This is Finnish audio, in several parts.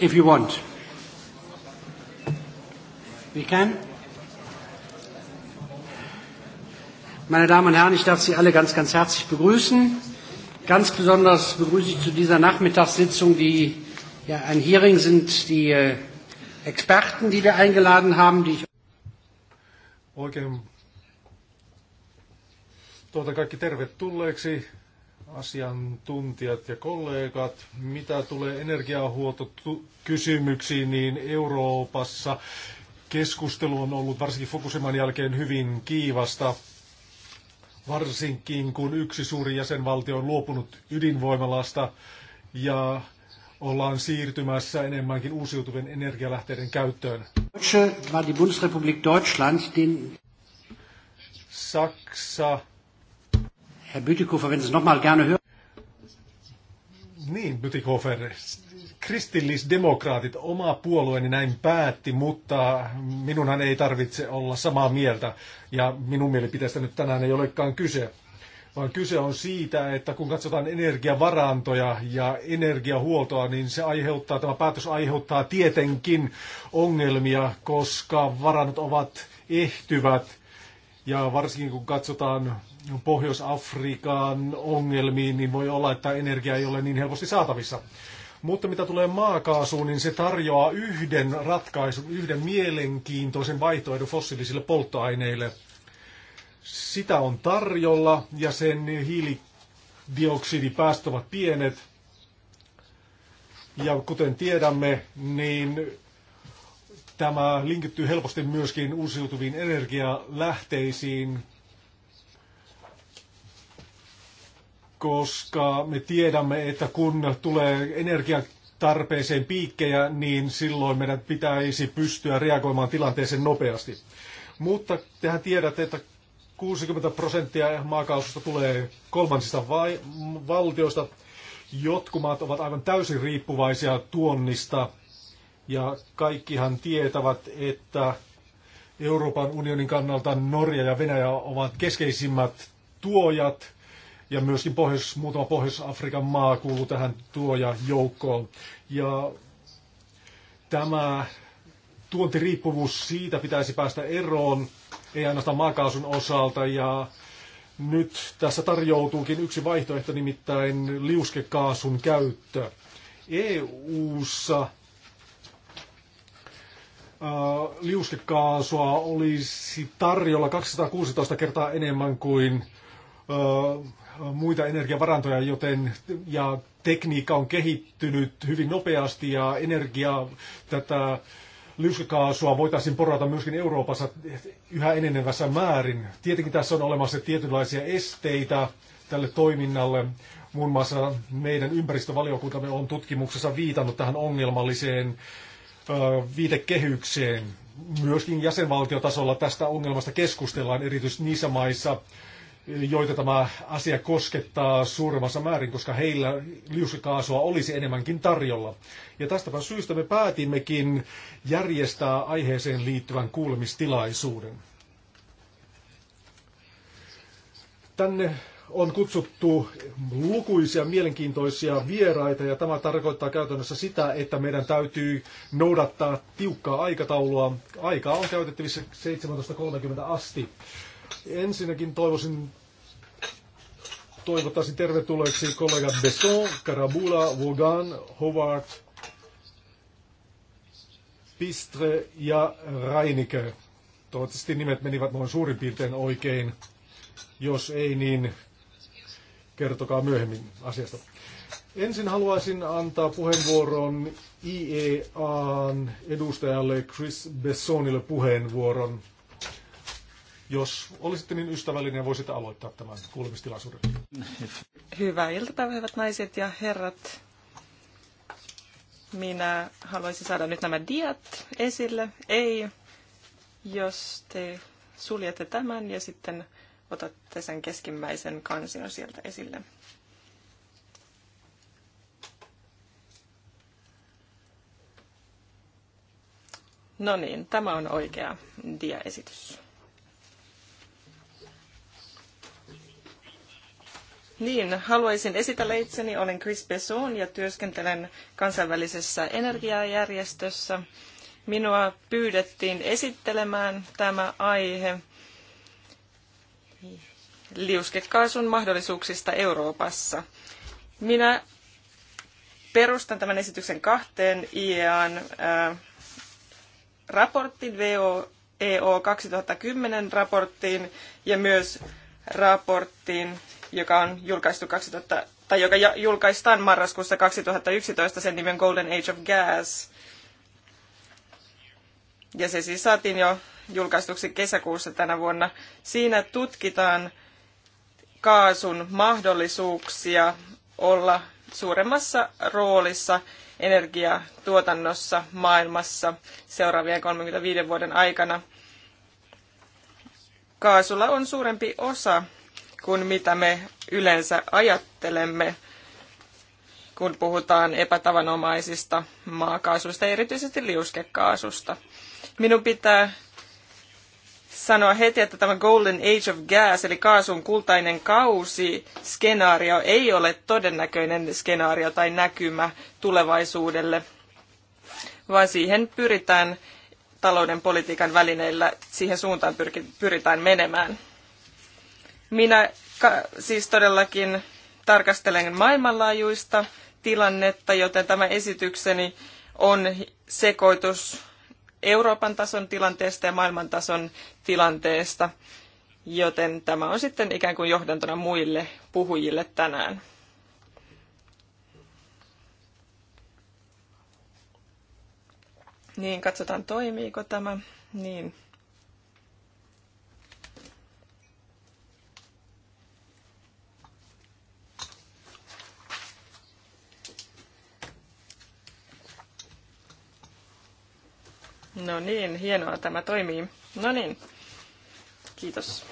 if you want. We can. Meine Damen und Herren, ich darf Sie alle ganz, ganz herzlich begrüßen. Ganz besonders begrüße ich zu dieser Nachmittagssitzung, die ja ein Hearing sind, die äh, Experten, die wir eingeladen haben, die ich Oikein tuota kaikki tervetulleeksi asiantuntijat ja kollegat, mitä tulee energiahuoltokysymyksiin, niin Euroopassa keskustelu on ollut varsinkin Fukushiman jälkeen hyvin kiivasta, varsinkin kun yksi suuri jäsenvaltio on luopunut ydinvoimalasta ja ollaan siirtymässä enemmänkin uusiutuvien energialähteiden käyttöön. Saksa Herr Bütikofer, wenn Sie nochmal gerne hören. Niin, Bütikofer, kristillisdemokraatit, oma puolueeni näin päätti, mutta minunhan ei tarvitse olla samaa mieltä. Ja minun mielipiteestä nyt tänään ei olekaan kyse, vaan kyse on siitä, että kun katsotaan energiavarantoja ja energiahuoltoa, niin se aiheuttaa, tämä päätös aiheuttaa tietenkin ongelmia, koska varannot ovat ehtyvät. Ja varsinkin kun katsotaan Pohjois-Afrikan ongelmiin, niin voi olla, että energia ei ole niin helposti saatavissa. Mutta mitä tulee maakaasuun, niin se tarjoaa yhden ratkaisun, yhden mielenkiintoisen vaihtoehdon fossiilisille polttoaineille. Sitä on tarjolla ja sen hiilidioksidipäästöt ovat pienet. Ja kuten tiedämme, niin tämä linkittyy helposti myöskin uusiutuviin energialähteisiin, koska me tiedämme, että kun tulee energiatarpeeseen piikkejä, niin silloin meidän pitäisi pystyä reagoimaan tilanteeseen nopeasti. Mutta tehän tiedätte, että 60 prosenttia maakaasusta tulee kolmansista vai- valtioista. Jotkut maat ovat aivan täysin riippuvaisia tuonnista. Ja kaikkihan tietävät, että Euroopan unionin kannalta Norja ja Venäjä ovat keskeisimmät tuojat – ja myöskin pohjois, muutama Pohjois-Afrikan maa kuuluu tähän joukkoon. Ja tämä tuontiriippuvuus siitä pitäisi päästä eroon, ei ainoastaan maakaasun osalta. Ja nyt tässä tarjoutuukin yksi vaihtoehto, nimittäin liuskekaasun käyttö. EU-ssa liuskekaasua olisi tarjolla 216 kertaa enemmän kuin muita energiavarantoja, joten ja tekniikka on kehittynyt hyvin nopeasti ja energia tätä lyskakaasua voitaisiin porata myöskin Euroopassa yhä enenevässä määrin. Tietenkin tässä on olemassa tietynlaisia esteitä tälle toiminnalle. Muun muassa meidän ympäristövaliokuntamme on tutkimuksessa viitannut tähän ongelmalliseen viitekehykseen. Myöskin jäsenvaltiotasolla tästä ongelmasta keskustellaan, erityisesti niissä maissa, joita tämä asia koskettaa suuremmassa määrin, koska heillä liuskakaasua olisi enemmänkin tarjolla. Ja tästäpä syystä me päätimmekin järjestää aiheeseen liittyvän kuulemistilaisuuden. Tänne on kutsuttu lukuisia mielenkiintoisia vieraita ja tämä tarkoittaa käytännössä sitä, että meidän täytyy noudattaa tiukkaa aikataulua. Aikaa on käytettävissä 17.30 asti. Ensinnäkin toivoisin toivottaisin tervetulleeksi kollegat Besson, Karabula, Vaughan, Howard, Pistre ja Rainike. Toivottavasti nimet menivät noin suurin piirtein oikein. Jos ei, niin kertokaa myöhemmin asiasta. Ensin haluaisin antaa puheenvuoron IEAn edustajalle Chris Bessonille puheenvuoron. Jos olisitte niin ystävällinen, voisitte aloittaa tämän kuulemistilaisuuden. Hyvää iltapäivää, hyvät naiset ja herrat. Minä haluaisin saada nyt nämä diat esille. Ei, jos te suljette tämän ja sitten otatte sen keskimmäisen kansion sieltä esille. No niin, tämä on oikea diaesitys. Niin, haluaisin esitellä itseni. Olen Chris Besson ja työskentelen kansainvälisessä energiajärjestössä. Minua pyydettiin esittelemään tämä aihe liuskekaasun mahdollisuuksista Euroopassa. Minä perustan tämän esityksen kahteen IEAn ää, äh, raporttiin, VOEO 2010 e raporttiin ja myös raporttiin joka on julkaistu 2000, tai joka julkaistaan marraskuussa 2011, sen nimen Golden Age of Gas. Ja se siis saatiin jo julkaistuksi kesäkuussa tänä vuonna. Siinä tutkitaan kaasun mahdollisuuksia olla suuremmassa roolissa energiatuotannossa maailmassa seuraavien 35 vuoden aikana. Kaasulla on suurempi osa kuin mitä me yleensä ajattelemme, kun puhutaan epätavanomaisista maakaasuista, erityisesti liuskekaasusta. Minun pitää sanoa heti, että tämä Golden Age of Gas, eli kaasun kultainen kausi, skenaario ei ole todennäköinen skenaario tai näkymä tulevaisuudelle, vaan siihen pyritään talouden politiikan välineillä, siihen suuntaan pyritään menemään. Minä siis todellakin tarkastelen maailmanlaajuista tilannetta, joten tämä esitykseni on sekoitus Euroopan tason tilanteesta ja maailman tason tilanteesta, joten tämä on sitten ikään kuin johdantona muille puhujille tänään. Niin, katsotaan toimiiko tämä. Niin. No niin, hienoa tämä toimii. No niin, kiitos.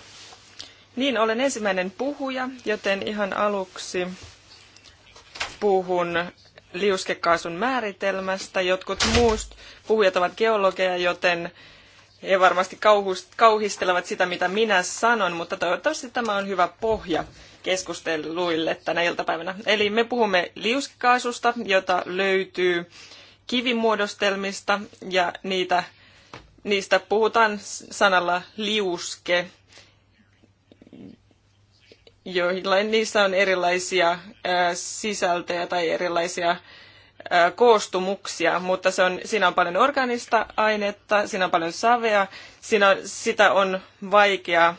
Niin, olen ensimmäinen puhuja, joten ihan aluksi puhun liuskekaasun määritelmästä. Jotkut muut puhujat ovat geologeja, joten he varmasti kauhistelevat sitä, mitä minä sanon, mutta toivottavasti tämä on hyvä pohja keskusteluille tänä iltapäivänä. Eli me puhumme liuskekaasusta, jota löytyy kivimuodostelmista ja niitä, niistä puhutaan sanalla liuske, joilla niissä on erilaisia sisältöjä tai erilaisia koostumuksia, mutta se on, siinä on paljon organista ainetta, siinä on paljon savea, siinä on, sitä on vaikea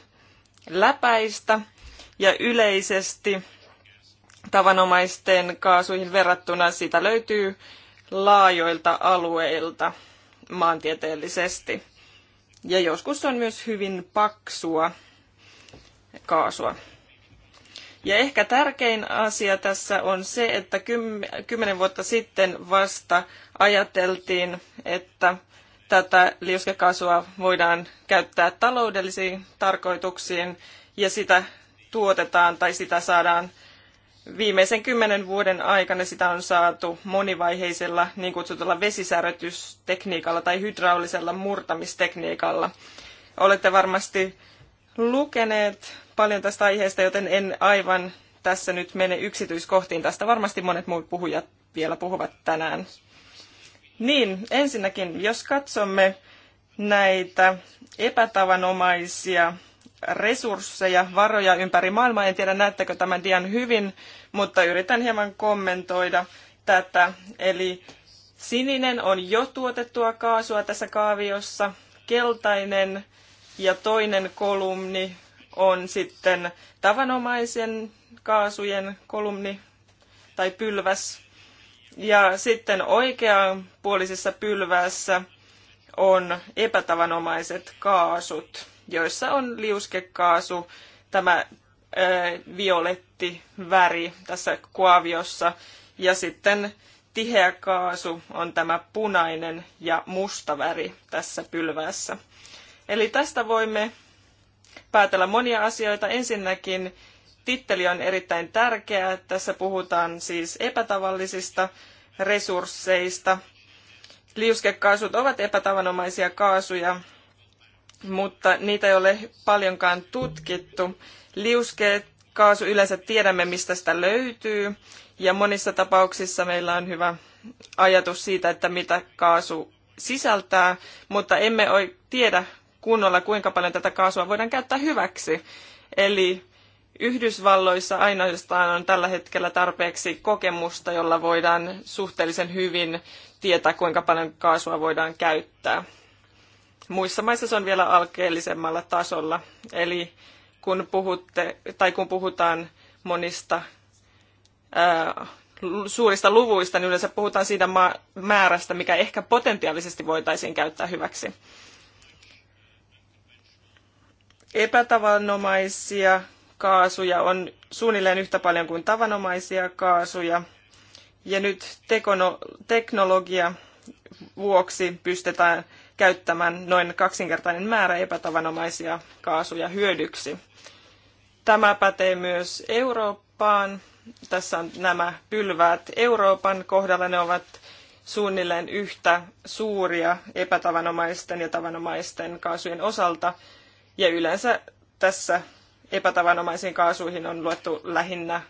läpäistä ja yleisesti tavanomaisten kaasuihin verrattuna sitä löytyy laajoilta alueilta maantieteellisesti. Ja joskus on myös hyvin paksua kaasua. Ja ehkä tärkein asia tässä on se, että kymmenen vuotta sitten vasta ajateltiin, että tätä liuskekaasua voidaan käyttää taloudellisiin tarkoituksiin ja sitä tuotetaan tai sitä saadaan Viimeisen kymmenen vuoden aikana sitä on saatu monivaiheisella niin kutsutulla vesisärötystekniikalla tai hydraulisella murtamistekniikalla. Olette varmasti lukeneet paljon tästä aiheesta, joten en aivan tässä nyt mene yksityiskohtiin. Tästä varmasti monet muut puhujat vielä puhuvat tänään. Niin, ensinnäkin, jos katsomme näitä epätavanomaisia resursseja, varoja ympäri maailmaa. En tiedä, näettekö tämän dian hyvin, mutta yritän hieman kommentoida tätä. Eli sininen on jo tuotettua kaasua tässä kaaviossa, keltainen ja toinen kolumni on sitten tavanomaisen kaasujen kolumni tai pylväs. Ja sitten oikeanpuolisessa pylvässä on epätavanomaiset kaasut joissa on liuskekaasu, tämä violetti väri tässä kuaviossa. Ja sitten tiheä kaasu on tämä punainen ja musta väri tässä pylvässä. Eli tästä voimme päätellä monia asioita. Ensinnäkin titteli on erittäin tärkeä. Tässä puhutaan siis epätavallisista resursseista. Liuskekaasut ovat epätavanomaisia kaasuja, mutta niitä ei ole paljonkaan tutkittu. Liuskeet, kaasu yleensä tiedämme, mistä sitä löytyy, ja monissa tapauksissa meillä on hyvä ajatus siitä, että mitä kaasu sisältää, mutta emme oi tiedä kunnolla, kuinka paljon tätä kaasua voidaan käyttää hyväksi. Eli Yhdysvalloissa ainoastaan on tällä hetkellä tarpeeksi kokemusta, jolla voidaan suhteellisen hyvin tietää, kuinka paljon kaasua voidaan käyttää. Muissa maissa se on vielä alkeellisemmalla tasolla. Eli kun, puhutte, tai kun puhutaan monista ää, suurista luvuista, niin yleensä puhutaan siitä määrästä, mikä ehkä potentiaalisesti voitaisiin käyttää hyväksi. Epätavanomaisia kaasuja on suunnilleen yhtä paljon kuin tavanomaisia kaasuja. Ja nyt tekono, teknologia vuoksi pystytään, käyttämään noin kaksinkertainen määrä epätavanomaisia kaasuja hyödyksi. Tämä pätee myös Eurooppaan. Tässä on nämä pylväät Euroopan kohdalla. Ne ovat suunnilleen yhtä suuria epätavanomaisten ja tavanomaisten kaasujen osalta. Ja yleensä tässä epätavanomaisiin kaasuihin on luettu lähinnä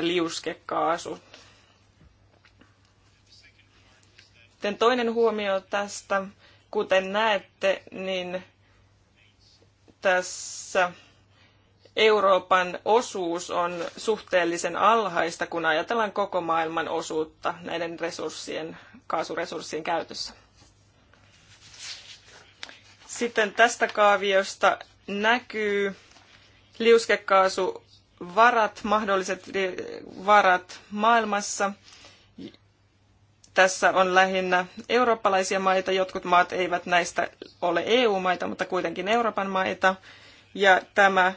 liuskekaasut. Sitten toinen huomio tästä Kuten näette, niin tässä Euroopan osuus on suhteellisen alhaista, kun ajatellaan koko maailman osuutta näiden resurssien, kaasuresurssien käytössä. Sitten tästä kaaviosta näkyy liuskekaasuvarat, mahdolliset varat maailmassa – tässä on lähinnä eurooppalaisia maita. Jotkut maat eivät näistä ole EU-maita, mutta kuitenkin Euroopan maita. Ja tämä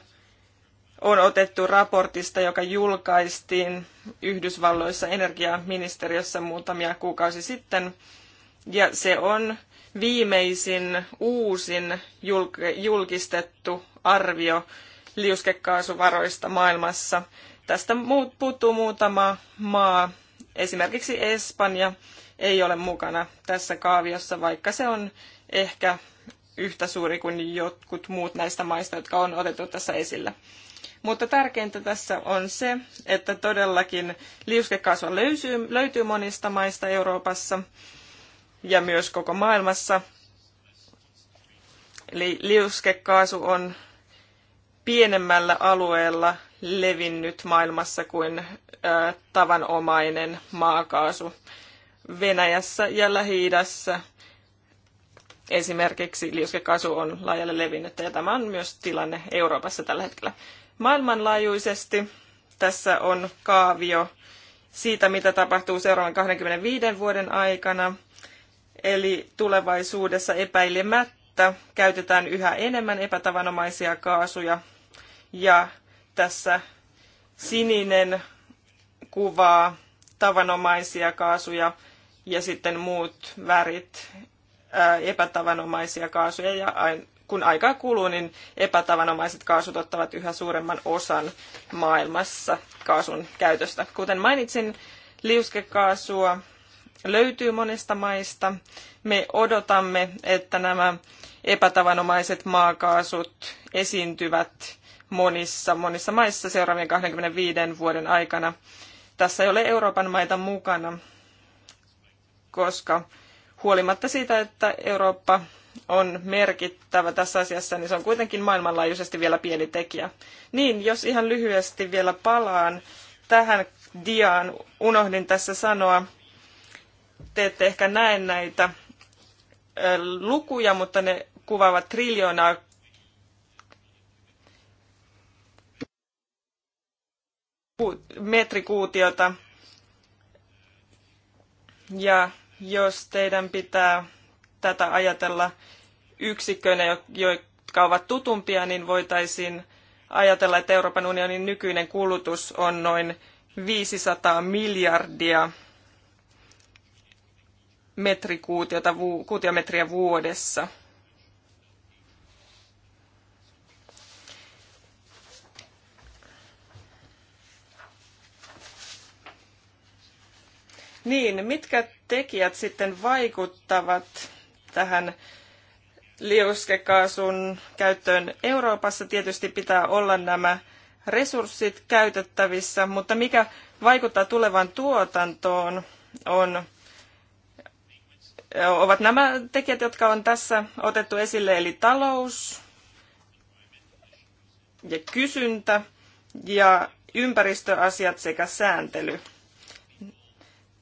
on otettu raportista, joka julkaistiin Yhdysvalloissa energiaministeriössä muutamia kuukausi sitten. Ja se on viimeisin uusin julkistettu arvio liuskekaasuvaroista maailmassa. Tästä puuttuu muutama maa, Esimerkiksi Espanja ei ole mukana tässä kaaviossa, vaikka se on ehkä yhtä suuri kuin jotkut muut näistä maista, jotka on otettu tässä esillä. Mutta tärkeintä tässä on se, että todellakin liuskekasva löytyy, löytyy monista maista Euroopassa ja myös koko maailmassa. Eli liuskekaasu on pienemmällä alueella levinnyt maailmassa kuin tavanomainen maakaasu. Venäjässä ja lähi esimerkiksi liuskekaasu on laajalle levinnyt, ja tämä on myös tilanne Euroopassa tällä hetkellä. Maailmanlaajuisesti tässä on kaavio siitä, mitä tapahtuu seuraavan 25 vuoden aikana. Eli tulevaisuudessa epäilemättä käytetään yhä enemmän epätavanomaisia kaasuja ja tässä sininen kuvaa tavanomaisia kaasuja ja sitten muut värit ää, epätavanomaisia kaasuja. Ja kun aikaa kuluu, niin epätavanomaiset kaasut ottavat yhä suuremman osan maailmassa kaasun käytöstä. Kuten mainitsin, liuskekaasua löytyy monesta maista. Me odotamme, että nämä epätavanomaiset maakaasut esiintyvät monissa, monissa maissa seuraavien 25 vuoden aikana. Tässä ei ole Euroopan maita mukana, koska huolimatta siitä, että Eurooppa on merkittävä tässä asiassa, niin se on kuitenkin maailmanlaajuisesti vielä pieni tekijä. Niin, jos ihan lyhyesti vielä palaan tähän diaan, unohdin tässä sanoa, te ette ehkä näe näitä lukuja, mutta ne kuvaavat triljoonaa metrikuutiota. Ja jos teidän pitää tätä ajatella yksikköinä, jotka ovat tutumpia, niin voitaisiin ajatella, että Euroopan unionin nykyinen kulutus on noin 500 miljardia metrikuutiota, kuutiometriä vuodessa – Niin, mitkä tekijät sitten vaikuttavat tähän liuskekaasun käyttöön Euroopassa? Tietysti pitää olla nämä resurssit käytettävissä, mutta mikä vaikuttaa tulevaan tuotantoon on, ovat nämä tekijät, jotka on tässä otettu esille, eli talous ja kysyntä ja ympäristöasiat sekä sääntely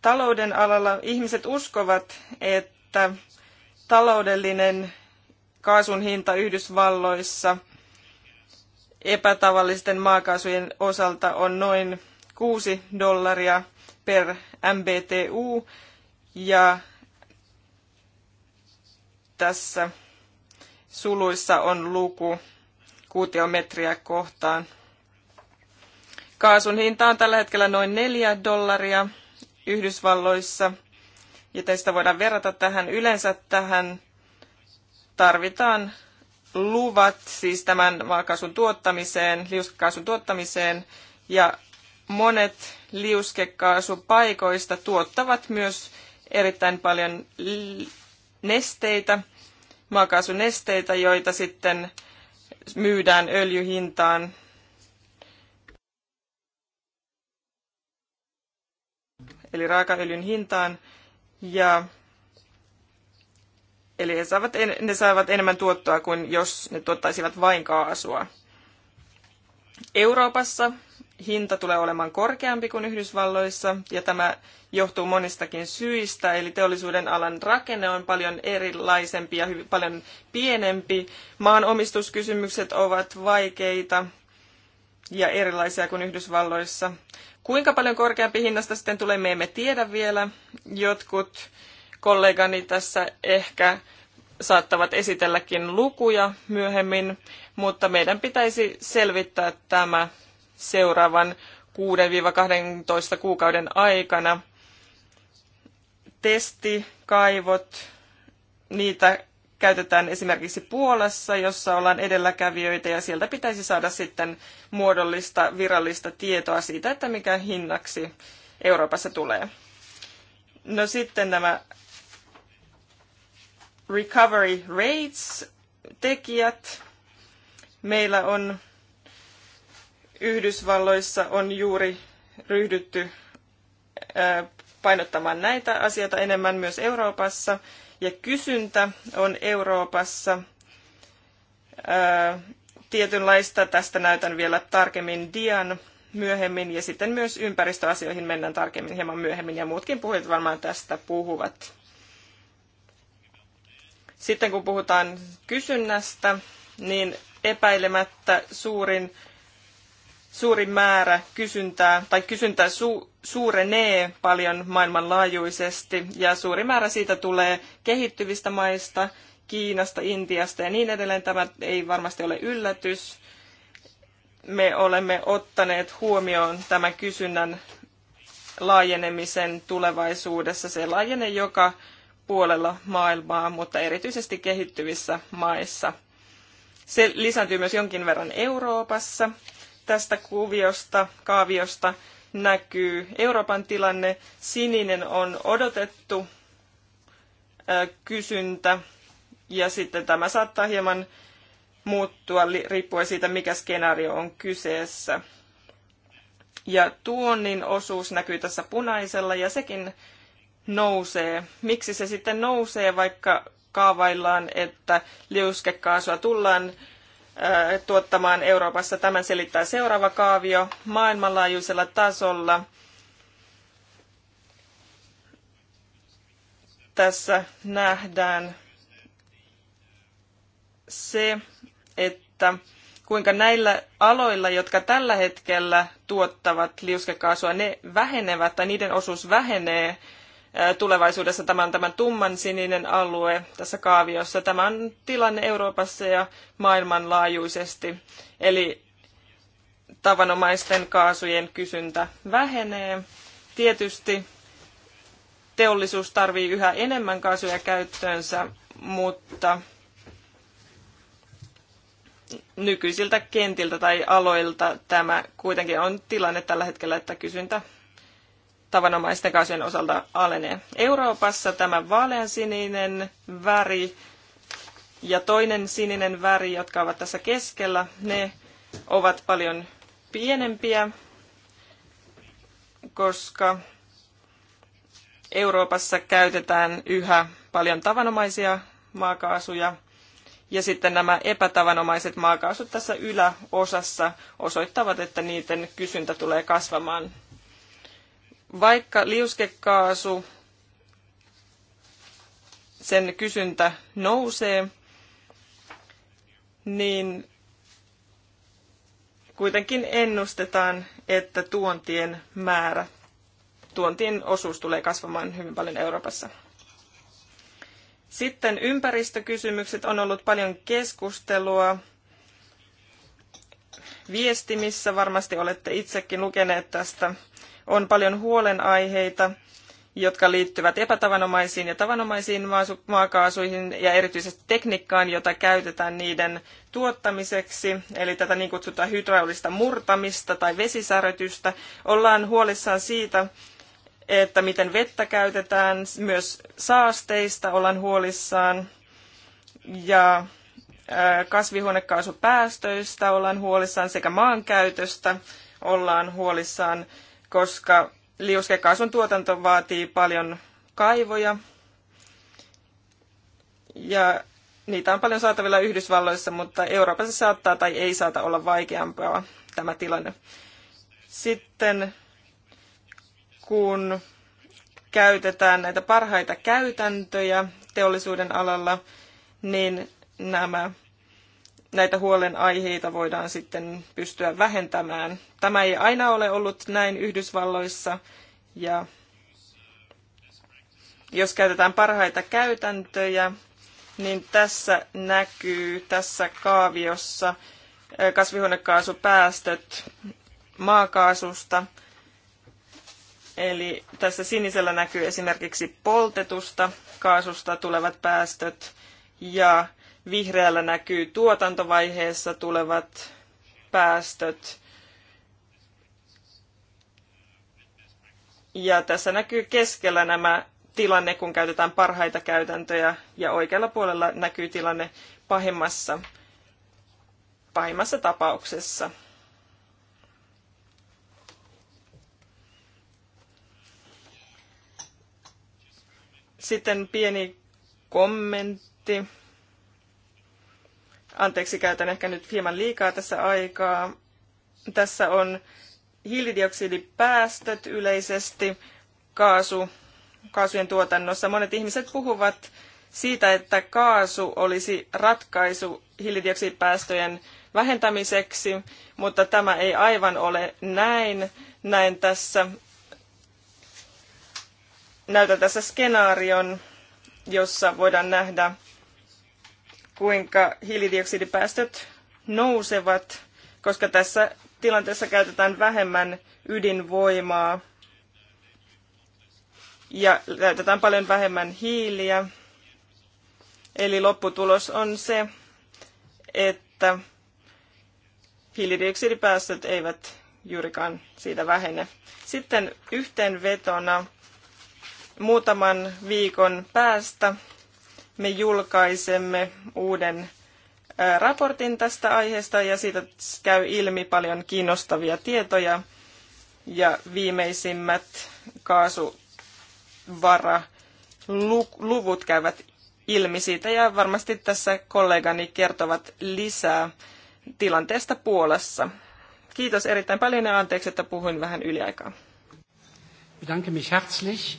talouden alalla ihmiset uskovat, että taloudellinen kaasun hinta Yhdysvalloissa epätavallisten maakaasujen osalta on noin 6 dollaria per MBTU ja tässä suluissa on luku kuutiometriä kohtaan. Kaasun hinta on tällä hetkellä noin 4 dollaria Yhdysvalloissa, Ja tästä voidaan verrata tähän. Yleensä tähän tarvitaan luvat siis tämän maakaasun tuottamiseen, liuskekaasun tuottamiseen, ja monet liuskekaasupaikoista tuottavat myös erittäin paljon nesteitä, maakaasunesteitä, joita sitten myydään öljyhintaan eli raakaöljyn hintaan, ja Eli he saavat, ne saavat enemmän tuottoa kuin jos ne tuottaisivat vain kaasua. Euroopassa hinta tulee olemaan korkeampi kuin Yhdysvalloissa, ja tämä johtuu monistakin syistä, eli teollisuuden alan rakenne on paljon erilaisempi ja hyvin, paljon pienempi. Maanomistuskysymykset ovat vaikeita ja erilaisia kuin Yhdysvalloissa. Kuinka paljon korkeampi hinnasta sitten tulee, me emme tiedä vielä. Jotkut kollegani tässä ehkä saattavat esitelläkin lukuja myöhemmin, mutta meidän pitäisi selvittää tämä seuraavan 6-12 kuukauden aikana. Testikaivot, niitä käytetään esimerkiksi Puolassa, jossa ollaan edelläkävijöitä ja sieltä pitäisi saada sitten muodollista virallista tietoa siitä, että mikä hinnaksi Euroopassa tulee. No sitten nämä recovery rates tekijät. Meillä on Yhdysvalloissa on juuri ryhdytty painottamaan näitä asioita enemmän myös Euroopassa – ja kysyntä on Euroopassa ää, tietynlaista. Tästä näytän vielä tarkemmin dian myöhemmin ja sitten myös ympäristöasioihin mennään tarkemmin hieman myöhemmin ja muutkin puhujat varmaan tästä puhuvat. Sitten kun puhutaan kysynnästä, niin epäilemättä suurin suuri määrä kysyntää, tai kysyntä su, suurenee paljon maailmanlaajuisesti, ja suuri määrä siitä tulee kehittyvistä maista, Kiinasta, Intiasta ja niin edelleen. Tämä ei varmasti ole yllätys. Me olemme ottaneet huomioon tämän kysynnän laajenemisen tulevaisuudessa. Se laajenee joka puolella maailmaa, mutta erityisesti kehittyvissä maissa. Se lisääntyy myös jonkin verran Euroopassa tästä kuviosta, kaaviosta näkyy Euroopan tilanne. Sininen on odotettu kysyntä ja sitten tämä saattaa hieman muuttua riippuen siitä, mikä skenaario on kyseessä. Ja tuonnin osuus näkyy tässä punaisella ja sekin nousee. Miksi se sitten nousee, vaikka kaavaillaan, että liuskekaasua tullaan tuottamaan Euroopassa. Tämän selittää seuraava kaavio maailmanlaajuisella tasolla. Tässä nähdään se, että kuinka näillä aloilla, jotka tällä hetkellä tuottavat liuskekaasua, ne vähenevät tai niiden osuus vähenee tulevaisuudessa tämän, tämän tumman sininen alue tässä kaaviossa. Tämä on tilanne Euroopassa ja maailmanlaajuisesti. Eli tavanomaisten kaasujen kysyntä vähenee. Tietysti teollisuus tarvii yhä enemmän kaasuja käyttöönsä, mutta nykyisiltä kentiltä tai aloilta tämä kuitenkin on tilanne tällä hetkellä, että kysyntä tavanomaisten kasvien osalta alenee. Euroopassa tämä vaaleansininen väri ja toinen sininen väri, jotka ovat tässä keskellä, ne ovat paljon pienempiä, koska Euroopassa käytetään yhä paljon tavanomaisia maakaasuja. Ja sitten nämä epätavanomaiset maakaasut tässä yläosassa osoittavat, että niiden kysyntä tulee kasvamaan vaikka liuskekaasu, sen kysyntä nousee, niin kuitenkin ennustetaan, että tuontien määrä, tuontien osuus tulee kasvamaan hyvin paljon Euroopassa. Sitten ympäristökysymykset on ollut paljon keskustelua viestimissä. Varmasti olette itsekin lukeneet tästä on paljon huolenaiheita, jotka liittyvät epätavanomaisiin ja tavanomaisiin maakaasuihin ja erityisesti tekniikkaan, jota käytetään niiden tuottamiseksi, eli tätä niin kutsuttua hydraulista murtamista tai vesisärötystä. Ollaan huolissaan siitä, että miten vettä käytetään, myös saasteista ollaan huolissaan ja kasvihuonekaasupäästöistä ollaan huolissaan sekä maankäytöstä ollaan huolissaan koska liuskekaasun tuotanto vaatii paljon kaivoja. Ja niitä on paljon saatavilla Yhdysvalloissa, mutta Euroopassa saattaa tai ei saata olla vaikeampaa tämä tilanne. Sitten kun käytetään näitä parhaita käytäntöjä teollisuuden alalla, niin nämä näitä huolenaiheita voidaan sitten pystyä vähentämään. Tämä ei aina ole ollut näin Yhdysvalloissa ja jos käytetään parhaita käytäntöjä, niin tässä näkyy tässä kaaviossa kasvihuonekaasupäästöt maakaasusta. Eli tässä sinisellä näkyy esimerkiksi poltetusta kaasusta tulevat päästöt ja Vihreällä näkyy tuotantovaiheessa tulevat päästöt. Ja tässä näkyy keskellä nämä tilanne, kun käytetään parhaita käytäntöjä, ja oikealla puolella näkyy tilanne pahimmassa, pahimmassa tapauksessa. Sitten pieni kommentti. Anteeksi, käytän ehkä nyt hieman liikaa tässä aikaa. Tässä on hiilidioksidipäästöt yleisesti kaasu, kaasujen tuotannossa. Monet ihmiset puhuvat siitä, että kaasu olisi ratkaisu hiilidioksidipäästöjen vähentämiseksi, mutta tämä ei aivan ole näin. Näin tässä, näytän tässä skenaarion, jossa voidaan nähdä kuinka hiilidioksidipäästöt nousevat, koska tässä tilanteessa käytetään vähemmän ydinvoimaa ja käytetään paljon vähemmän hiiliä. Eli lopputulos on se, että hiilidioksidipäästöt eivät juurikaan siitä vähene. Sitten yhteenvetona muutaman viikon päästä me julkaisemme uuden raportin tästä aiheesta ja siitä käy ilmi paljon kiinnostavia tietoja ja viimeisimmät kaasuvaraluvut käyvät ilmi siitä ja varmasti tässä kollegani kertovat lisää tilanteesta Puolassa. Kiitos erittäin paljon ja anteeksi, että puhuin vähän yliaikaa. Bedanke mich herzlich.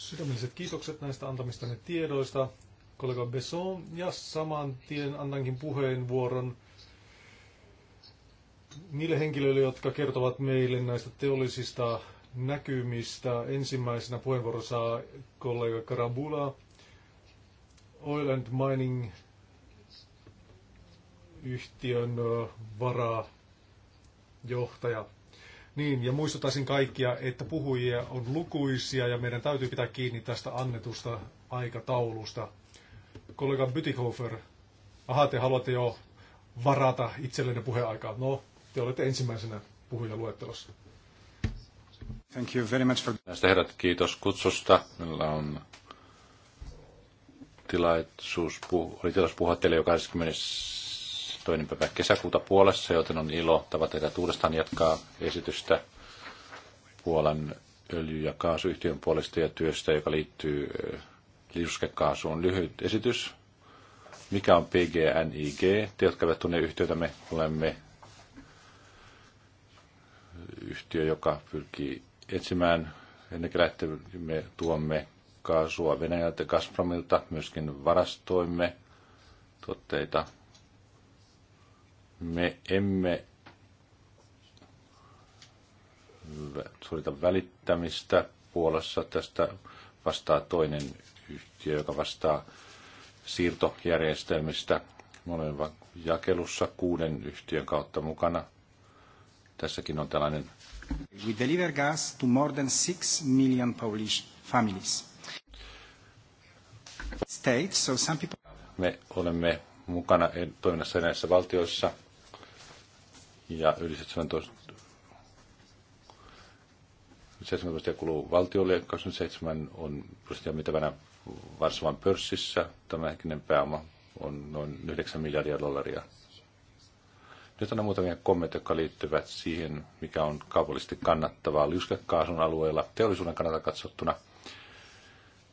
Sydämelliset kiitokset näistä antamistanne tiedoista, kollega Besson, ja saman tien annankin puheenvuoron niille henkilöille, jotka kertovat meille näistä teollisista näkymistä. Ensimmäisenä puheenvuoro saa kollega Karabula, Oil and Mining yhtiön varajohtaja. Niin, ja muistuttaisin kaikkia, että puhujia on lukuisia ja meidän täytyy pitää kiinni tästä annetusta aikataulusta. Kollega Bütikhofer, aha, te haluatte jo varata itsellenne puheaikaa. No, te olette ensimmäisenä puhujaluettelossa. Thank you very much for... Näistä herrat, kiitos kutsusta. Meillä on tilaisuus, puh- oli tilaisuus puhua teille jo 20 toinen päivä kesäkuuta Puolassa, joten on ilo tavata teitä uudestaan jatkaa esitystä Puolan öljy- ja kaasuyhtiön puolesta ja työstä, joka liittyy eh, liuskekaasuun. Lyhyt esitys. Mikä on PGNIG? Te, jotka eivät tunne yhtiötä, me olemme yhtiö, joka pyrkii etsimään ennen kuin lähtee, me tuomme kaasua Venäjältä Gazpromilta, myöskin varastoimme tuotteita me emme suorita välittämistä Puolassa. Tästä vastaa toinen yhtiö, joka vastaa siirtojärjestelmistä. Me olemme jakelussa kuuden yhtiön kautta mukana. Tässäkin on tällainen. We deliver gas to more than six million Polish families. States, so some people... Me olemme mukana toiminnassa näissä valtioissa – ja yli 17 17 kuluu valtiolle, 27 on prosenttia mitävänä Varsovan pörssissä. Tämänhetkinen pääoma on noin 9 miljardia dollaria. Nyt on muutamia kommentteja, jotka liittyvät siihen, mikä on kaupallisesti kannattavaa lyskäkaasun alueella teollisuuden kannalta katsottuna.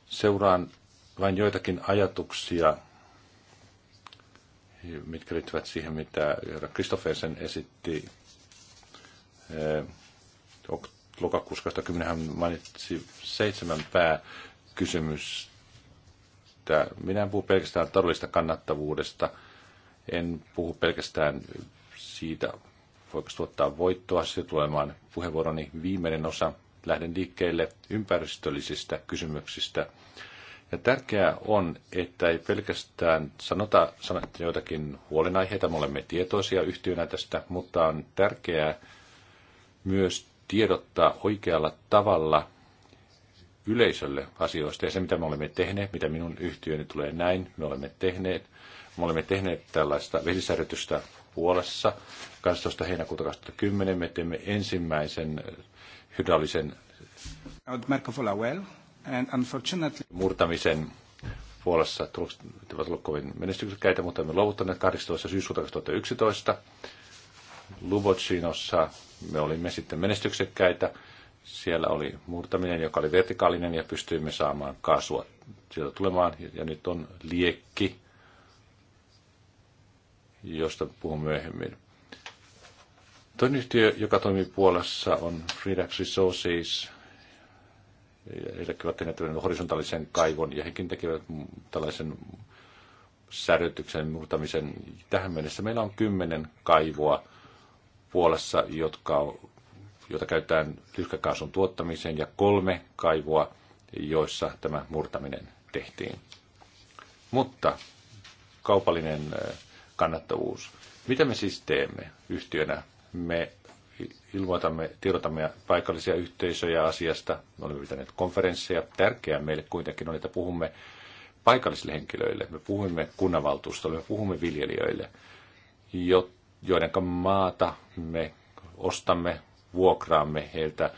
Seuraan vain joitakin ajatuksia mitkä liittyvät siihen, mitä Kristoffersen esitti eh, lokakuussa 2010. Hän mainitsi seitsemän pääkysymystä. Minä en puhu pelkästään taloudellisesta kannattavuudesta, en puhu pelkästään siitä, voiko tuottaa voittoa. Se tulemaan puheenvuoroni viimeinen osa. Lähden liikkeelle ympäristöllisistä kysymyksistä ja tärkeää on, että ei pelkästään sanota, sanota joitakin huolenaiheita, me olemme tietoisia yhtiönä tästä, mutta on tärkeää myös tiedottaa oikealla tavalla yleisölle asioista. Ja se, mitä me olemme tehneet, mitä minun yhtiöni tulee näin, me olemme tehneet. Me olemme tehneet tällaista vesisärjytystä Puolassa 12. heinäkuuta 2010. Me teemme ensimmäisen hydraulisen... well. And unfortunately... Murtamisen puolessa tulokset ovat olleet kovin menestyksekkäitä, mutta me luovuttaneet 18. syyskuuta 2011. Lubotsinossa. me olimme sitten menestyksekkäitä. Siellä oli murtaminen, joka oli vertikaalinen ja pystyimme saamaan kaasua sieltä tulemaan. Ja nyt on liekki, josta puhun myöhemmin. Toinen yhtiö, joka toimii Puolassa, on Freedax Resources, he ovat tehneet horisontaalisen kaivon ja hekin tekevät tällaisen särötyksen, murtamisen. Tähän mennessä meillä on kymmenen kaivoa Puolassa, jotka, joita käytetään lyhkäkaasun tuottamiseen, ja kolme kaivoa, joissa tämä murtaminen tehtiin. Mutta kaupallinen kannattavuus. Mitä me siis teemme yhtiönä? Me ilmoitamme, tiedotamme paikallisia yhteisöjä asiasta. Me olemme pitäneet konferensseja. Tärkeää meille kuitenkin on, että puhumme paikallisille henkilöille. Me puhumme kunnanvaltuustolle, me puhumme viljelijöille, jo, joiden maata me ostamme, vuokraamme heiltä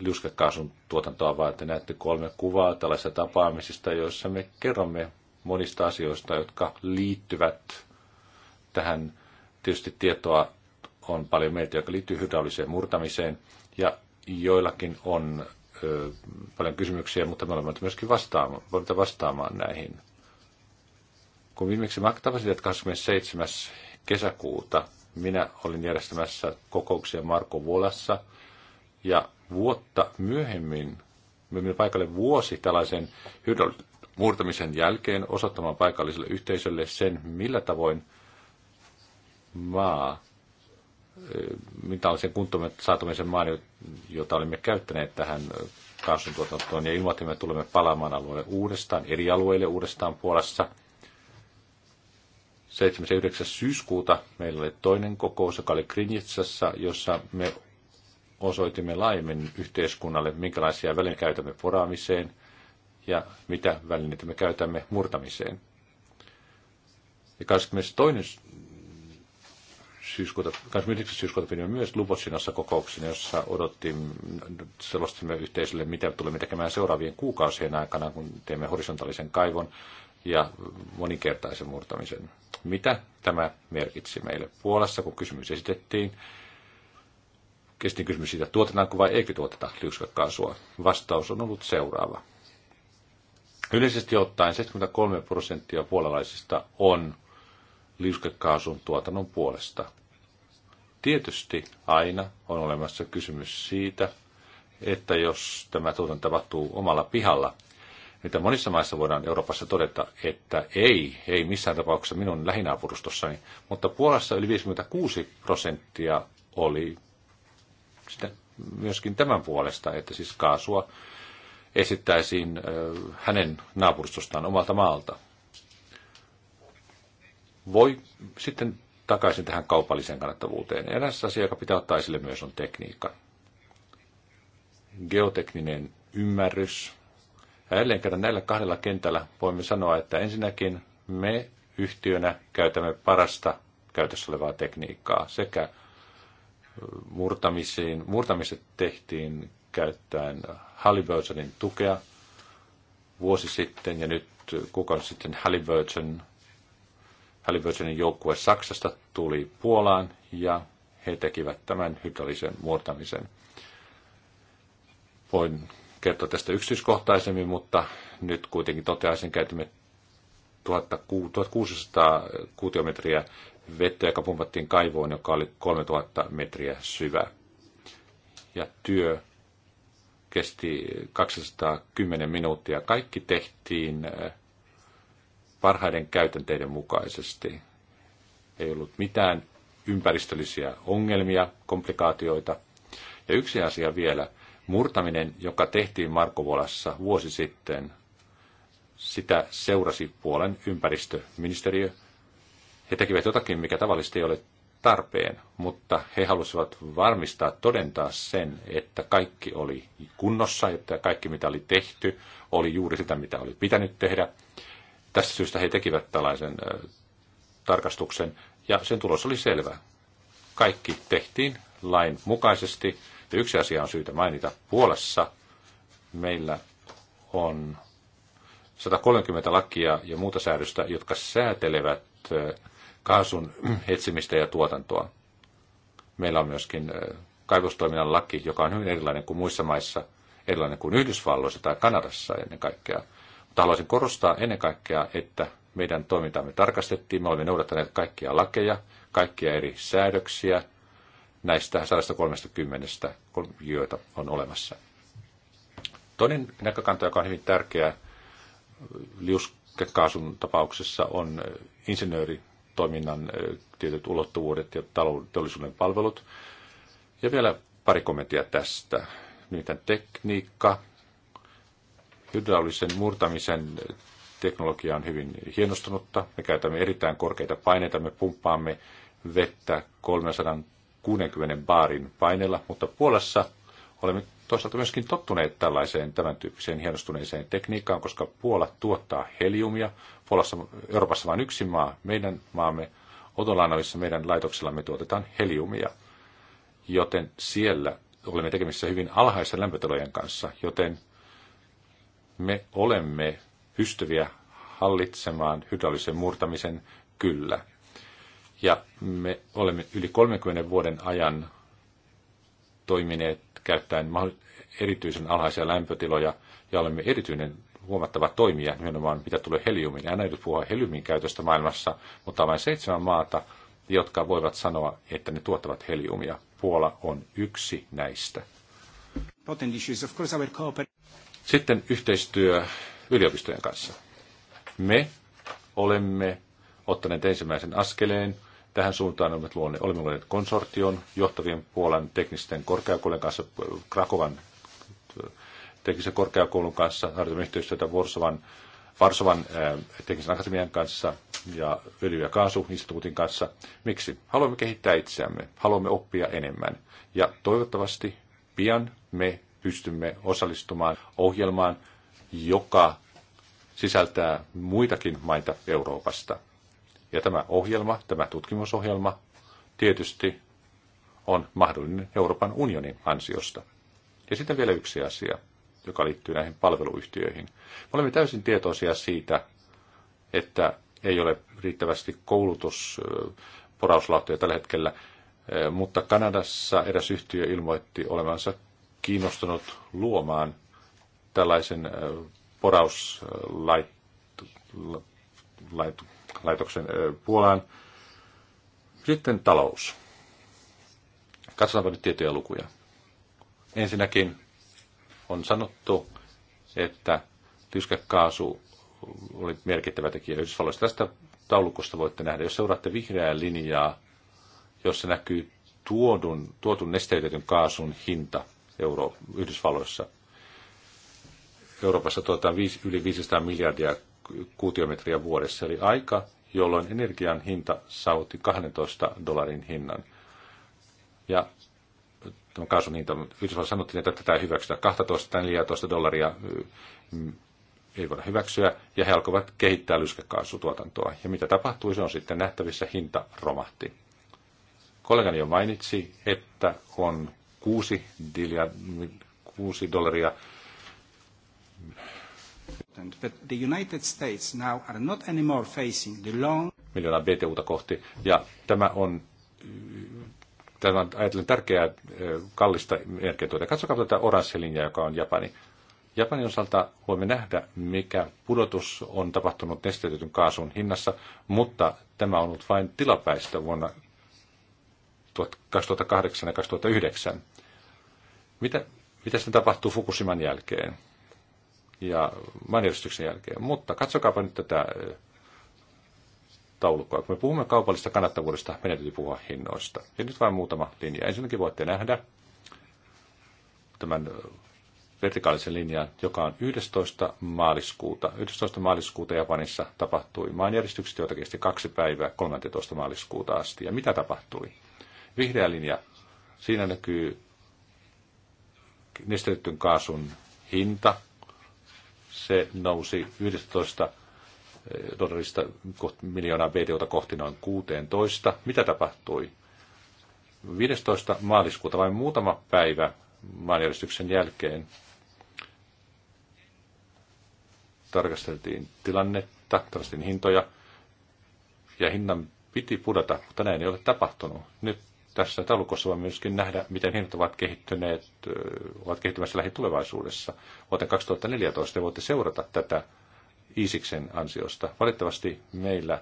liuskekaasun tuotantoa varten. Näette kolme kuvaa tällaisista tapaamisista, joissa me kerromme monista asioista, jotka liittyvät tähän tietysti tietoa on paljon meitä, joka liittyy hydrauliseen murtamiseen, ja joillakin on ö, paljon kysymyksiä, mutta me olemme myöskin vastaamaan, vastaamaan näihin. Kun viimeksi mä tapasin 27. kesäkuuta, minä olin järjestämässä kokouksia Marko Vuolassa, ja vuotta myöhemmin, myöhemmin paikalle vuosi tällaisen murtamisen jälkeen osoittamaan paikalliselle yhteisölle sen, millä tavoin maa mitä on sen kuntomme maan, jota olimme käyttäneet tähän kansantuotantoon ja ilmoitimme, että tulemme palaamaan alueelle uudestaan, eri alueille uudestaan Puolassa. 7. ja 9. syyskuuta meillä oli toinen kokous, joka oli Krinjitsassa, jossa me osoitimme laajemmin yhteiskunnalle, minkälaisia välineitä käytämme poraamiseen ja mitä välineitä me käytämme murtamiseen. Ja 22 syyskuuta, 29. syyskuuta pidimme myös Lubotsinassa kokouksen, jossa odottimme, selostimme yhteisölle, mitä tulemme tekemään seuraavien kuukausien aikana, kun teemme horisontaalisen kaivon ja moninkertaisen murtamisen. Mitä tämä merkitsi meille Puolassa, kun kysymys esitettiin? Kestin kysymys siitä, tuotetaanko vai eikö tuoteta liuskakaasua. Vastaus on ollut seuraava. Yleisesti ottaen 73 prosenttia puolalaisista on liuskekaasun tuotannon puolesta. Tietysti aina on olemassa kysymys siitä, että jos tämä tuotanto tapahtuu omalla pihalla, että monissa maissa voidaan Euroopassa todeta, että ei, ei missään tapauksessa minun lähinaapurustossani, mutta Puolassa yli 56 prosenttia oli sitä, myöskin tämän puolesta, että siis kaasua esittäisiin hänen naapurustostaan omalta maalta. Voi sitten takaisin tähän kaupalliseen kannattavuuteen. Eräs asia, joka pitää ottaa esille myös, on tekniikka. Geotekninen ymmärrys. Ja jälleen kerran näillä kahdella kentällä voimme sanoa, että ensinnäkin me yhtiönä käytämme parasta käytössä olevaa tekniikkaa sekä murtamisiin. Murtamiset tehtiin käyttäen Halliburtonin tukea vuosi sitten ja nyt kuukausi sitten Halliburton Halliburtonin joukkue Saksasta tuli Puolaan ja he tekivät tämän hydraulisen muortamisen. Voin kertoa tästä yksityiskohtaisemmin, mutta nyt kuitenkin toteaisin, käytimme 1600 kuutiometriä vettä, joka pumpattiin kaivoon, joka oli 3000 metriä syvä. Ja työ kesti 210 minuuttia. Kaikki tehtiin äh, parhaiden käytänteiden mukaisesti. Ei ollut mitään ympäristöllisiä ongelmia, komplikaatioita. Ja yksi asia vielä, murtaminen, joka tehtiin Markovolassa vuosi sitten, sitä seurasi puolen ympäristöministeriö. He tekivät jotakin, mikä tavallisesti ei ole tarpeen, mutta he halusivat varmistaa, todentaa sen, että kaikki oli kunnossa, että kaikki mitä oli tehty oli juuri sitä, mitä oli pitänyt tehdä. Tästä syystä he tekivät tällaisen tarkastuksen ja sen tulos oli selvä. Kaikki tehtiin lain mukaisesti ja yksi asia on syytä mainita. Puolassa meillä on 130 lakia ja muuta säädöstä, jotka säätelevät kaasun etsimistä ja tuotantoa. Meillä on myöskin kaivostoiminnan laki, joka on hyvin erilainen kuin muissa maissa, erilainen kuin Yhdysvalloissa tai Kanadassa ennen kaikkea. Mutta haluaisin korostaa ennen kaikkea, että meidän toimintamme tarkastettiin, me olemme noudattaneet kaikkia lakeja, kaikkia eri säädöksiä näistä 130, joita on olemassa. Toinen näkökanta, joka on hyvin tärkeä liuskekaasun tapauksessa, on insinööritoiminnan tietyt ulottuvuudet ja teollisuuden palvelut. Ja vielä pari kommenttia tästä. Nimittäin tekniikka, hydraulisen murtamisen teknologia on hyvin hienostunutta. Me käytämme erittäin korkeita paineita, me pumppaamme vettä 360 baarin paineella, mutta Puolassa olemme toisaalta myöskin tottuneet tällaiseen tämän tyyppiseen hienostuneeseen tekniikkaan, koska Puola tuottaa heliumia. Puolassa, Euroopassa vain yksi maa, meidän maamme Otolanovissa, meidän laitoksellamme tuotetaan heliumia, joten siellä olemme tekemisissä hyvin alhaisen lämpötilojen kanssa, joten me olemme pystyviä hallitsemaan hydraulisen murtamisen, kyllä. Ja me olemme yli 30 vuoden ajan toimineet käyttäen erityisen alhaisia lämpötiloja ja olemme erityinen huomattava toimija nimenomaan mitä tulee heliumiin. Aina ei puhua heliumin käytöstä maailmassa, mutta on vain seitsemän maata, jotka voivat sanoa, että ne tuottavat heliumia. Puola on yksi näistä. Sitten yhteistyö yliopistojen kanssa. Me olemme ottaneet ensimmäisen askeleen tähän suuntaan. Olemme luoneet, olemme luoneet konsortion johtavien Puolan teknisten korkeakoulujen kanssa, Krakovan äh, teknisen korkeakoulun kanssa, harjoitamme yhteistyötä Varsovan, Varsovan äh, teknisen akatemian kanssa ja öljy- ja kaasuinstituutin kanssa. Miksi? Haluamme kehittää itseämme, haluamme oppia enemmän ja toivottavasti pian me pystymme osallistumaan ohjelmaan, joka sisältää muitakin maita Euroopasta. Ja tämä ohjelma, tämä tutkimusohjelma, tietysti on mahdollinen Euroopan unionin ansiosta. Ja sitten vielä yksi asia, joka liittyy näihin palveluyhtiöihin. Me olemme täysin tietoisia siitä, että ei ole riittävästi koulutusporauslautoja tällä hetkellä, mutta Kanadassa eräs yhtiö ilmoitti olevansa kiinnostunut luomaan tällaisen porauslaitoksen Puolaan. Sitten talous. Katsotaanpa nyt tietoja lukuja. Ensinnäkin on sanottu, että tyskäkaasu oli merkittävä tekijä Yhdysvalloissa. Tästä taulukosta voitte nähdä, jos seuraatte vihreää linjaa, jossa näkyy tuodun, tuotun nesteytetyn kaasun hinta Euro- Yhdysvalloissa. Euroopassa tuotaan viisi, yli 500 miljardia kuutiometriä vuodessa, eli aika, jolloin energian hinta saavutti 12 dollarin hinnan. Ja tämä kaasun hinta, Yhdysvalloissa sanottiin, että tätä ei hyväksytä 12 tai 14 dollaria ei voida hyväksyä, ja he alkoivat kehittää lyskäkaasutuotantoa. Ja mitä tapahtui, se on sitten nähtävissä, hinta romahti. Kollegani jo mainitsi, että on 6, dilia, 6 dollaria. the United States now are not anymore facing the long... Miljoonaa BTUta kohti. Ja tämä on tämä on ajatellen tärkeää kallista energiatuotantoa. Katsokaa tätä oranssia linjaa, joka on Japani. Japanin osalta voimme nähdä, mikä pudotus on tapahtunut nesteytetyn kaasun hinnassa, mutta tämä on ollut vain tilapäistä vuonna 2008 ja 2009. Mitä, mitä sitten tapahtuu Fukushiman jälkeen ja maanjärjestyksen jälkeen? Mutta katsokaapa nyt tätä taulukkoa. Kun me puhumme kaupallisesta kannattavuudesta, meidän täytyy puhua hinnoista. Ja nyt vain muutama linja. Ensinnäkin voitte nähdä tämän vertikaalisen linjan, joka on 11. maaliskuuta. 11. maaliskuuta Japanissa tapahtui maanjäristykset, joita kesti kaksi päivää 13. maaliskuuta asti. Ja mitä tapahtui? Vihreä linja. Siinä näkyy nesteytetyn kaasun hinta, se nousi 11 eh, dollarista miljoonaa BTUta kohti noin 16. Mitä tapahtui? 15. maaliskuuta vain muutama päivä maanjärjestyksen jälkeen tarkasteltiin tilannetta, tarkasteltiin hintoja ja hinnan piti pudota, mutta näin ei ole tapahtunut. Nyt tässä taulukossa, vaan myöskin nähdä, miten hinnat ovat kehittyneet, ovat kehittymässä lähitulevaisuudessa. Vuoteen 2014 voitte seurata tätä Iisiksen ansiosta. Valitettavasti meillä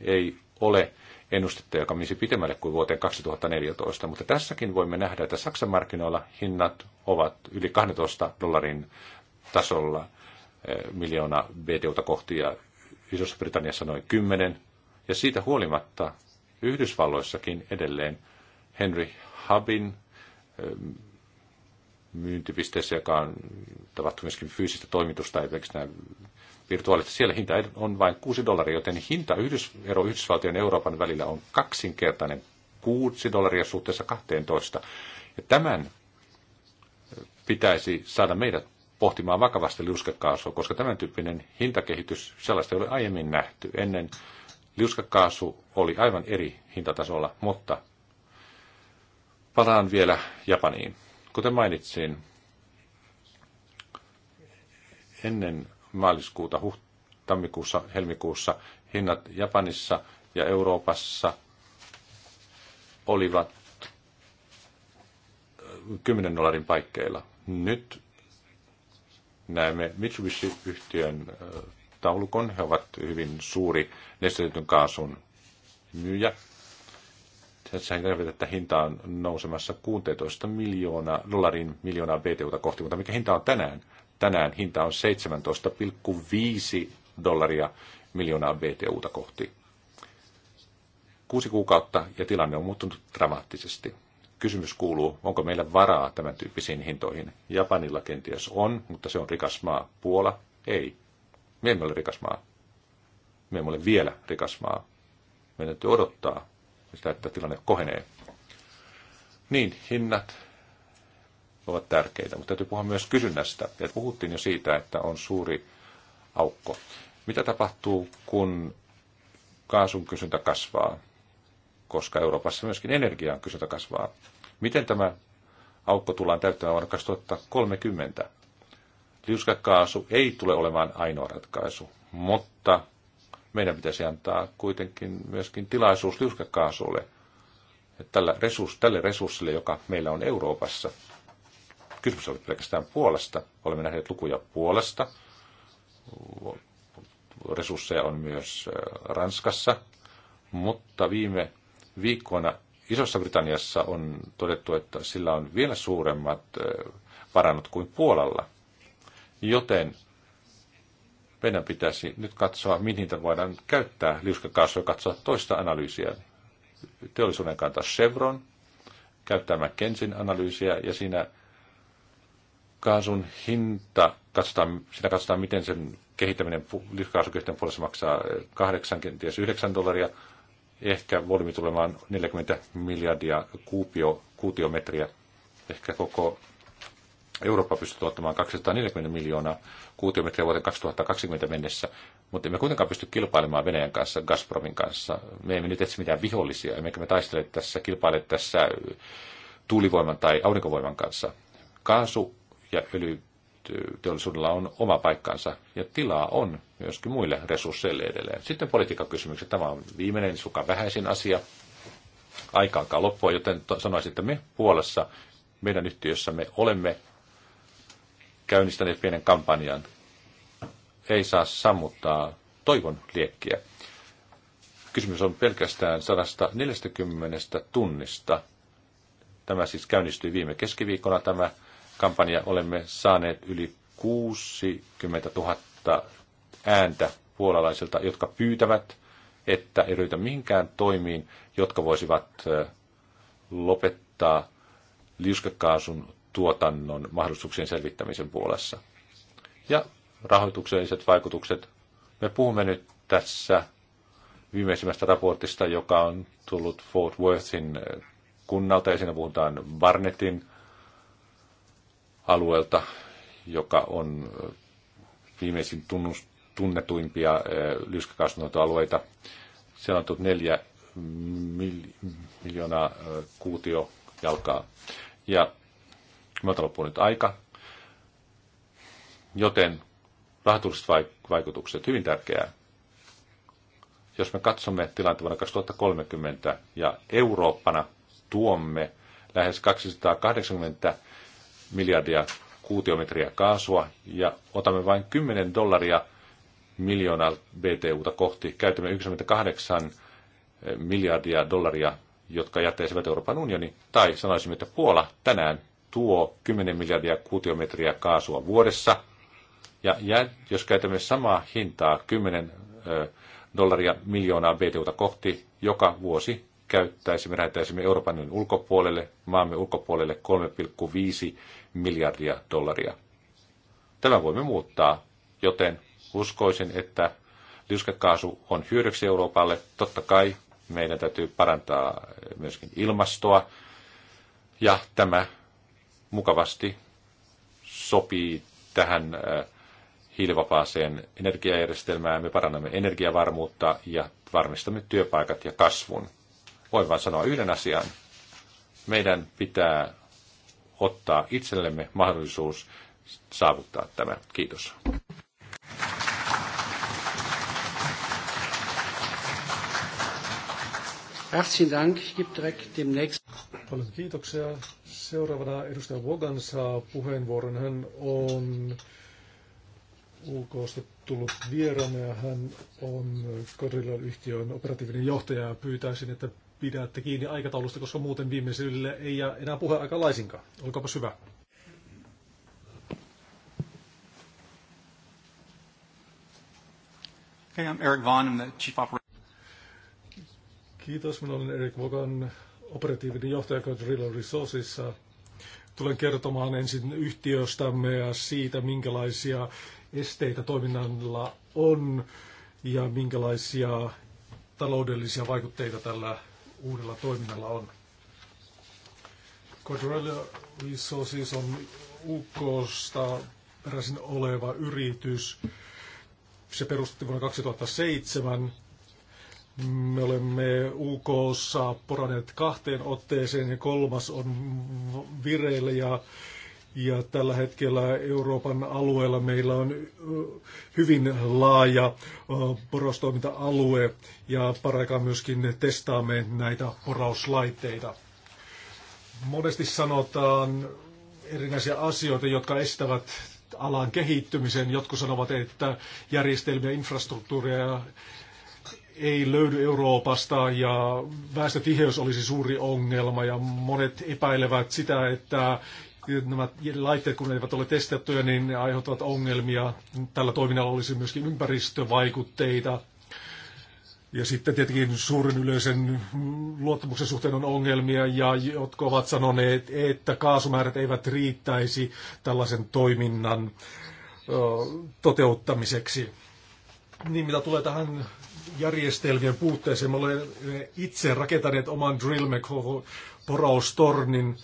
ei ole ennustetta, joka menisi pitemmälle kuin vuoteen 2014, mutta tässäkin voimme nähdä, että Saksan markkinoilla hinnat ovat yli 12 dollarin tasolla miljoona BTUta kohti ja Isossa Britanniassa noin 10. Ja siitä huolimatta Yhdysvalloissakin edelleen Henry Hubin myyntipisteessä, joka on tapahtunut myöskin fyysistä toimitusta, ei nämä virtuaalista. Siellä hinta on vain 6 dollaria, joten hinta yhdys, ero Yhdysvaltion ja Euroopan välillä on kaksinkertainen 6 dollaria suhteessa 12. Ja tämän pitäisi saada meidät pohtimaan vakavasti liuskakaasua, koska tämän tyyppinen hintakehitys, sellaista ei ole aiemmin nähty. Ennen liuskakaasu oli aivan eri hintatasolla, mutta Palaan vielä Japaniin. Kuten mainitsin, ennen maaliskuuta, huht, tammikuussa, helmikuussa hinnat Japanissa ja Euroopassa olivat 10 äh, dollarin paikkeilla. Nyt näemme Mitsubishi-yhtiön äh, taulukon. He ovat hyvin suuri nesteytetyn kaasun myyjä. Sehän kävi, että hinta on nousemassa 16 miljoonaa dollarin miljoonaa BTUta kohti, mutta mikä hinta on tänään? Tänään hinta on 17,5 dollaria miljoonaa BTUta kohti. Kuusi kuukautta ja tilanne on muuttunut dramaattisesti. Kysymys kuuluu, onko meillä varaa tämän tyyppisiin hintoihin? Japanilla kenties on, mutta se on rikas maa. Puola? Ei. Me emme ole rikas maa. Me emme ole vielä rikas maa. Meidän täytyy odottaa sitä, että tilanne kohenee. Niin, hinnat ovat tärkeitä, mutta täytyy puhua myös kysynnästä. Ja puhuttiin jo siitä, että on suuri aukko. Mitä tapahtuu, kun kaasun kysyntä kasvaa, koska Euroopassa myöskin energian kysyntä kasvaa? Miten tämä aukko tullaan täyttämään vuonna 2030? Liuskakaasu ei tule olemaan ainoa ratkaisu, mutta meidän pitäisi antaa kuitenkin myöskin tilaisuus liuskakaasulle, tällä resurs, tälle resurssille, joka meillä on Euroopassa. Kysymys oli pelkästään Puolasta. Olemme nähneet lukuja Puolasta. Resursseja on myös Ranskassa, mutta viime viikkoina Isossa Britanniassa on todettu, että sillä on vielä suuremmat varannut kuin Puolalla. Joten meidän pitäisi nyt katsoa, mihin voidaan käyttää liuskakaasua, katsoa toista analyysiä. Teollisuuden kantaa Chevron, käyttää McKenzin analyysiä ja siinä kaasun hinta, katsotaan, siinä katsotaan, miten sen kehittäminen liuskakaasukehtojen puolessa maksaa 8, eh, kenties 9 dollaria. Ehkä volyymi tulemaan 40 miljardia kuupio, kuutiometriä. Ehkä koko Eurooppa pystyy tuottamaan 240 miljoonaa kuutiometriä vuoteen 2020 mennessä, mutta emme kuitenkaan pysty kilpailemaan Venäjän kanssa, Gazpromin kanssa. Me emme nyt etsi mitään vihollisia, emmekä me taistele tässä, kilpaile tässä tuulivoiman tai aurinkovoiman kanssa. Kaasu ja öljyteollisuudella on oma paikkansa ja tilaa on myöskin muille resursseille edelleen. Sitten politiikkakysymykset. Tämä on viimeinen sukan vähäisin asia. Aika alkaa loppua, joten sanoisin, että me Puolassa meidän yhtiössämme olemme käynnistäneet pienen kampanjan. Ei saa sammuttaa toivon liekkiä. Kysymys on pelkästään 140 tunnista. Tämä siis käynnistyi viime keskiviikkona tämä kampanja. Olemme saaneet yli 60 000 ääntä puolalaisilta, jotka pyytävät, että ei ryhdytä mihinkään toimiin, jotka voisivat lopettaa liuskekaasun tuotannon mahdollisuuksien selvittämisen puolessa. Ja rahoitukselliset vaikutukset. Me puhumme nyt tässä viimeisimmästä raportista, joka on tullut Fort Worthin eh, kunnalta, ja siinä puhutaan Barnetin alueelta, joka on eh, viimeisin tunnus, tunnetuimpia eh, lyskakasvunhoitoalueita. Siellä on tullut neljä miljoonaa kuutiojalkaa. Ja Minulta loppuu nyt aika. Joten rahatulliset vaikutukset, hyvin tärkeää. Jos me katsomme tilannetta vuonna 2030 ja Eurooppana tuomme lähes 280 miljardia kuutiometriä kaasua ja otamme vain 10 dollaria miljoonaa BTUta kohti. Käytämme 98 eh, miljardia dollaria, jotka jättäisivät Euroopan unioni. Tai sanoisimme, että Puola tänään tuo 10 miljardia kuutiometriä kaasua vuodessa. Ja, ja jos käytämme samaa hintaa 10 dollaria miljoonaa BTUta kohti joka vuosi, käyttäisimme, lähettäisimme Euroopan unionin ulkopuolelle, maamme ulkopuolelle 3,5 miljardia dollaria. Tämä voimme muuttaa, joten uskoisin, että liuskekaasu on hyödyksi Euroopalle. Totta kai meidän täytyy parantaa myöskin ilmastoa, ja tämä mukavasti sopii tähän äh, hiilivapaaseen energiajärjestelmään. Me parannamme energiavarmuutta ja varmistamme työpaikat ja kasvun. Voin vain sanoa yhden asian. Meidän pitää ottaa itsellemme mahdollisuus saavuttaa tämä. Kiitos. Herzlichen Dank. Ich gebe direkt dem nächsten. Paljon kiitoksia. Seuraavana edustaja Vogan saa puheenvuoron. Hän on UKsta tullut vieraana ja hän on Kodrilan yhtiön operatiivinen johtaja. Pyytäisin, että pidätte kiinni aikataulusta, koska muuten viimeisille ei jää enää puheaika laisinkaan. Olkaapa hyvä. Hey, I'm Eric Vaughn. I'm the Chief operator. Kiitos. Minä olen Erik Vogan, operatiivinen johtaja Quadrilla Resourcesissa. Tulen kertomaan ensin yhtiöstämme ja siitä, minkälaisia esteitä toiminnalla on ja minkälaisia taloudellisia vaikutteita tällä uudella toiminnalla on. Quadrilla Resources on UKsta peräisin oleva yritys. Se perustettiin vuonna 2007 me olemme UKssa poraneet kahteen otteeseen ja kolmas on vireillä ja, ja tällä hetkellä Euroopan alueella meillä on hyvin laaja porostoiminta-alue ja paraikaa myöskin testaamme näitä porauslaitteita. Monesti sanotaan erinäisiä asioita, jotka estävät alan kehittymisen. Jotkut sanovat, että järjestelmiä, infrastruktuuria ja ei löydy Euroopasta ja väestötiheys olisi suuri ongelma ja monet epäilevät sitä, että nämä laitteet, kun ne eivät ole testattuja, niin ne aiheuttavat ongelmia. Tällä toiminnalla olisi myöskin ympäristövaikutteita. Ja sitten tietenkin suuren yleisen luottamuksen suhteen on ongelmia, ja jotka ovat sanoneet, että kaasumäärät eivät riittäisi tällaisen toiminnan toteuttamiseksi. Niin mitä tulee tähän järjestelmien puutteeseen. Me olemme itse rakentaneet oman Drill poraustornin.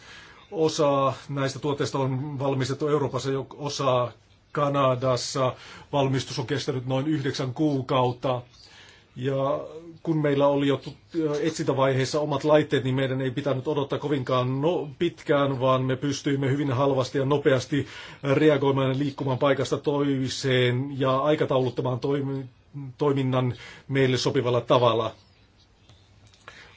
Osa näistä tuotteista on valmistettu Euroopassa, osa Kanadassa. Valmistus on kestänyt noin yhdeksän kuukautta. Ja kun meillä oli jo etsintävaiheessa omat laitteet, niin meidän ei pitänyt odottaa kovinkaan no, pitkään, vaan me pystyimme hyvin halvasti ja nopeasti reagoimaan ja liikkumaan paikasta toiseen ja aikatauluttamaan toimi- toiminnan meille sopivalla tavalla.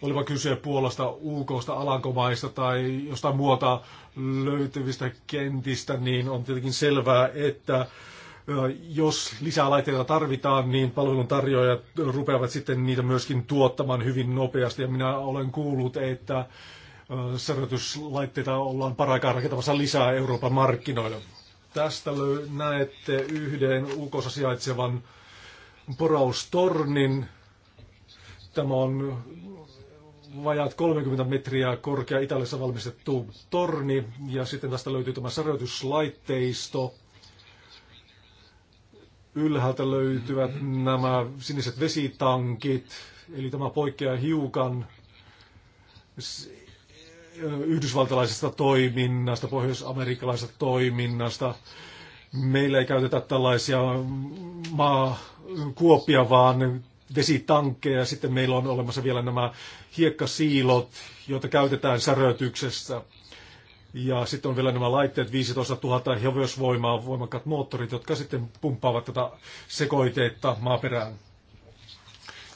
Olipa kyse Puolasta, UKsta, Alankomaista tai jostain muuta löytyvistä kentistä, niin on tietenkin selvää, että jos lisää laitteita tarvitaan, niin palveluntarjoajat rupeavat sitten niitä myöskin tuottamaan hyvin nopeasti. Ja minä olen kuullut, että särötyslaitteita ollaan paraikaa rakentamassa lisää Euroopan markkinoille. Tästä näette yhden UKssa sijaitsevan poraustornin. Tämä on vajaat 30 metriä korkea Italiassa valmistettu torni ja sitten tästä löytyy tämä särötyslaitteisto. Ylhäältä löytyvät nämä siniset vesitankit, eli tämä poikkeaa hiukan yhdysvaltalaisesta toiminnasta, pohjoisamerikkalaisesta toiminnasta meillä ei käytetä tällaisia maakuopia, vaan vesitankkeja. Sitten meillä on olemassa vielä nämä hiekkasiilot, joita käytetään säröityksessä. Ja sitten on vielä nämä laitteet, 15 000 hevosvoimaa, voimakkaat moottorit, jotka sitten pumppaavat tätä sekoiteetta maaperään.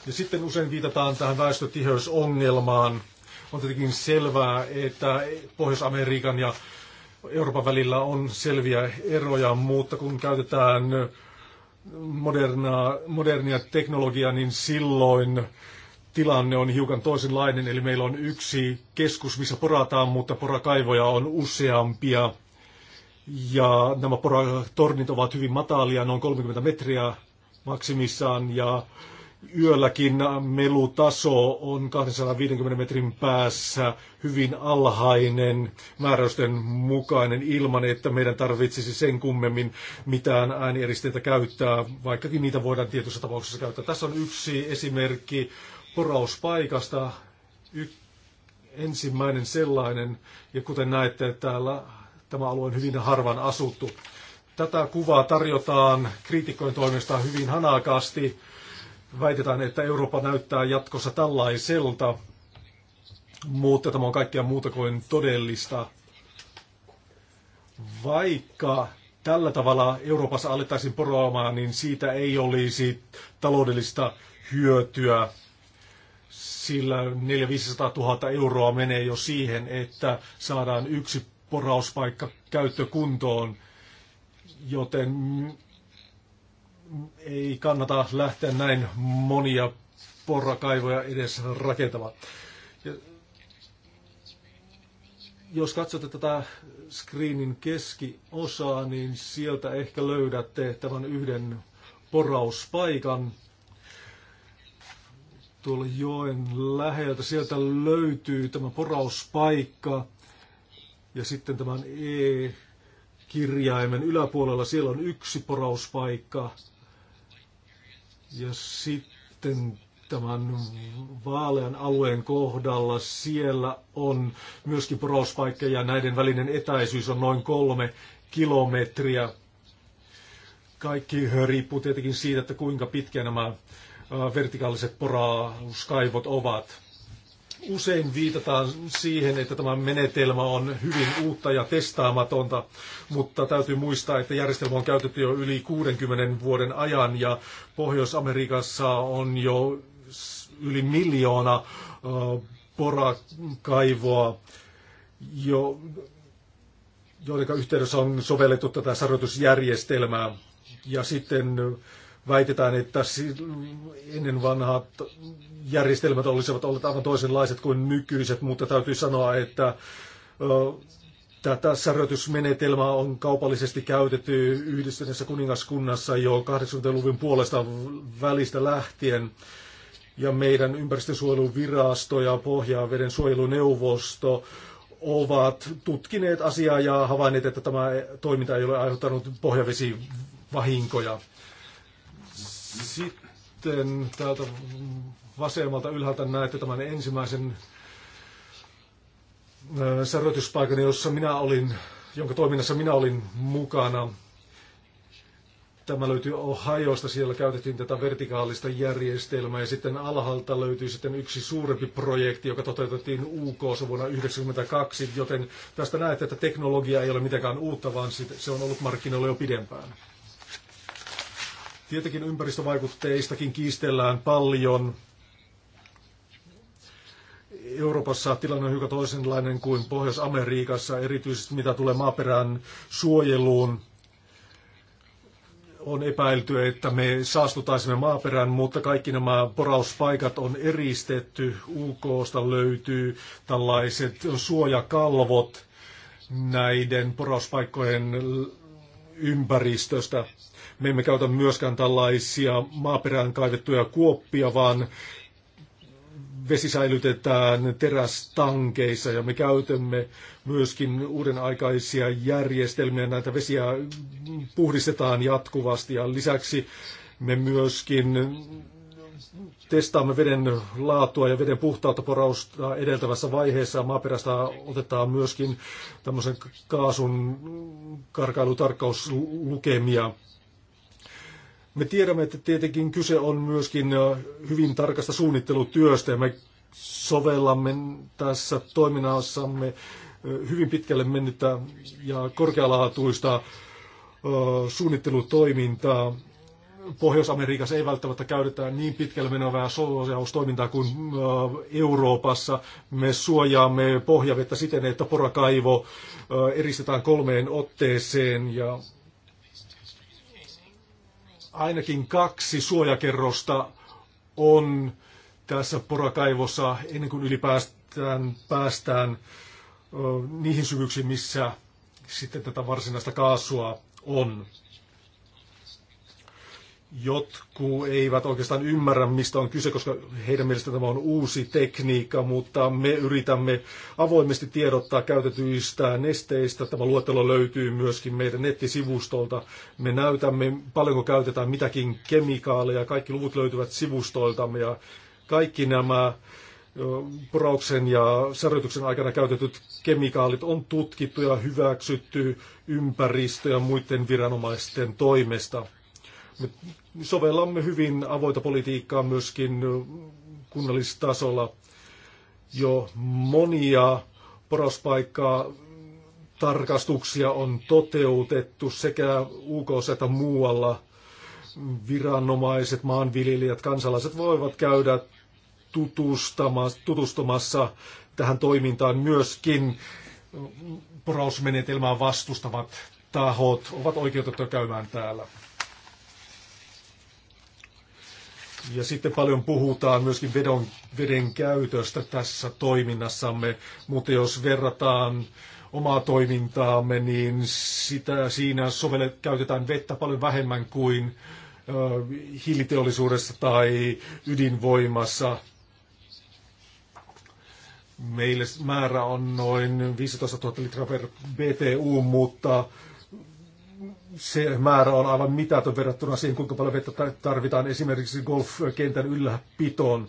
Ja sitten usein viitataan tähän väestötiheysongelmaan. On tietenkin selvää, että Pohjois-Amerikan ja Euroopan välillä on selviä eroja, mutta kun käytetään modernia, modernia teknologiaa, niin silloin tilanne on hiukan toisenlainen. Eli meillä on yksi keskus, missä porataan, mutta porakaivoja on useampia. Ja nämä poratornit ovat hyvin matalia, noin 30 metriä maksimissaan. Ja Yölläkin melutaso on 250 metrin päässä hyvin alhainen määräysten mukainen ilman, että meidän tarvitsisi sen kummemmin mitään äänieristeitä käyttää, vaikkakin niitä voidaan tietyissä tapauksissa käyttää. Tässä on yksi esimerkki porauspaikasta, y- ensimmäinen sellainen, ja kuten näette, täällä tämä alue on hyvin harvan asuttu. Tätä kuvaa tarjotaan kriitikkojen toimesta hyvin hanakasti väitetään, että Eurooppa näyttää jatkossa tällaiselta, mutta tämä on kaikkea muuta kuin todellista. Vaikka tällä tavalla Euroopassa alettaisiin poroamaan, niin siitä ei olisi taloudellista hyötyä, sillä 400 000 euroa menee jo siihen, että saadaan yksi porauspaikka käyttökuntoon, joten ei kannata lähteä näin monia porrakaivoja edes rakentamaan. Ja jos katsotte tätä screenin keskiosaa, niin sieltä ehkä löydätte tämän yhden porauspaikan tuolla joen läheltä. Sieltä löytyy tämä porauspaikka ja sitten tämän E-kirjaimen yläpuolella siellä on yksi porauspaikka ja sitten tämän vaalean alueen kohdalla siellä on myöskin porospaikka ja näiden välinen etäisyys on noin kolme kilometriä. Kaikki riippuu tietenkin siitä, että kuinka pitkä nämä vertikaaliset porauskaivot ovat. Usein viitataan siihen, että tämä menetelmä on hyvin uutta ja testaamatonta, mutta täytyy muistaa, että järjestelmä on käytetty jo yli 60 vuoden ajan ja Pohjois-Amerikassa on jo yli miljoona porakaivoa, jo, joiden yhteydessä on sovellettu tätä sarjoitusjärjestelmää. Ja sitten väitetään, että ennen vanhat järjestelmät olisivat olleet aivan toisenlaiset kuin nykyiset, mutta täytyy sanoa, että tätä särötysmenetelmää on kaupallisesti käytetty yhdistyneessä kuningaskunnassa jo 80-luvun puolesta välistä lähtien. Ja meidän ympäristönsuojeluvirasto ja Pohjaveden suojeluneuvosto ovat tutkineet asiaa ja havainneet, että tämä toiminta ei ole aiheuttanut pohjavesivahinkoja. Sitten täältä vasemmalta ylhäältä näette tämän ensimmäisen äh, särötyspaikan, jossa minä olin, jonka toiminnassa minä olin mukana. Tämä löytyy Ohioista, siellä käytettiin tätä vertikaalista järjestelmää ja sitten alhaalta löytyy sitten yksi suurempi projekti, joka toteutettiin UK vuonna 1992, joten tästä näette, että teknologia ei ole mitenkään uutta, vaan se on ollut markkinoilla jo pidempään. Tietenkin ympäristövaikutteistakin kiistellään paljon. Euroopassa tilanne on hiukan toisenlainen kuin Pohjois-Amerikassa, erityisesti mitä tulee maaperän suojeluun. On epäilty, että me saastutaisimme maaperän, mutta kaikki nämä porauspaikat on eristetty. UKsta löytyy tällaiset suojakalvot näiden porauspaikkojen ympäristöstä. Me emme käytä myöskään tällaisia maaperään kaivettuja kuoppia, vaan vesi säilytetään terästankeissa ja me käytämme myöskin uuden aikaisia järjestelmiä. Näitä vesiä puhdistetaan jatkuvasti ja lisäksi me myöskin testaamme veden laatua ja veden puhtautta porausta edeltävässä vaiheessa. Maaperästä otetaan myöskin tämmöisen kaasun karkailutarkkauslukemia. Me tiedämme, että tietenkin kyse on myöskin hyvin tarkasta suunnittelutyöstä ja me sovellamme tässä toiminnassamme hyvin pitkälle mennyttä ja korkealaatuista suunnittelutoimintaa. Pohjois-Amerikassa ei välttämättä käytetä niin pitkälle menevää suojaustoimintaa kuin Euroopassa. Me suojaamme pohjavettä siten, että porakaivo eristetään kolmeen otteeseen ja ainakin kaksi suojakerrosta on tässä porakaivossa ennen kuin ylipäästään päästään ö, niihin syvyyksiin, missä sitten tätä varsinaista kaasua on jotkut eivät oikeastaan ymmärrä, mistä on kyse, koska heidän mielestään tämä on uusi tekniikka, mutta me yritämme avoimesti tiedottaa käytetyistä nesteistä. Tämä luettelo löytyy myöskin meidän nettisivustolta. Me näytämme, paljonko käytetään mitäkin kemikaaleja. Kaikki luvut löytyvät sivustoiltamme ja kaikki nämä porauksen ja särjytyksen aikana käytetyt kemikaalit on tutkittu ja hyväksytty ympäristö- ja muiden viranomaisten toimesta. Me sovellamme hyvin avoita politiikkaa myöskin kunnallistasolla. Jo monia porospaikkaa tarkastuksia on toteutettu sekä UK että muualla. Viranomaiset, maanviljelijät, kansalaiset voivat käydä tutustumassa tähän toimintaan myöskin porausmenetelmää vastustavat tahot ovat oikeutettuja käymään täällä. Ja sitten paljon puhutaan myöskin vedon, veden käytöstä tässä toiminnassamme, mutta jos verrataan omaa toimintaamme, niin sitä, siinä sovellet, käytetään vettä paljon vähemmän kuin ö, hiiliteollisuudessa tai ydinvoimassa. Meille määrä on noin 15 000 litraa per BTU, mutta se määrä on aivan mitätön verrattuna siihen, kuinka paljon vettä tarvitaan esimerkiksi golfkentän ylläpitoon.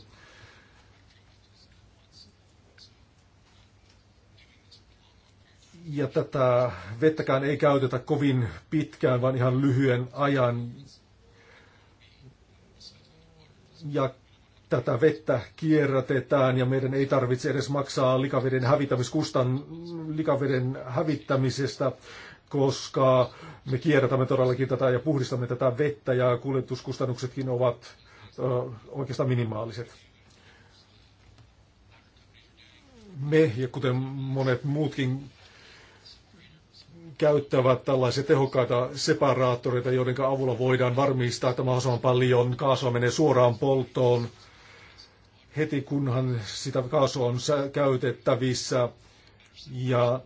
Ja tätä vettäkään ei käytetä kovin pitkään, vaan ihan lyhyen ajan. Ja tätä vettä kierrätetään ja meidän ei tarvitse edes maksaa likaveden, hävittämiskustan, likaveden hävittämisestä, koska me kierrätämme todellakin tätä ja puhdistamme tätä vettä ja kuljetuskustannuksetkin ovat ö, oikeastaan minimaaliset. Me ja kuten monet muutkin käyttävät tällaisia tehokkaita separaattoreita, joiden avulla voidaan varmistaa, että mahdollisimman paljon kaasua menee suoraan polttoon heti kunhan sitä kaasua on käytettävissä ja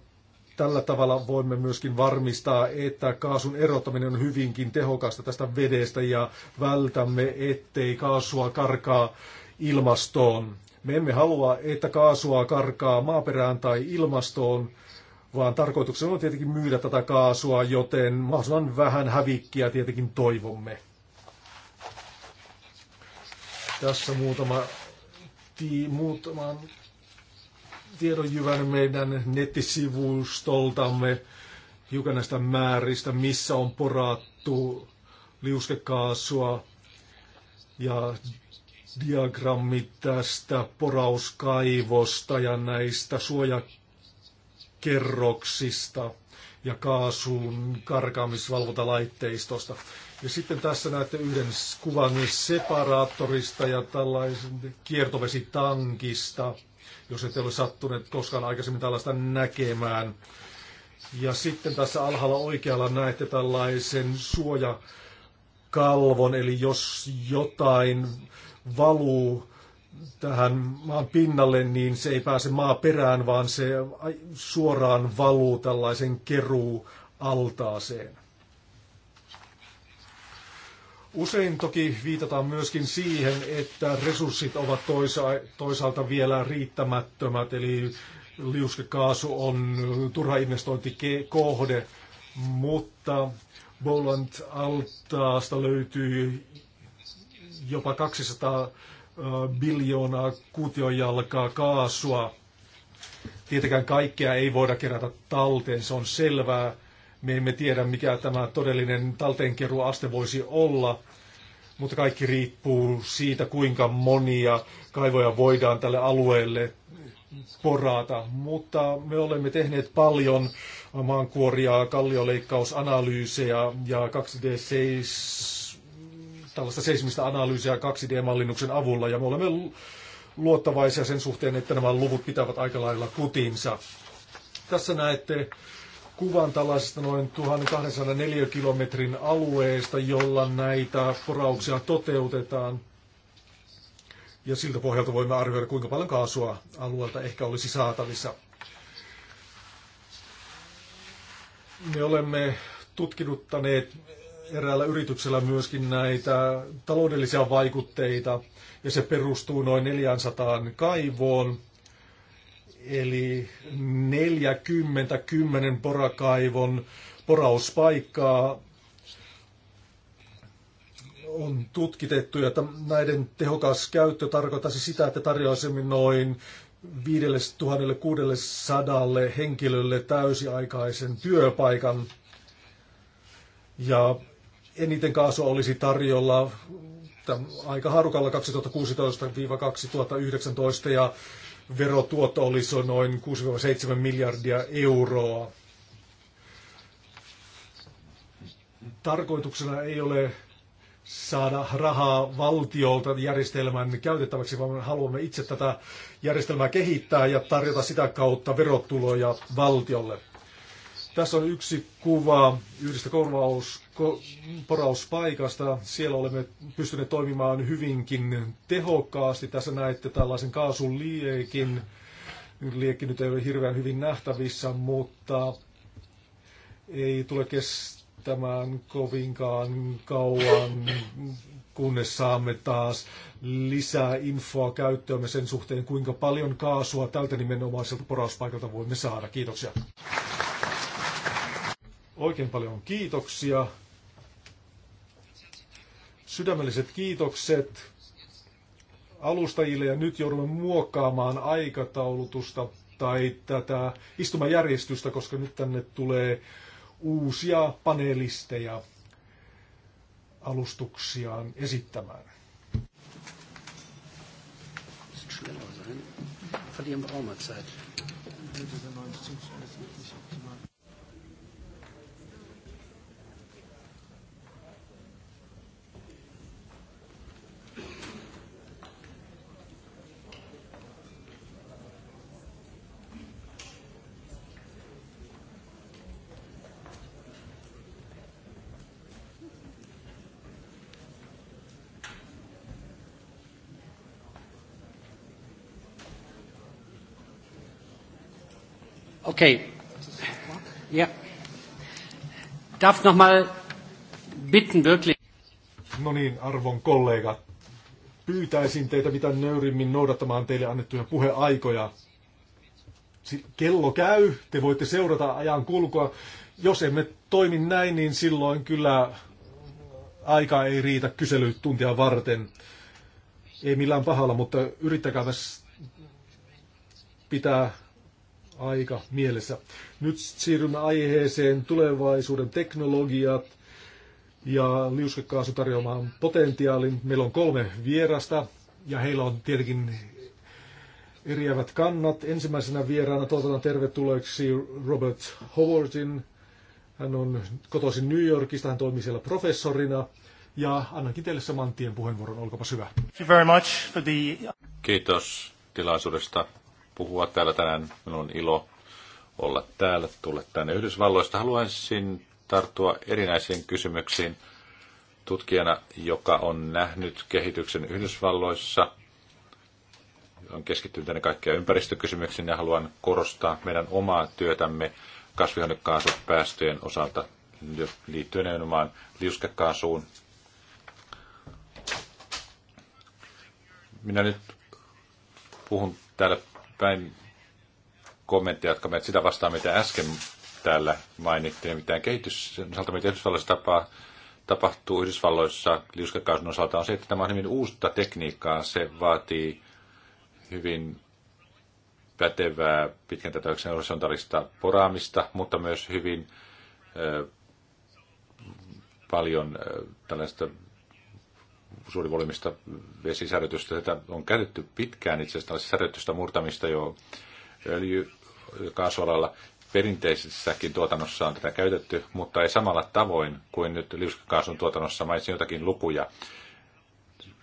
Tällä tavalla voimme myöskin varmistaa, että kaasun erottaminen on hyvinkin tehokasta tästä vedestä ja vältämme, ettei kaasua karkaa ilmastoon. Me emme halua, että kaasua karkaa maaperään tai ilmastoon, vaan tarkoituksena on tietenkin myydä tätä kaasua, joten mahdollisimman vähän hävikkiä tietenkin toivomme. Tässä muutama, ti muutaman tiedonjyvän meidän nettisivustoltamme hiukan näistä määristä, missä on porattu liuskekaasua ja diagrammi tästä porauskaivosta ja näistä suojakerroksista ja kaasun karkaamisvalvontalaitteistosta. Ja sitten tässä näette yhden kuvan separaattorista ja tällaisen kiertovesitankista jos ette ole sattuneet koskaan aikaisemmin tällaista näkemään. Ja sitten tässä alhaalla oikealla näette tällaisen suojakalvon, eli jos jotain valuu tähän maan pinnalle, niin se ei pääse maaperään, vaan se suoraan valuu tällaisen keruualtaaseen. Usein toki viitataan myöskin siihen, että resurssit ovat toisaalta vielä riittämättömät, eli liuskekaasu on turha investointikohde, mutta Boland altaasta löytyy jopa 200 biljoonaa kuutiojalkaa kaasua. Tietenkään kaikkea ei voida kerätä talteen, se on selvää. Me emme tiedä, mikä tämä todellinen talteenkeruaste voisi olla, mutta kaikki riippuu siitä, kuinka monia kaivoja voidaan tälle alueelle porata. Mutta me olemme tehneet paljon maankuoria, kallioleikkausanalyyseja ja 2D-seis, tällaista seismistä analyysiä 2D-mallinnuksen avulla, ja me olemme luottavaisia sen suhteen, että nämä luvut pitävät aika lailla kutinsa. Tässä näette kuvan tällaisesta noin 1204 kilometrin alueesta, jolla näitä porauksia toteutetaan. Ja siltä pohjalta voimme arvioida, kuinka paljon kaasua alueelta ehkä olisi saatavissa. Me olemme tutkinuttaneet eräällä yrityksellä myöskin näitä taloudellisia vaikutteita, ja se perustuu noin 400 kaivoon, eli 40 10 porakaivon porauspaikkaa on tutkitettu, ja näiden tehokas käyttö tarkoittaisi sitä, että tarjoaisimme noin 5600 henkilölle täysiaikaisen työpaikan. Ja eniten kaasua olisi tarjolla aika harukalla 2016-2019 ja verotuotto olisi noin 6-7 miljardia euroa. Tarkoituksena ei ole saada rahaa valtiolta järjestelmän käytettäväksi, vaan haluamme itse tätä järjestelmää kehittää ja tarjota sitä kautta verotuloja valtiolle. Tässä on yksi kuva yhdestä korvaus, ko, porauspaikasta. Siellä olemme pystyneet toimimaan hyvinkin tehokkaasti. Tässä näette tällaisen kaasun liekin. Liekki nyt ei ole hirveän hyvin nähtävissä, mutta ei tule kestämään kovinkaan kauan, kunnes saamme taas lisää infoa käyttöömme sen suhteen, kuinka paljon kaasua tältä nimenomaiselta porauspaikalta voimme saada. Kiitoksia. Oikein paljon kiitoksia. Sydämelliset kiitokset alustajille ja nyt joudumme muokkaamaan aikataulutusta tai tätä istumajärjestystä, koska nyt tänne tulee uusia panelisteja alustuksiaan esittämään. Verlieren wir auch mal Zeit. Okay. Ja. Darf noch mal bitten, wirklich. No niin, arvon kollegat. Pyytäisin teitä mitä nöyrimmin noudattamaan teille annettuja puheaikoja. Kello käy, te voitte seurata ajan kulkua. Jos emme toimi näin, niin silloin kyllä aika ei riitä kyselytuntia varten. Ei millään pahalla, mutta yrittäkää pitää aika mielessä. Nyt siirrymme aiheeseen tulevaisuuden teknologiat ja liuskekaasu tarjoamaan potentiaalin. Meillä on kolme vierasta ja heillä on tietenkin eriävät kannat. Ensimmäisenä vieraana toivotan tervetulleeksi Robert Howardin. Hän on kotoisin New Yorkista, hän toimii siellä professorina. Ja annankin teille saman tien puheenvuoron, olkapa hyvä. Kiitos tilaisuudesta puhua täällä tänään. Minun on ilo olla täällä, tulla tänne Yhdysvalloista. Haluaisin tarttua erinäisiin kysymyksiin tutkijana, joka on nähnyt kehityksen Yhdysvalloissa. On keskittynyt tänne kaikkia ympäristökysymyksiin ja haluan korostaa meidän omaa työtämme kasvihuonekaasupäästöjen osalta liittyen nimenomaan liuskekaasuun. Minä nyt puhun täällä päin kommentteja, jotka menet sitä vastaan, mitä äsken täällä mainittiin, mitään kehitys, osalta, mitä Yhdysvalloissa tapaa, tapahtuu Yhdysvalloissa liuskakaasun osalta, on se, että tämä on hyvin uutta tekniikkaa. Se vaatii hyvin pätevää pitkän tätäyksen horisontaalista poraamista, mutta myös hyvin ö, paljon ö, tällaista suurivolyymista vesisärjytystä. Tätä on käytetty pitkään itse asiassa särötystä murtamista jo kaasualalla. Perinteisessäkin tuotannossa on tätä käytetty, mutta ei samalla tavoin kuin nyt liuskakaasun tuotannossa. Mainitsin jotakin lukuja.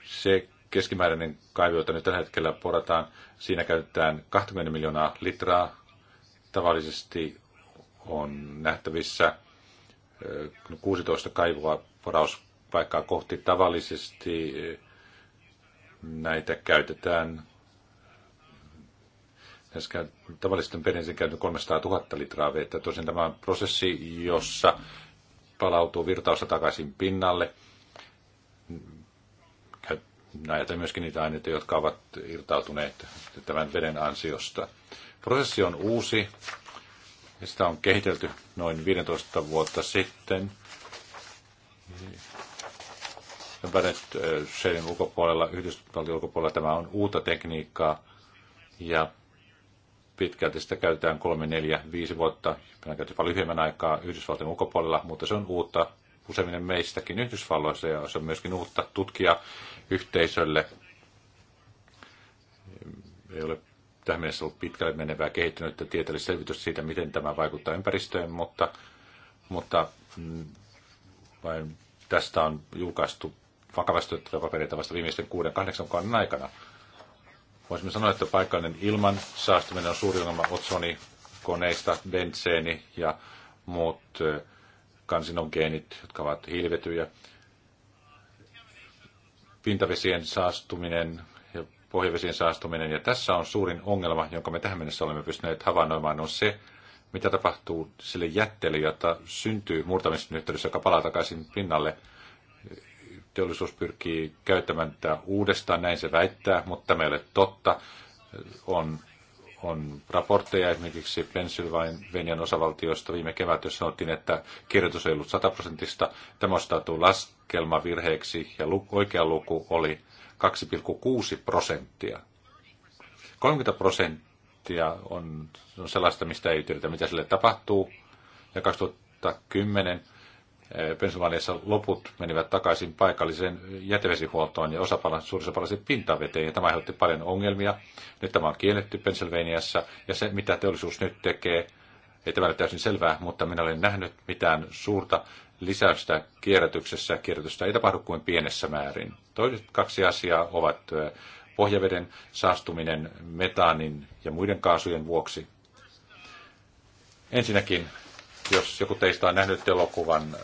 Se keskimääräinen kaivio, jota nyt tällä hetkellä porataan, siinä käytetään 20 miljoonaa litraa. Tavallisesti on nähtävissä 16 kaivoa poraus paikkaa kohti tavallisesti eh, näitä käytetään näissä tavallisten perheisiin käytetään 300 000 litraa vettä. Tosin tämä on prosessi, jossa palautuu virtausta takaisin pinnalle. Näitä myöskin niitä aineita, jotka ovat irtautuneet tämän veden ansiosta. Prosessi on uusi ja sitä on kehitelty noin 15 vuotta sitten. Barnett-seiden ulkopuolella, Yhdysvaltojen ulkopuolella tämä on uutta tekniikkaa ja pitkälti sitä käytetään kolme, neljä, viisi vuotta. Meillä käytetään jopa lyhyemmän aikaa Yhdysvaltojen ulkopuolella, mutta se on uutta useimmiten meistäkin Yhdysvalloissa ja se on myöskin uutta tutkia yhteisölle. Ei ole tähän mennessä ollut pitkälle menevää ja tieteellistä selvitystä siitä, miten tämä vaikuttaa ympäristöön, mutta, mutta mm, vain tästä on julkaistu vakavasti papereita vasta viimeisten kuuden, kahdeksan kauden aikana. Voisimme sanoa, että paikallinen ilman saastuminen on suuri ongelma otsoni, koneista, bentseeni ja muut kansinogeenit, jotka ovat hiilivetyjä. Pintavesien saastuminen ja pohjavesien saastuminen. Ja tässä on suurin ongelma, jonka me tähän mennessä olemme pystyneet havainnoimaan, on se, mitä tapahtuu sille jätteelle, jota syntyy murtamisen yhteydessä, joka palaa takaisin pinnalle – teollisuus pyrkii käyttämään tätä uudestaan, näin se väittää, mutta tämä ei ole totta. On, on raportteja esimerkiksi Pennsylvanian osavaltiosta viime kevät, jos sanottiin, että kirjoitus ei ollut sataprosenttista. Tämä ostautuu laskelmavirheeksi ja luku, oikea luku oli 2,6 prosenttia. 30 prosenttia on, on sellaista, mistä ei tiedetä, mitä sille tapahtuu. Ja 2010 Pennsylvaniassa loput menivät takaisin paikalliseen jätevesihuoltoon ja osa palasi, suurissa palasi pintaveteen, ja tämä aiheutti paljon ongelmia. Nyt tämä on kielletty Pennsylvaniassa, ja se, mitä teollisuus nyt tekee, ei tämä ole täysin selvää, mutta minä olen nähnyt mitään suurta lisäystä kierrätyksessä. Kierrätystä ei tapahdu kuin pienessä määrin. Toiset kaksi asiaa ovat pohjaveden saastuminen metaanin ja muiden kaasujen vuoksi. Ensinnäkin jos joku teistä on nähnyt elokuvan äh,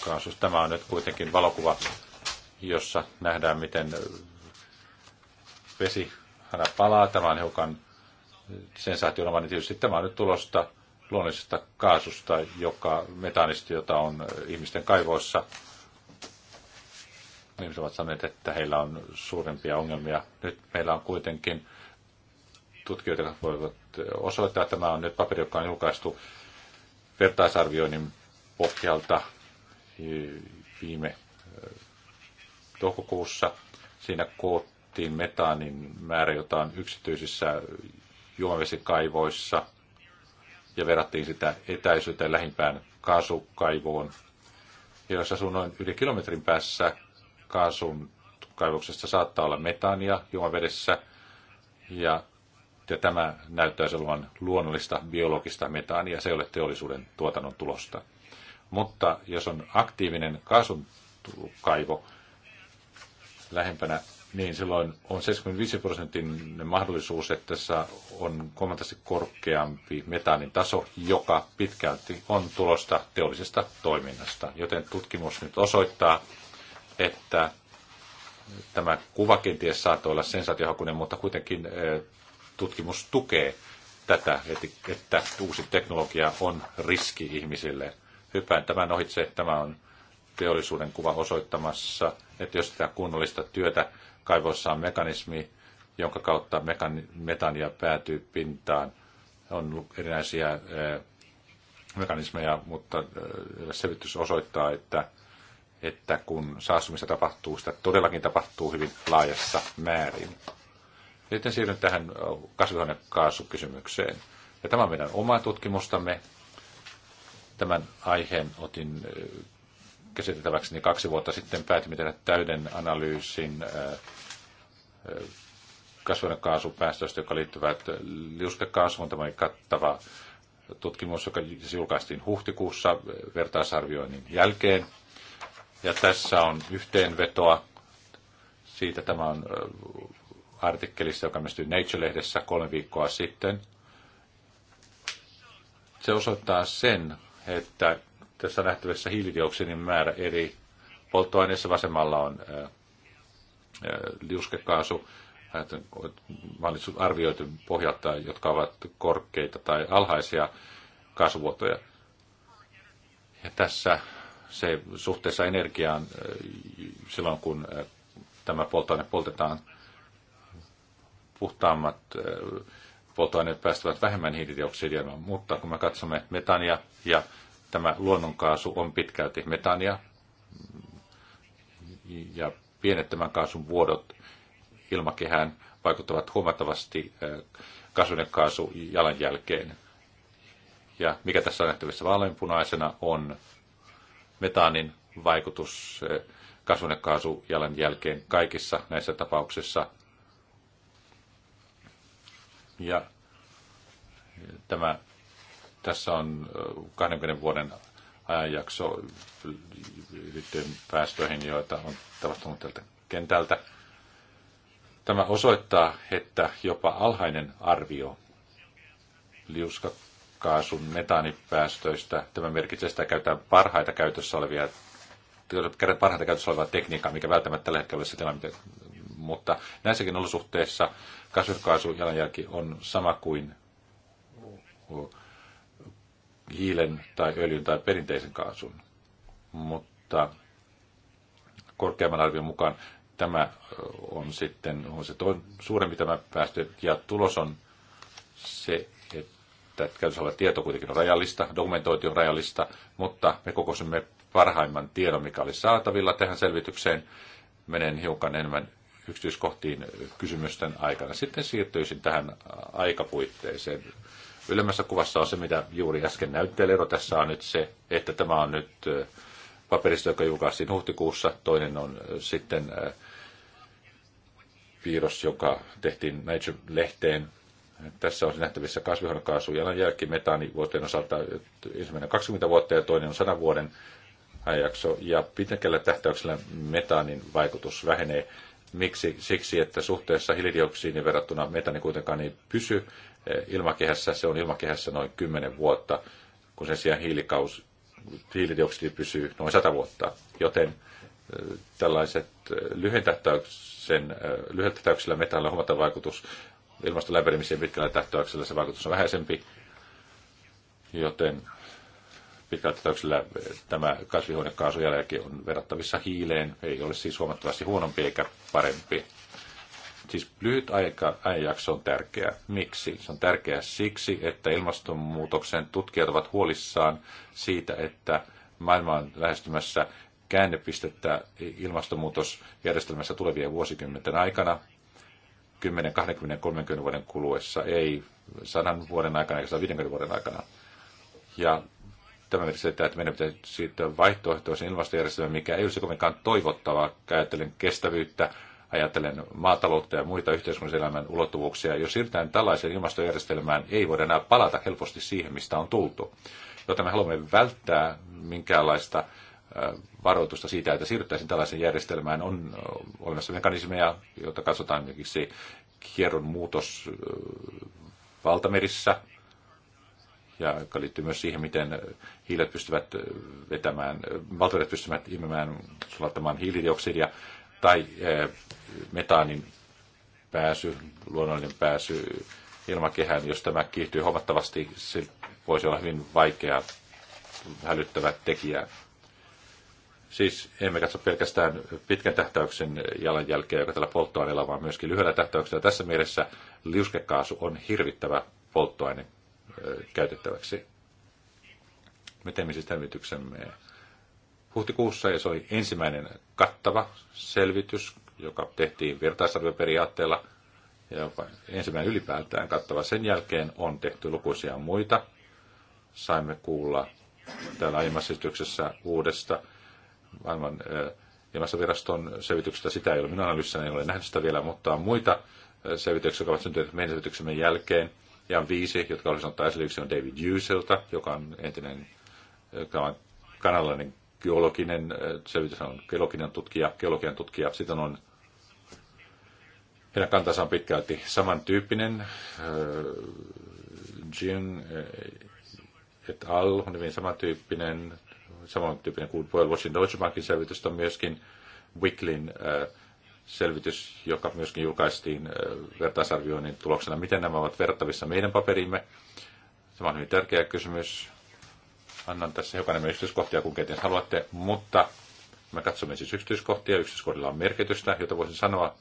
Kansus, tämä on nyt kuitenkin valokuva, jossa nähdään, miten äh, vesi hänä palaa. Tämä on hiukan äh, sensaationa, niin tietysti tämä on nyt tulosta luonnollisesta kaasusta, joka metaanista, jota on ihmisten kaivoissa. Ihmiset ovat sanoneet, että heillä on suurempia ongelmia. Nyt meillä on kuitenkin tutkijoita, jotka voivat osoittaa. Tämä on nyt paperi, joka on julkaistu vertaisarvioinnin pohjalta e, viime e, toukokuussa. Siinä koottiin metaanin määrä, jota on yksityisissä juomavesikaivoissa ja verrattiin sitä etäisyyteen lähimpään kaasukaivoon. Ja jos asuu noin yli kilometrin päässä kaasun kaivoksesta saattaa olla metaania juomavedessä ja ja tämä näyttäisi olevan luonnollista biologista metaania, se ei ole teollisuuden tuotannon tulosta. Mutta jos on aktiivinen kaasun kaivo lähempänä, niin silloin on 75 prosentin mahdollisuus, että tässä on huomattavasti korkeampi metaanin taso, joka pitkälti on tulosta teollisesta toiminnasta. Joten tutkimus nyt osoittaa, että tämä kuva kenties saattoi olla sensaatiohakuinen, mutta kuitenkin eh, tutkimus tukee tätä, että uusi teknologia on riski ihmisille. Hypään tämän ohitse, tämä on teollisuuden kuva osoittamassa, että jos tämä kunnollista työtä kaivoissa on mekanismi, jonka kautta metania päätyy pintaan, on erinäisiä eh, mekanismeja, mutta eh, selvitys osoittaa, että, että kun saastumista tapahtuu, sitä todellakin tapahtuu hyvin laajassa määrin. Sitten siirryn tähän kasvihuonekaasukysymykseen. Ja tämä on meidän omaa tutkimustamme. Tämän aiheen otin niin kaksi vuotta sitten. Päätimme tehdä täyden analyysin eh, eh, kasvihuonekaasupäästöistä, joka liittyvät liuskekaasuun. Tämä oli kattava tutkimus, joka julkaistiin huhtikuussa vertaisarvioinnin jälkeen. Ja tässä on yhteenvetoa. Siitä tämä on artikkelista, joka mestyi Nature-lehdessä kolme viikkoa sitten. Se osoittaa sen, että tässä nähtävässä hiilidioksidin määrä eri polttoaineissa. Vasemmalla on liuskekaasu, arvioitu pohjalta, jotka ovat korkeita tai alhaisia kasvuotoja. Ja tässä se suhteessa energiaan silloin, kun tämä polttoaine poltetaan, puhtaammat äh, polttoaineet päästävät vähemmän hiilidioksidia, mutta kun me katsomme metania ja tämä luonnonkaasu on pitkälti metania ja pienet tämän kaasun vuodot ilmakehään vaikuttavat huomattavasti äh, kasvinekaasu jalanjälkeen. Ja mikä tässä on nähtävissä vaaleanpunaisena on metaanin vaikutus äh, kasvinekaasu jalanjälkeen kaikissa näissä tapauksissa – ja tämä, tässä on 20 vuoden ajanjakso liittyen päästöihin, joita on tapahtunut tältä kentältä. Tämä osoittaa, että jopa alhainen arvio liuskakaasun metaanipäästöistä, tämä merkitsee sitä käytetään parhaita käytössä olevia parhaita käytössä olevaa tekniikkaa, mikä välttämättä tällä hetkellä ole se tilanne, mutta näissäkin olosuhteissa kasvihuonekaasujalanjälki on sama kuin hiilen tai öljyn tai perinteisen kaasun. Mutta korkeamman arvion mukaan tämä on sitten on se toinen, suurempi tämä päästö. Ja tulos on se, että käytössä oleva tieto kuitenkin on rajallista, dokumentointi on rajallista, mutta me kokosimme parhaimman tiedon, mikä oli saatavilla tähän selvitykseen. Menen hiukan enemmän yksityiskohtiin kysymysten aikana. Sitten siirtyisin tähän aikapuitteeseen. Ylemmässä kuvassa on se, mitä juuri äsken näyttelijä tässä on nyt se, että tämä on nyt paperista, joka julkaistiin huhtikuussa. Toinen on sitten piirros, joka tehtiin Nature-lehteen. Tässä on nähtävissä kasvihuonekaasu, jalanjälki, metaani vuoteen osalta ensimmäinen 20 vuotta ja toinen on 100 vuoden ajakso. Ja pitkällä tähtäyksellä metaanin vaikutus vähenee Miksi? Siksi, että suhteessa hiilidioksidiin verrattuna metani kuitenkaan ei pysy eh, ilmakehässä. Se on ilmakehässä noin 10 vuotta, kun sen sijaan hiilikaus, hiilidioksidi pysyy noin 100 vuotta. Joten eh, tällaiset eh, lyhyen tähtäyksellä metaanilla on huomattava vaikutus ilmaston lämpenemiseen pitkällä tähtäyksellä se vaikutus on vähäisempi, joten pitkällä tähtäyksellä tämä kasvihuonekaasujälki on verrattavissa hiileen, ei ole siis huomattavasti huonompi eikä parempi. Siis lyhyt aika, ajanjakso on tärkeä. Miksi? Se on tärkeä siksi, että ilmastonmuutoksen tutkijat ovat huolissaan siitä, että maailma on lähestymässä käännepistettä ilmastonmuutosjärjestelmässä tulevien vuosikymmenten aikana. 10, 20, 30 vuoden kuluessa, ei sadan vuoden aikana eikä 150 vuoden aikana. Ja Tämä merkitsee sitä, että meidän pitäisi siirtyä vaihtoehtoisen ilmastojärjestelmään, mikä ei olisi kovinkaan toivottavaa. Ajattelen kestävyyttä, ajattelen maataloutta ja muita yhteiskunnallisen ulottuvuuksia. Jos siirrytään tällaiseen ilmastojärjestelmään, ei voida enää palata helposti siihen, mistä on tultu. Joten me haluamme välttää minkäänlaista varoitusta siitä, että siirryttäisiin tällaiseen järjestelmään. On olemassa mekanismeja, joita katsotaan esimerkiksi kierron muutos valtamerissä, ja joka liittyy myös siihen, miten hiilet pystyvät vetämään, valtuudet pystyvät imemään, sulattamaan hiilidioksidia tai eh, metaanin pääsy, luonnollinen pääsy ilmakehään, jos tämä kiihtyy huomattavasti, se voisi olla hyvin vaikea hälyttävä tekijä. Siis emme katso pelkästään pitkän tähtäyksen jalanjälkeä, joka tällä polttoaineella, vaan myöskin lyhyellä tähtäyksellä. Tässä mielessä liuskekaasu on hirvittävä polttoaine käytettäväksi. Me teemme siis selvityksemme huhtikuussa ja se oli ensimmäinen kattava selvitys, joka tehtiin vertaisarvioperiaatteella ja ensimmäinen ylipäätään kattava. Sen jälkeen on tehty lukuisia muita. Saimme kuulla täällä aiemmassa uudesta maailman ilmastoviraston selvityksestä. Sitä ei ole minun analyysissäni, en ole nähnyt sitä vielä, mutta on muita selvityksiä, jotka ovat syntyneet meidän selvityksemme jälkeen – ja viisi, jotka olisi ottaa esille. Yksi on David Juselta, joka on entinen kanalainen geologinen, selvitys on geologinen tutkija, geologian tutkija. Sitten on heidän kantansa on pitkälti samantyyppinen. Jin et al. on hyvin samantyyppinen, samantyyppinen kuin Boyle Washington Deutsche Bankin selvitystä on myöskin Wicklin äh, selvitys, joka myöskin julkaistiin äh, vertaisarvioinnin tuloksena. Miten nämä ovat verrattavissa meidän paperiimme? Tämä on hyvin tärkeä kysymys. Annan tässä hiukan enemmän yksityiskohtia kun kenties haluatte, mutta me katsomme siis yksityiskohtia. Yksityiskohdilla on merkitystä, jota voisin sanoa,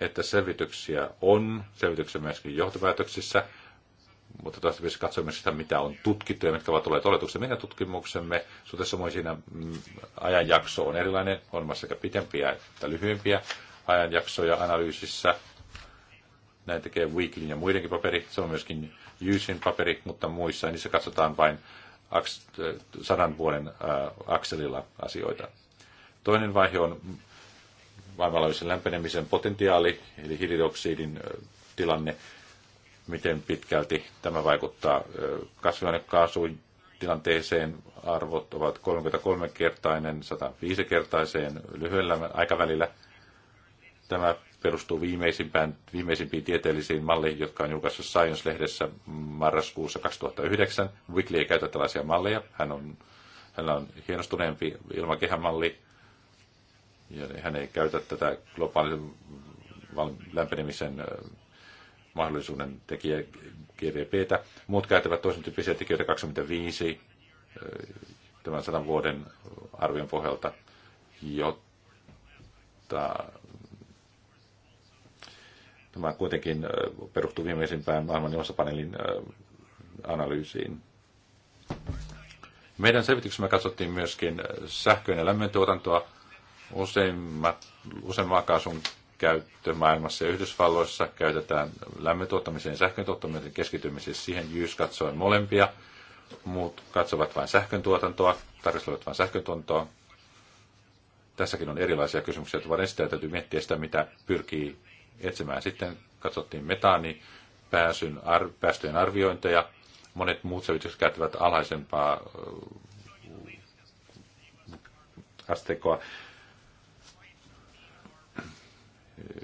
että selvityksiä on, selvityksiä myöskin johtopäätöksissä, mutta toivottavasti katsomme sitä, mitä on tutkittu ja mitkä ovat olleet oletuksia meidän tutkimuksemme. Suhteessa samoin siinä mm, ajanjakso on erilainen, on sekä pitempiä että lyhyempiä ajanjaksoja analyysissä. Näin tekee Weeklin ja muidenkin paperi. Se on myöskin Jyysin paperi, mutta muissa niissä katsotaan vain sadan vuoden äh, akselilla asioita. Toinen vaihe on maailmanlaajuisen lämpenemisen potentiaali, eli hiilidioksidin äh, tilanne, miten pitkälti tämä vaikuttaa äh, kasvihuonekaasuun tilanteeseen. Arvot ovat 33-kertainen, 105-kertaiseen lyhyellä aikavälillä – Tämä perustuu viimeisimpään, viimeisimpiin tieteellisiin malleihin, jotka on julkaissut Science-lehdessä marraskuussa 2009. Wickley ei käytä tällaisia malleja. Hän on, hänellä on hienostuneempi malli, ja hän ei käytä tätä globaalisen lämpenemisen mahdollisuuden tekijä GVPtä. Muut käyttävät toisen tyyppisiä tekijöitä 25 tämän sadan vuoden arvion pohjalta, jotta Tämä kuitenkin perustuu viimeisimpään maailman ilmastopaneelin analyysiin. Meidän selvityksemme katsottiin myöskin sähköön ja lämmöntuotantoa. Useimmat, kaasun käyttö maailmassa ja Yhdysvalloissa käytetään lämmöntuottamiseen ja sähkön tuottamiseen siihen Jyys katsoi molempia. Muut katsovat vain sähkön tuotantoa, tarkastelevat vain sähkön tuotantoa. Tässäkin on erilaisia kysymyksiä, että vaan täytyy miettiä sitä, mitä pyrkii etsimään. Sitten katsottiin metaani, pääsyn, ar, päästöjen arviointeja. Monet muut selvitykset käyttävät alhaisempaa äh, asteikkoa.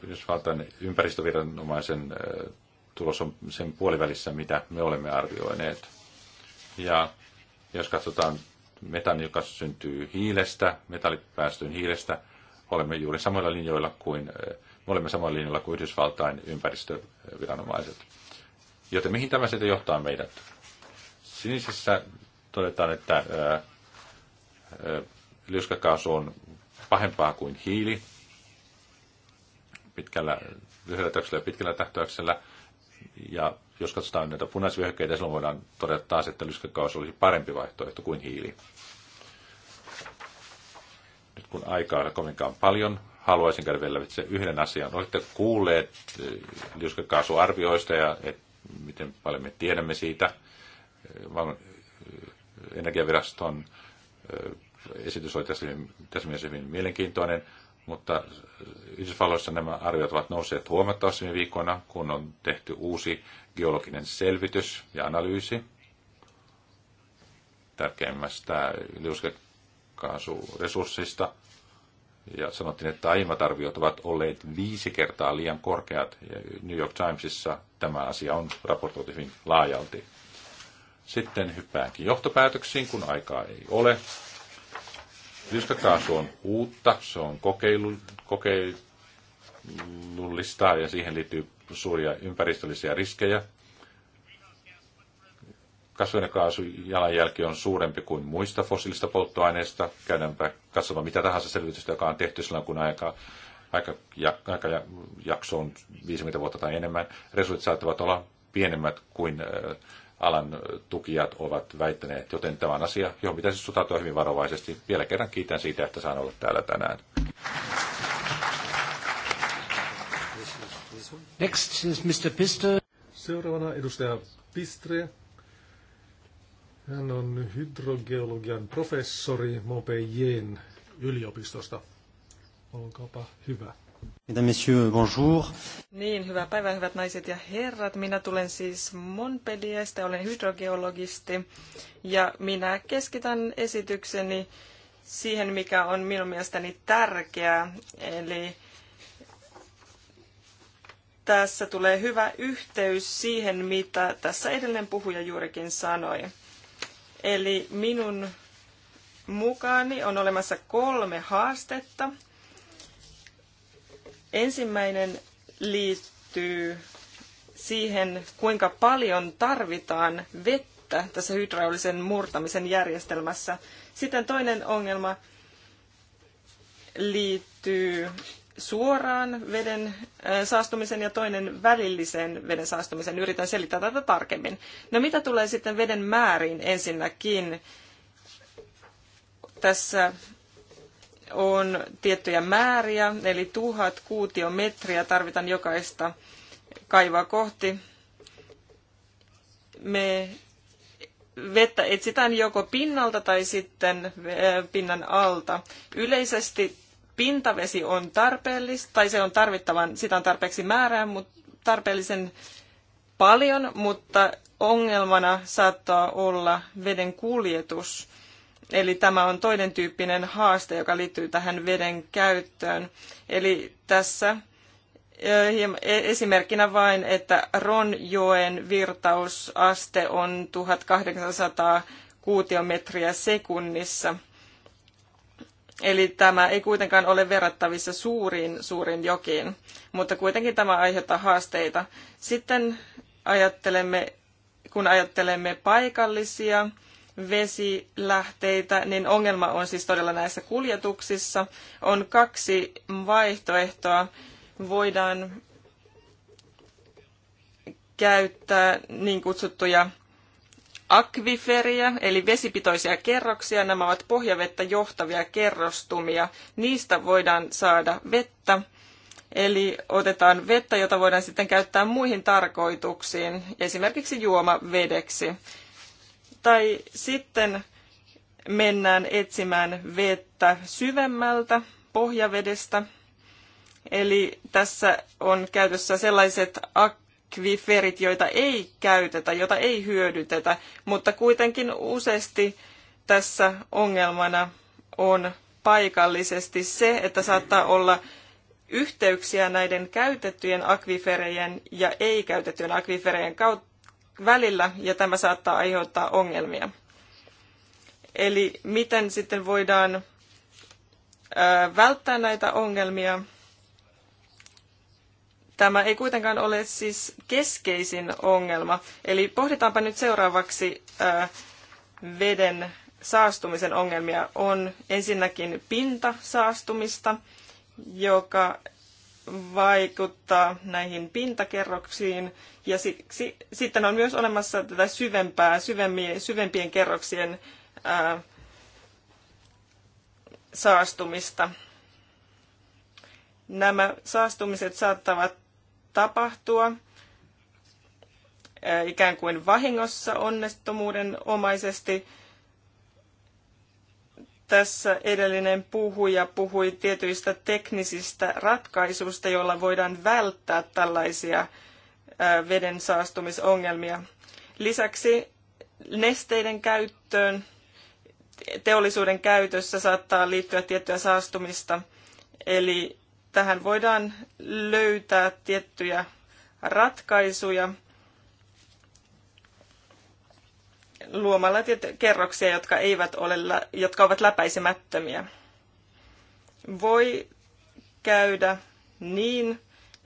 Yhdysvaltain ympäristöviranomaisen äh, tulos on sen puolivälissä, mitä me olemme arvioineet. Ja jos katsotaan metani, joka syntyy hiilestä, metallipäästöjen hiilestä, olemme juuri samoilla linjoilla kuin äh, me olemme samalla linjalla kuin Yhdysvaltain ympäristöviranomaiset. Joten mihin tämä sitten johtaa meidät? Sinisessä todetaan, että liuskakaasu on pahempaa kuin hiili pitkällä, lyhyellä tähtäyksellä ja pitkällä tähtäyksellä. Ja jos katsotaan näitä punaisvyöhykkeitä, silloin voidaan todeta taas, että lyskakaus olisi parempi vaihtoehto kuin hiili. Nyt kun aikaa ei ole kovinkaan paljon, haluaisin käydä vielä lävitse yhden asian. Olette kuulleet eh, liuskakaasuarvioista ja et, miten paljon me tiedämme siitä. Eh, eh, Energiaviraston esitys oli tässä, tässä mielessä hyvin mielenkiintoinen, mutta Yhdysvalloissa nämä arviot ovat nousseet huomattavasti viime viikkoina, kun on tehty uusi geologinen selvitys ja analyysi tärkeimmästä liuskakaasuresurssista – ja sanottiin, että aiemmat arviot ovat olleet viisi kertaa liian korkeat. Ja New York Timesissa tämä asia on raportoitu hyvin laajalti. Sitten hyppäänkin johtopäätöksiin, kun aikaa ei ole. Lyskakaasu on uutta, se on kokeilu, kokeilullista ja siihen liittyy suuria ympäristöllisiä riskejä kasvihuonekaasujalanjälki on suurempi kuin muista fossiilista polttoaineista. Käydäänpä katsomaan mitä tahansa selvitystä, joka on tehty silloin, kun aika, aika, aika jakso on 50 vuotta tai enemmän. Resurssit saattavat olla pienemmät kuin äh, alan tukijat ovat väittäneet, joten tämä on asia, johon pitäisi suhtautua hyvin varovaisesti. Vielä kerran kiitän siitä, että saan olla täällä tänään. Next is Mr. Pister. Seuraavana edustaja Pistre. Hän on hydrogeologian professori Mope yliopistosta. Olkaapa hyvä. Mesdames, bonjour. Niin, hyvää päivää, hyvät naiset ja herrat. Minä tulen siis Monpediestä, olen hydrogeologisti ja minä keskitän esitykseni siihen, mikä on minun mielestäni tärkeää. Eli tässä tulee hyvä yhteys siihen, mitä tässä edellinen puhuja juurikin sanoi. Eli minun mukaani on olemassa kolme haastetta. Ensimmäinen liittyy siihen, kuinka paljon tarvitaan vettä tässä hydraulisen murtamisen järjestelmässä. Sitten toinen ongelma liittyy suoraan veden saastumisen ja toinen välillisen veden saastumisen. Yritän selittää tätä tarkemmin. No mitä tulee sitten veden määriin ensinnäkin? Tässä on tiettyjä määriä, eli tuhat kuutiometriä tarvitaan jokaista kaivaa kohti. Me vettä etsitään joko pinnalta tai sitten pinnan alta. Yleisesti pintavesi on tarpeellista, tai se on tarvittavan, sitä on tarpeeksi määrää, mutta tarpeellisen paljon, mutta ongelmana saattaa olla veden kuljetus. Eli tämä on toinen tyyppinen haaste, joka liittyy tähän veden käyttöön. Eli tässä e-, esimerkkinä vain, että Ronjoen virtausaste on 1800 kuutiometriä sekunnissa – Eli tämä ei kuitenkaan ole verrattavissa suuriin suurin jokiin, mutta kuitenkin tämä aiheuttaa haasteita. Sitten ajattelemme, kun ajattelemme paikallisia vesilähteitä, niin ongelma on siis todella näissä kuljetuksissa. On kaksi vaihtoehtoa. Voidaan käyttää niin kutsuttuja akviferia, eli vesipitoisia kerroksia. Nämä ovat pohjavettä johtavia kerrostumia. Niistä voidaan saada vettä. Eli otetaan vettä, jota voidaan sitten käyttää muihin tarkoituksiin, esimerkiksi juomavedeksi. Tai sitten mennään etsimään vettä syvemmältä pohjavedestä. Eli tässä on käytössä sellaiset ak- akviferit, joita ei käytetä, joita ei hyödytetä, mutta kuitenkin useasti tässä ongelmana on paikallisesti se, että saattaa olla yhteyksiä näiden käytettyjen akviferejen ja ei-käytettyjen akviferejen välillä, ja tämä saattaa aiheuttaa ongelmia. Eli miten sitten voidaan välttää näitä ongelmia Tämä ei kuitenkaan ole siis keskeisin ongelma. Eli pohditaanpa nyt seuraavaksi äh, veden saastumisen ongelmia. On ensinnäkin pintasaastumista, joka vaikuttaa näihin pintakerroksiin. Ja siksi, sitten on myös olemassa tätä syvempää, syvempien, syvempien kerroksien ää, äh, saastumista. Nämä saastumiset saattavat tapahtua ikään kuin vahingossa onnettomuuden omaisesti. Tässä edellinen puhuja puhui tietyistä teknisistä ratkaisuista, joilla voidaan välttää tällaisia veden saastumisongelmia. Lisäksi nesteiden käyttöön teollisuuden käytössä saattaa liittyä tiettyä saastumista, eli tähän voidaan löytää tiettyjä ratkaisuja luomalla kerroksia, jotka, eivät ole, jotka ovat läpäisemättömiä. Voi käydä niin,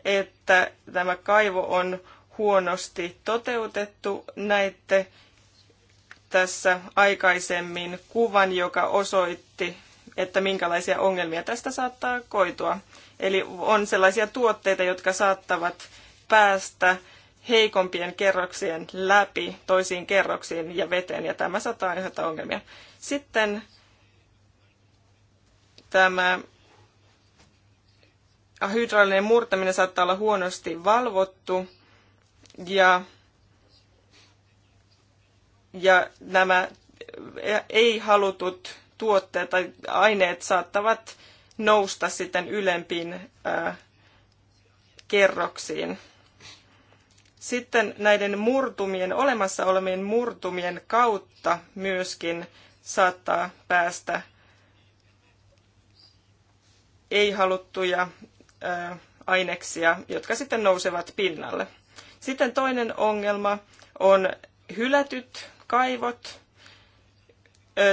että tämä kaivo on huonosti toteutettu. Näitte tässä aikaisemmin kuvan, joka osoitti, että minkälaisia ongelmia tästä saattaa koitua. Eli on sellaisia tuotteita, jotka saattavat päästä heikompien kerroksien läpi toisiin kerroksiin ja veteen, ja tämä saattaa aiheuttaa ongelmia. Sitten tämä hydraulinen murtaminen saattaa olla huonosti valvottu, ja, ja nämä e-, ei-halutut tuotteet tai aineet saattavat nousta sitten ylempiin kerroksiin. Sitten näiden murtumien, olemassa olevien murtumien kautta myöskin saattaa päästä ei-haluttuja aineksia, jotka sitten nousevat pinnalle. Sitten toinen ongelma on hylätyt kaivot,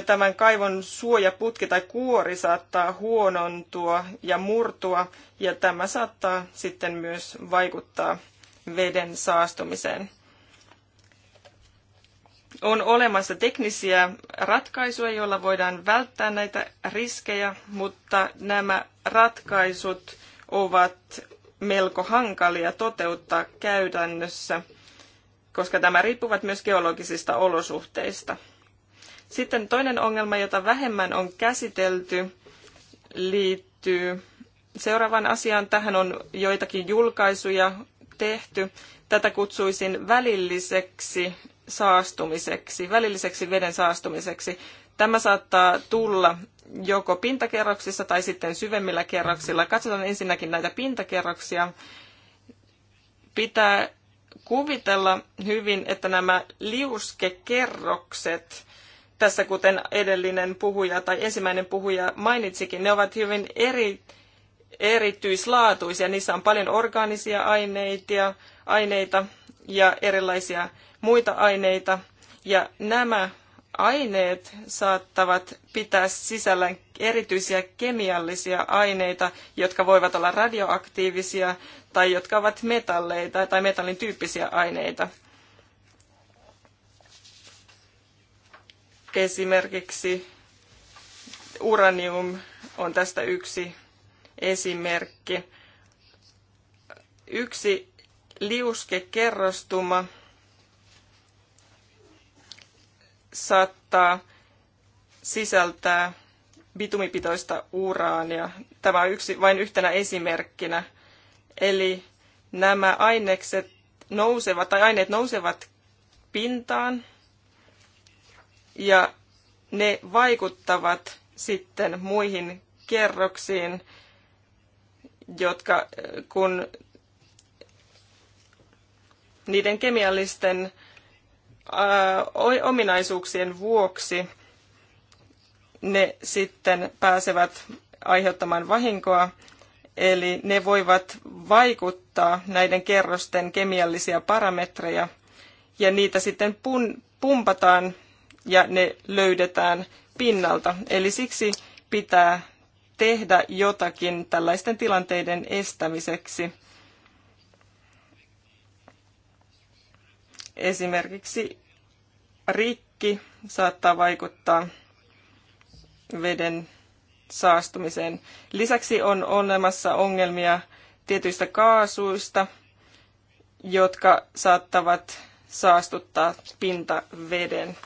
tämän kaivon suojaputki tai kuori saattaa huonontua ja murtua, ja tämä saattaa sitten myös vaikuttaa veden saastumiseen. On olemassa teknisiä ratkaisuja, joilla voidaan välttää näitä riskejä, mutta nämä ratkaisut ovat melko hankalia toteuttaa käytännössä, koska tämä riippuvat myös geologisista olosuhteista. Sitten toinen ongelma, jota vähemmän on käsitelty, liittyy seuraavaan asiaan. Tähän on joitakin julkaisuja tehty. Tätä kutsuisin välilliseksi saastumiseksi, välilliseksi veden saastumiseksi. Tämä saattaa tulla joko pintakerroksissa tai sitten syvemmillä kerroksilla. Katsotaan ensinnäkin näitä pintakerroksia. Pitää kuvitella hyvin, että nämä liuskekerrokset tässä kuten edellinen puhuja tai ensimmäinen puhuja mainitsikin, ne ovat hyvin eri, erityislaatuisia. Niissä on paljon orgaanisia aineita, aineita ja erilaisia muita aineita. Ja nämä aineet saattavat pitää sisällään erityisiä kemiallisia aineita, jotka voivat olla radioaktiivisia tai jotka ovat metalleita tai metallin tyyppisiä aineita. Esimerkiksi uranium on tästä yksi esimerkki. Yksi liuskekerrostuma saattaa sisältää bitumipitoista uraania. Tämä on yksi, vain yhtenä esimerkkinä. Eli nämä ainekset nousevat tai aineet nousevat pintaan ja ne vaikuttavat sitten muihin kerroksiin, jotka kun niiden kemiallisten ää, ominaisuuksien vuoksi ne sitten pääsevät aiheuttamaan vahinkoa, eli ne voivat vaikuttaa näiden kerrosten kemiallisia parametreja, ja niitä sitten pun, pumpataan ja ne löydetään pinnalta. Eli siksi pitää tehdä jotakin tällaisten tilanteiden estämiseksi. Esimerkiksi rikki saattaa vaikuttaa veden saastumiseen. Lisäksi on olemassa ongelmia tietyistä kaasuista, jotka saattavat saastuttaa pintaveden.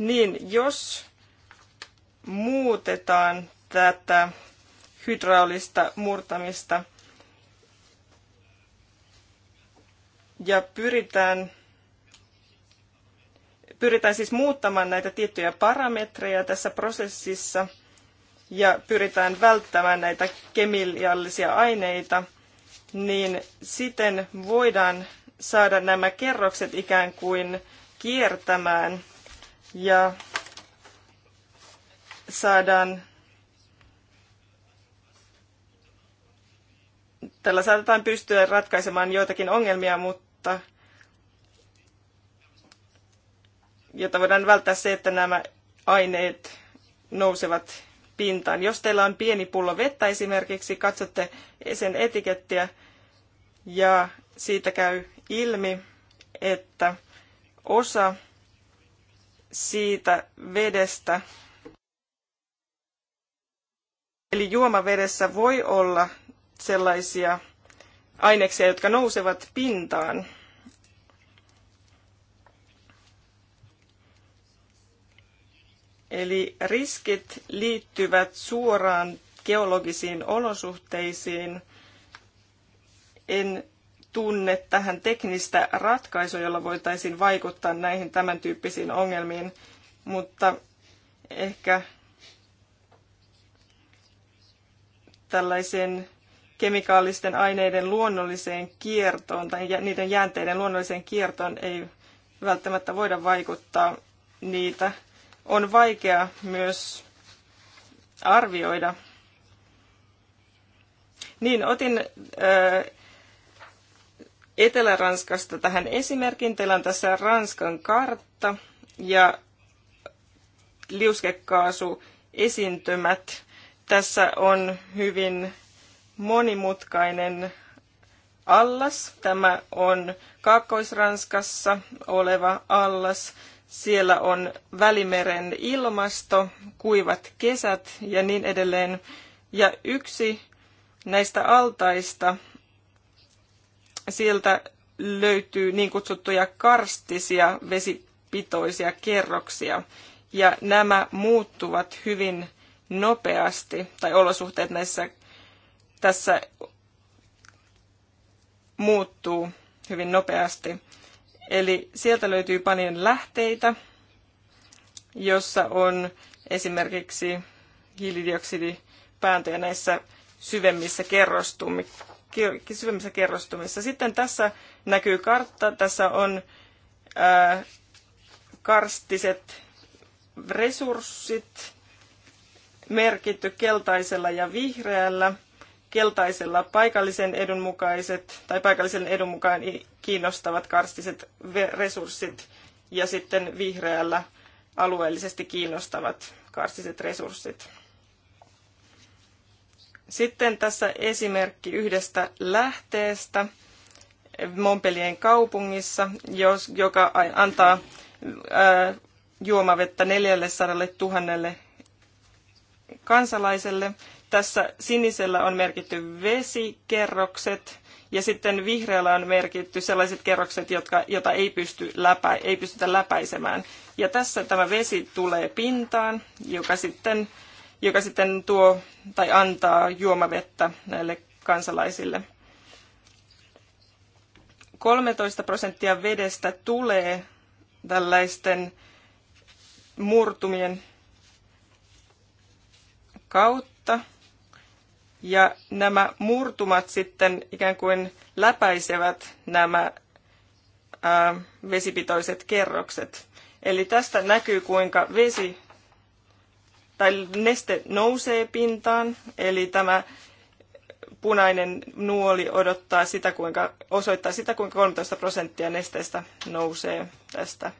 niin jos muutetaan tätä hydraulista murtamista ja pyritään, pyritään siis muuttamaan näitä tiettyjä parametreja tässä prosessissa ja pyritään välttämään näitä kemiallisia aineita, niin siten voidaan saada nämä kerrokset ikään kuin kiertämään – ja saadaan tällä saatetaan pystyä ratkaisemaan joitakin ongelmia, mutta jotta voidaan välttää se, että nämä aineet nousevat pintaan. Jos teillä on pieni pullo vettä esimerkiksi, katsotte sen etikettiä ja siitä käy ilmi, että osa siitä vedestä. Eli juomavedessä voi olla sellaisia aineksia, jotka nousevat pintaan. Eli riskit liittyvät suoraan geologisiin olosuhteisiin. En tunne tähän teknistä ratkaisua, jolla voitaisiin vaikuttaa näihin tämän tyyppisiin ongelmiin, mutta ehkä tällaisen kemikaalisten aineiden luonnolliseen kiertoon tai niiden jäänteiden luonnolliseen kiertoon ei välttämättä voida vaikuttaa. Niitä on vaikea myös arvioida. Niin, otin ö, Etelä-Ranskasta tähän esimerkin. Teillä on tässä Ranskan kartta ja liuskekaasu esiintymät. Tässä on hyvin monimutkainen allas. Tämä on Kaakkois-Ranskassa oleva allas. Siellä on Välimeren ilmasto, kuivat kesät ja niin edelleen. Ja yksi näistä altaista sieltä löytyy niin kutsuttuja karstisia vesipitoisia kerroksia. Ja nämä muuttuvat hyvin nopeasti, tai olosuhteet näissä tässä muuttuu hyvin nopeasti. Eli sieltä löytyy paljon lähteitä, jossa on esimerkiksi hiilidioksidipääntöjä näissä syvemmissä syvemmissä kerrostumissa. Sitten tässä näkyy kartta. Tässä on ää, karstiset resurssit merkitty keltaisella ja vihreällä. Keltaisella paikallisen edun mukaiset tai paikallisen edun mukaan kiinnostavat karstiset resurssit ja sitten vihreällä alueellisesti kiinnostavat karstiset resurssit. Sitten tässä esimerkki yhdestä lähteestä Montpellierin kaupungissa, jos, joka antaa ää, juomavettä 400 000 kansalaiselle. Tässä sinisellä on merkitty vesikerrokset ja sitten vihreällä on merkitty sellaiset kerrokset, jotka, jota ei, pysty läpä, ei pystytä läpäisemään. Ja tässä tämä vesi tulee pintaan, joka sitten joka sitten tuo tai antaa juomavettä näille kansalaisille. 13 prosenttia vedestä tulee tällaisten murtumien kautta. Ja nämä murtumat sitten ikään kuin läpäisevät nämä ää, vesipitoiset kerrokset. Eli tästä näkyy, kuinka vesi tai neste nousee pintaan, eli tämä punainen nuoli odottaa sitä, kuinka, osoittaa sitä, kuinka 13 prosenttia nesteestä nousee tästä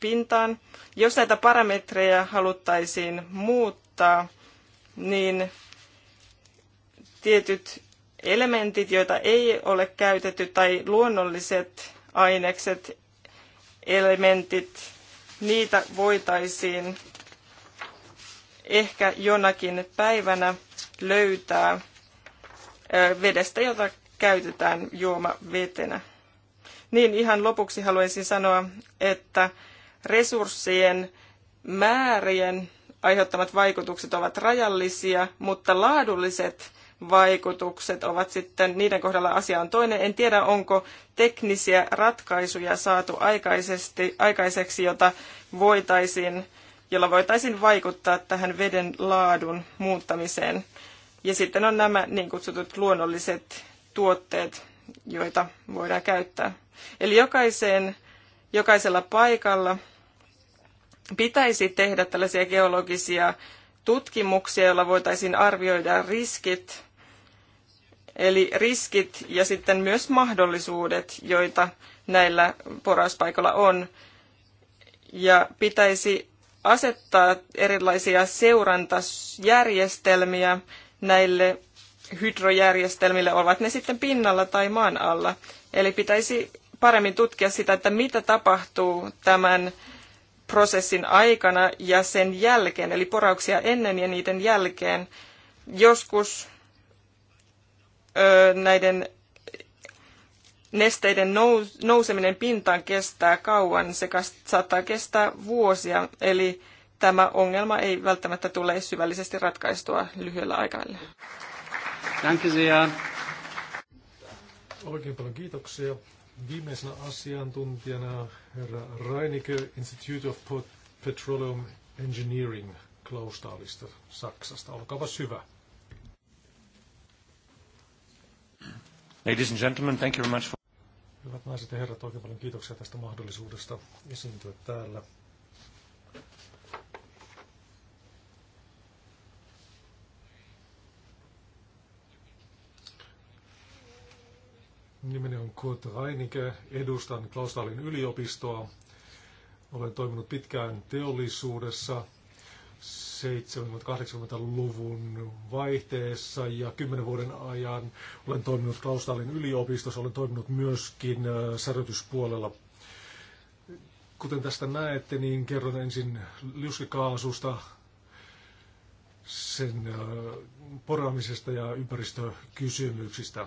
pintaan. Jos näitä parametreja haluttaisiin muuttaa, niin tietyt elementit, joita ei ole käytetty, tai luonnolliset ainekset, elementit, niitä voitaisiin ehkä jonakin päivänä löytää vedestä, jota käytetään juomavetenä. Niin ihan lopuksi haluaisin sanoa, että resurssien määrien aiheuttamat vaikutukset ovat rajallisia, mutta laadulliset vaikutukset ovat sitten, niiden kohdalla asia on toinen. En tiedä, onko teknisiä ratkaisuja saatu aikaisesti, aikaiseksi, jota voitaisiin jolla voitaisiin vaikuttaa tähän veden laadun muuttamiseen. Ja sitten on nämä niin kutsutut luonnolliset tuotteet, joita voidaan käyttää. Eli jokaiseen, jokaisella paikalla pitäisi tehdä tällaisia geologisia tutkimuksia, joilla voitaisiin arvioida riskit, eli riskit ja sitten myös mahdollisuudet, joita näillä porauspaikoilla on. Ja pitäisi asettaa erilaisia seurantajärjestelmiä näille hydrojärjestelmille, ovat ne sitten pinnalla tai maan alla. Eli pitäisi paremmin tutkia sitä, että mitä tapahtuu tämän prosessin aikana ja sen jälkeen, eli porauksia ennen ja niiden jälkeen. Joskus näiden nesteiden nouseminen pintaan kestää kauan, se saattaa kestää vuosia, eli tämä ongelma ei välttämättä tule syvällisesti ratkaistua lyhyellä aikavälillä. Oikein paljon kiitoksia. Viimeisenä asiantuntijana herra Reinicke Institute of Petroleum Engineering Klaustaalista Saksasta. Olkaapa syvä. Ladies and gentlemen, thank you very much for... Hyvät naiset ja herrat, oikein paljon kiitoksia tästä mahdollisuudesta esiintyä täällä. Nimeni on Kurt Reinike, edustan Klaustalin yliopistoa. Olen toiminut pitkään teollisuudessa, 70-80-luvun vaihteessa ja kymmenen vuoden ajan olen toiminut Klaustalin yliopistossa, olen toiminut myöskin särötyspuolella. Kuten tästä näette, niin kerron ensin liuskekaasusta, sen poraamisesta ja ympäristökysymyksistä.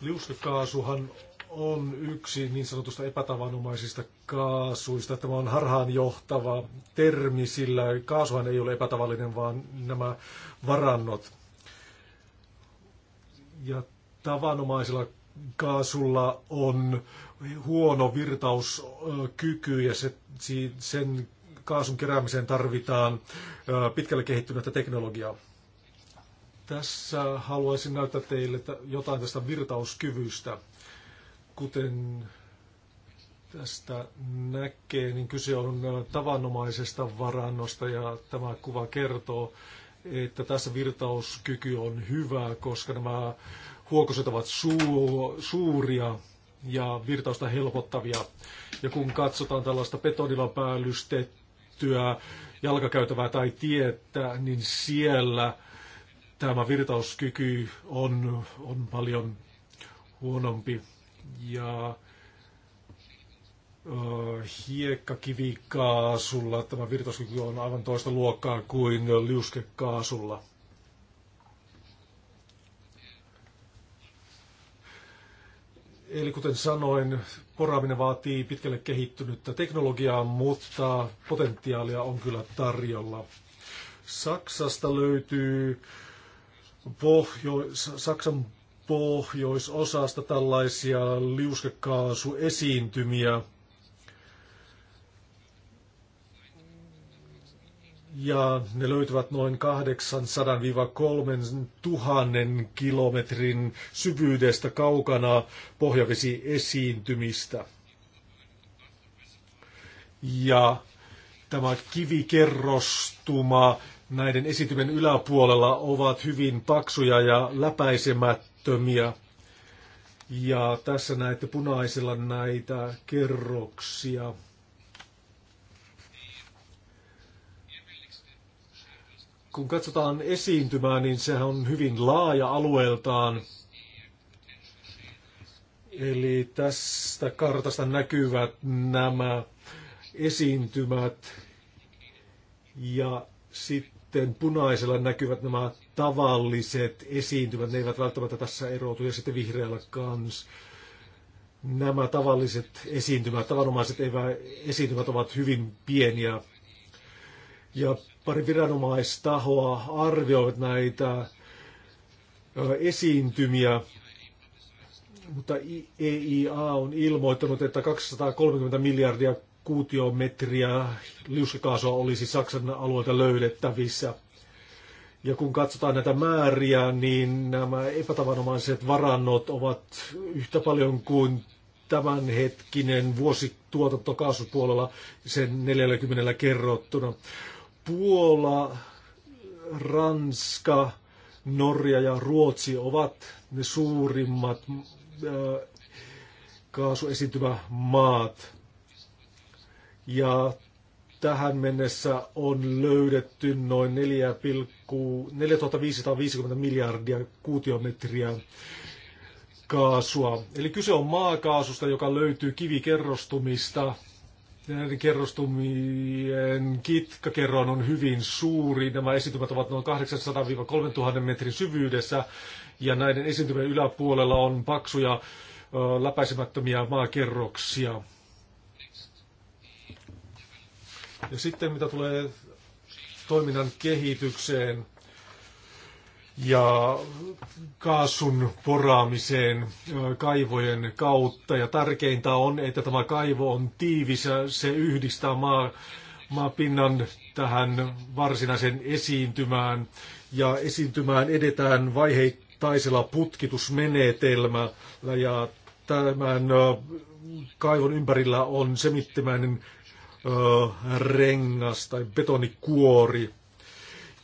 Liuskekaasuhan on yksi niin sanotusta epätavanomaisista kaasuista. Tämä on harhaanjohtava termi, sillä kaasuhan ei ole epätavallinen, vaan nämä varannot. Ja tavanomaisella kaasulla on huono virtauskyky ja se, sen kaasun keräämiseen tarvitaan pitkälle kehittynyttä teknologiaa. Tässä haluaisin näyttää teille jotain tästä virtauskyvystä. Kuten tästä näkee, niin kyse on äh, tavanomaisesta varannosta ja tämä kuva kertoo, että tässä virtauskyky on hyvä, koska nämä huokoset ovat suu- suuria ja virtausta helpottavia. Ja kun katsotaan tällaista betonilla päällystettyä jalkakäytävää tai tietä, niin siellä tämä virtauskyky on, on paljon huonompi ja hiekkakivikaasulla tämä virtauskyky on aivan toista luokkaa kuin liuskekaasulla. Eli kuten sanoin, poraaminen vaatii pitkälle kehittynyttä teknologiaa, mutta potentiaalia on kyllä tarjolla. Saksasta löytyy pohjo- Saksan pohjoisosasta tällaisia liuskekaasuesiintymiä. Ja ne löytyvät noin 800-3000 kilometrin syvyydestä kaukana pohjavesiesiintymistä. Ja tämä kivikerrostuma näiden esitymen yläpuolella ovat hyvin paksuja ja läpäisemättä työttömiä. Ja tässä näette punaisilla näitä kerroksia. Kun katsotaan esiintymää, niin sehän on hyvin laaja alueeltaan. Eli tästä kartasta näkyvät nämä esiintymät ja sitten punaisella näkyvät nämä tavalliset esiintymät, ne eivät välttämättä tässä erotu, ja sitten vihreällä kans. Nämä tavalliset esiintymät, tavanomaiset eivät, esiintymät ovat hyvin pieniä, ja pari viranomaistahoa arvioivat näitä esiintymiä, mutta EIA on ilmoittanut, että 230 miljardia kuutiometriä liuskakaasua olisi Saksan alueelta löydettävissä – ja kun katsotaan näitä määriä, niin nämä epätavanomaiset varannot ovat yhtä paljon kuin tämänhetkinen vuosituotanto kaasupuolella sen 40 kerrottuna. Puola, Ranska, Norja ja Ruotsi ovat ne suurimmat kaasuesiintymämaat. Ja Tähän mennessä on löydetty noin 4, miljardia kuutiometriä kaasua. Eli kyse on maakaasusta, joka löytyy kivikerrostumista. Näiden kerrostumien kitkakerroin on hyvin suuri. Nämä esiintymät ovat noin 800-3000 metrin syvyydessä. Ja näiden esiintymien yläpuolella on paksuja läpäisemättömiä maakerroksia. Ja sitten mitä tulee toiminnan kehitykseen ja kaasun poraamiseen kaivojen kautta. Ja tärkeintä on, että tämä kaivo on tiivis ja se yhdistää maa, maapinnan tähän varsinaiseen esiintymään. Ja esiintymään edetään vaiheittaisella putkitusmenetelmällä ja tämän kaivon ympärillä on semittimäinen rengas tai betonikuori.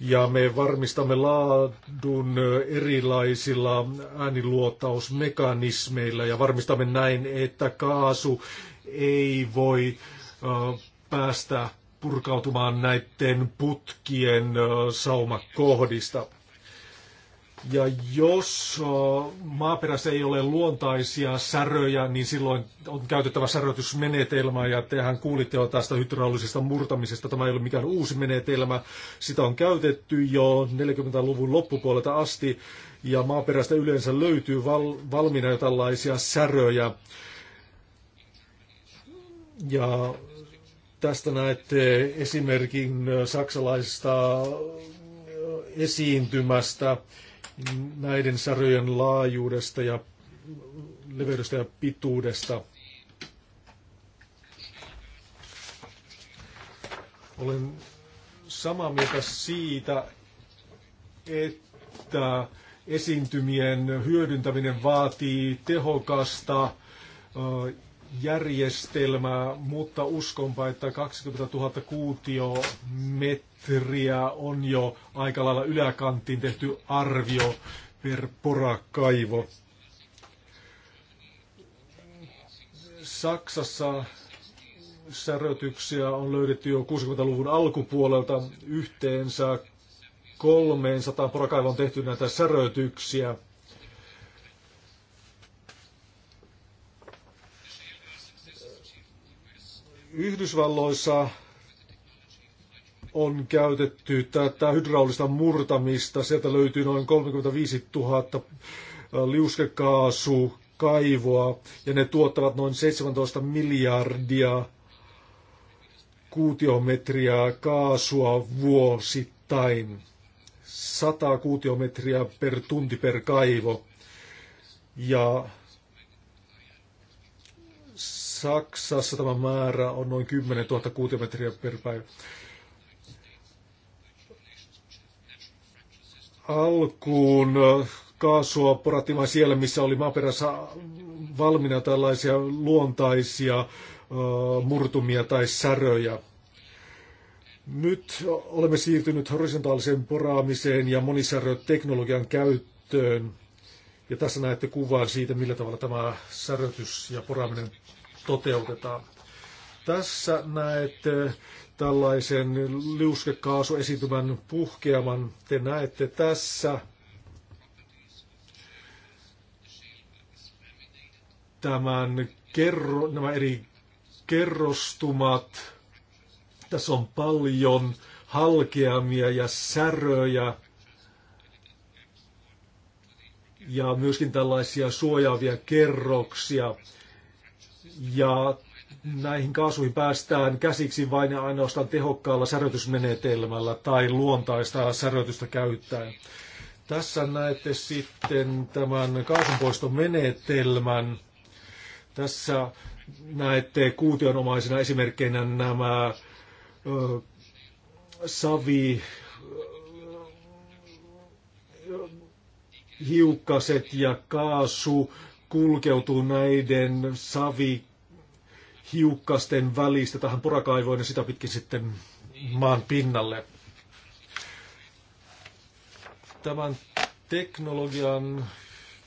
Ja me varmistamme laadun erilaisilla ääniluotausmekanismeilla ja varmistamme näin, että kaasu ei voi päästä purkautumaan näiden putkien saumakohdista. Ja jos maaperässä ei ole luontaisia säröjä, niin silloin on käytettävä säröitysmenetelmä ja tehän kuulitte jo tästä hydraulisesta murtamisesta. Tämä ei ole mikään uusi menetelmä. Sitä on käytetty jo 40-luvun loppupuolelta asti, ja maaperästä yleensä löytyy val- valmiina jo tällaisia säröjä. Ja tästä näette esimerkin saksalaisesta esiintymästä näiden sarjojen laajuudesta ja leveydestä ja pituudesta. Olen samaa mieltä siitä, että esiintymien hyödyntäminen vaatii tehokasta järjestelmää, mutta uskonpa, että 20 000 kuutiometriä on jo aika lailla yläkanttiin tehty arvio per porakaivo. Saksassa särötyksiä on löydetty jo 60-luvun alkupuolelta yhteensä 300 porakaivon tehty näitä särötyksiä. Yhdysvalloissa on käytetty tätä hydraulista murtamista. Sieltä löytyy noin 35 000 äh, liuskekaasukaivoa kaivoa ja ne tuottavat noin 17 miljardia kuutiometriä kaasua vuosittain. 100 kuutiometriä per tunti per kaivo. Ja Saksassa tämä määrä on noin 10 000 kuutiometriä per päivä. Alkuun äh, kaasua porattiin vain siellä, missä oli maaperässä valmiina tällaisia luontaisia äh, murtumia tai säröjä. Nyt olemme siirtyneet horisontaaliseen poraamiseen ja monisäröteknologian käyttöön. Ja tässä näette kuvan siitä, millä tavalla tämä särötys ja poraaminen toteutetaan. Tässä näette eh, tällaisen liuskekaasuesitymän puhkeaman. Te näette tässä tämän kerro, nämä eri kerrostumat. Tässä on paljon halkeamia ja säröjä ja myöskin tällaisia suojaavia kerroksia ja näihin kaasuihin päästään käsiksi vain ja ainoastaan tehokkaalla särötysmenetelmällä tai luontaista särötystä käyttäen. Tässä näette sitten tämän kaasunpoistomenetelmän. Tässä näette kuutionomaisena esimerkkeinä nämä ö, savi hiukkaset ja kaasu kulkeutuu näiden savihiukkasten välistä tähän porakaivoon ja sitä pitkin sitten maan pinnalle. Tämän teknologian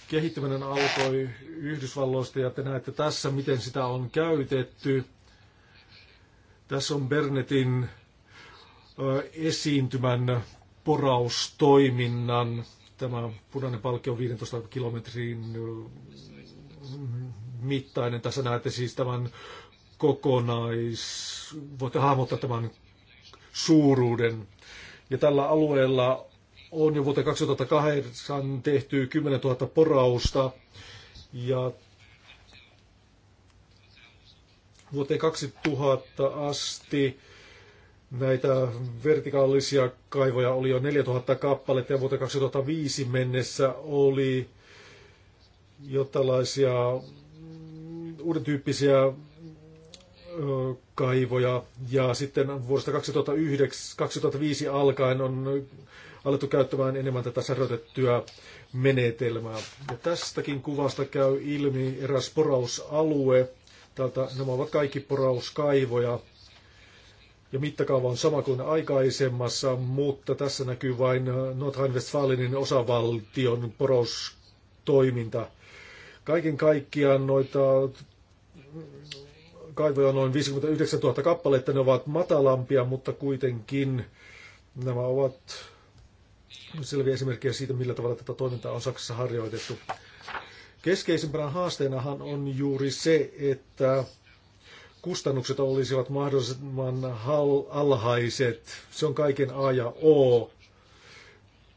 kehittäminen alkoi Yhdysvalloista ja te näette tässä, miten sitä on käytetty. Tässä on Bernetin esiintymän poraustoiminnan tämä punainen palkki on 15 kilometrin mm, mittainen. Tässä näette siis tämän kokonais... Voitte hahmottaa tämän suuruuden. Ja tällä alueella on jo vuoteen 2008 tehty 10 000 porausta ja vuoteen 2000 asti Näitä vertikaalisia kaivoja oli jo 4000 kappaletta ja vuoteen 2005 mennessä oli jo tällaisia mm, uuden tyyppisiä kaivoja. Ja sitten vuodesta 2009, 2005 alkaen on alettu käyttämään enemmän tätä särötettyä menetelmää. Ja tästäkin kuvasta käy ilmi eräs porausalue. Täältä, nämä ovat kaikki porauskaivoja ja mittakaava on sama kuin aikaisemmassa, mutta tässä näkyy vain Nordrhein-Westfalenin osavaltion poroustoiminta. Kaiken kaikkiaan noita kaivoja on noin 59 000 kappaletta, ne ovat matalampia, mutta kuitenkin nämä ovat selviä esimerkkejä siitä, millä tavalla tätä toimintaa on Saksassa harjoitettu. Keskeisimpänä haasteenahan on juuri se, että kustannukset olisivat mahdollisimman alhaiset. Se on kaiken A ja O,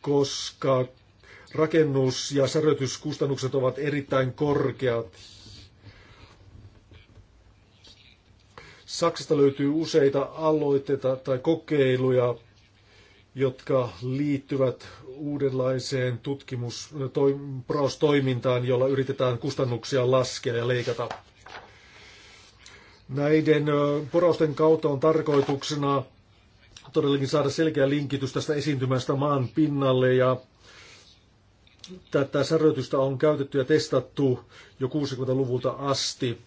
koska rakennus- ja särötyskustannukset ovat erittäin korkeat. Saksasta löytyy useita aloitteita tai kokeiluja, jotka liittyvät uudenlaiseen tutkimus, toimintaan, jolla yritetään kustannuksia laskea ja leikata. Näiden porausten kautta on tarkoituksena todellakin saada selkeä linkitys tästä esiintymästä maan pinnalle ja tätä särötystä on käytetty ja testattu jo 60-luvulta asti.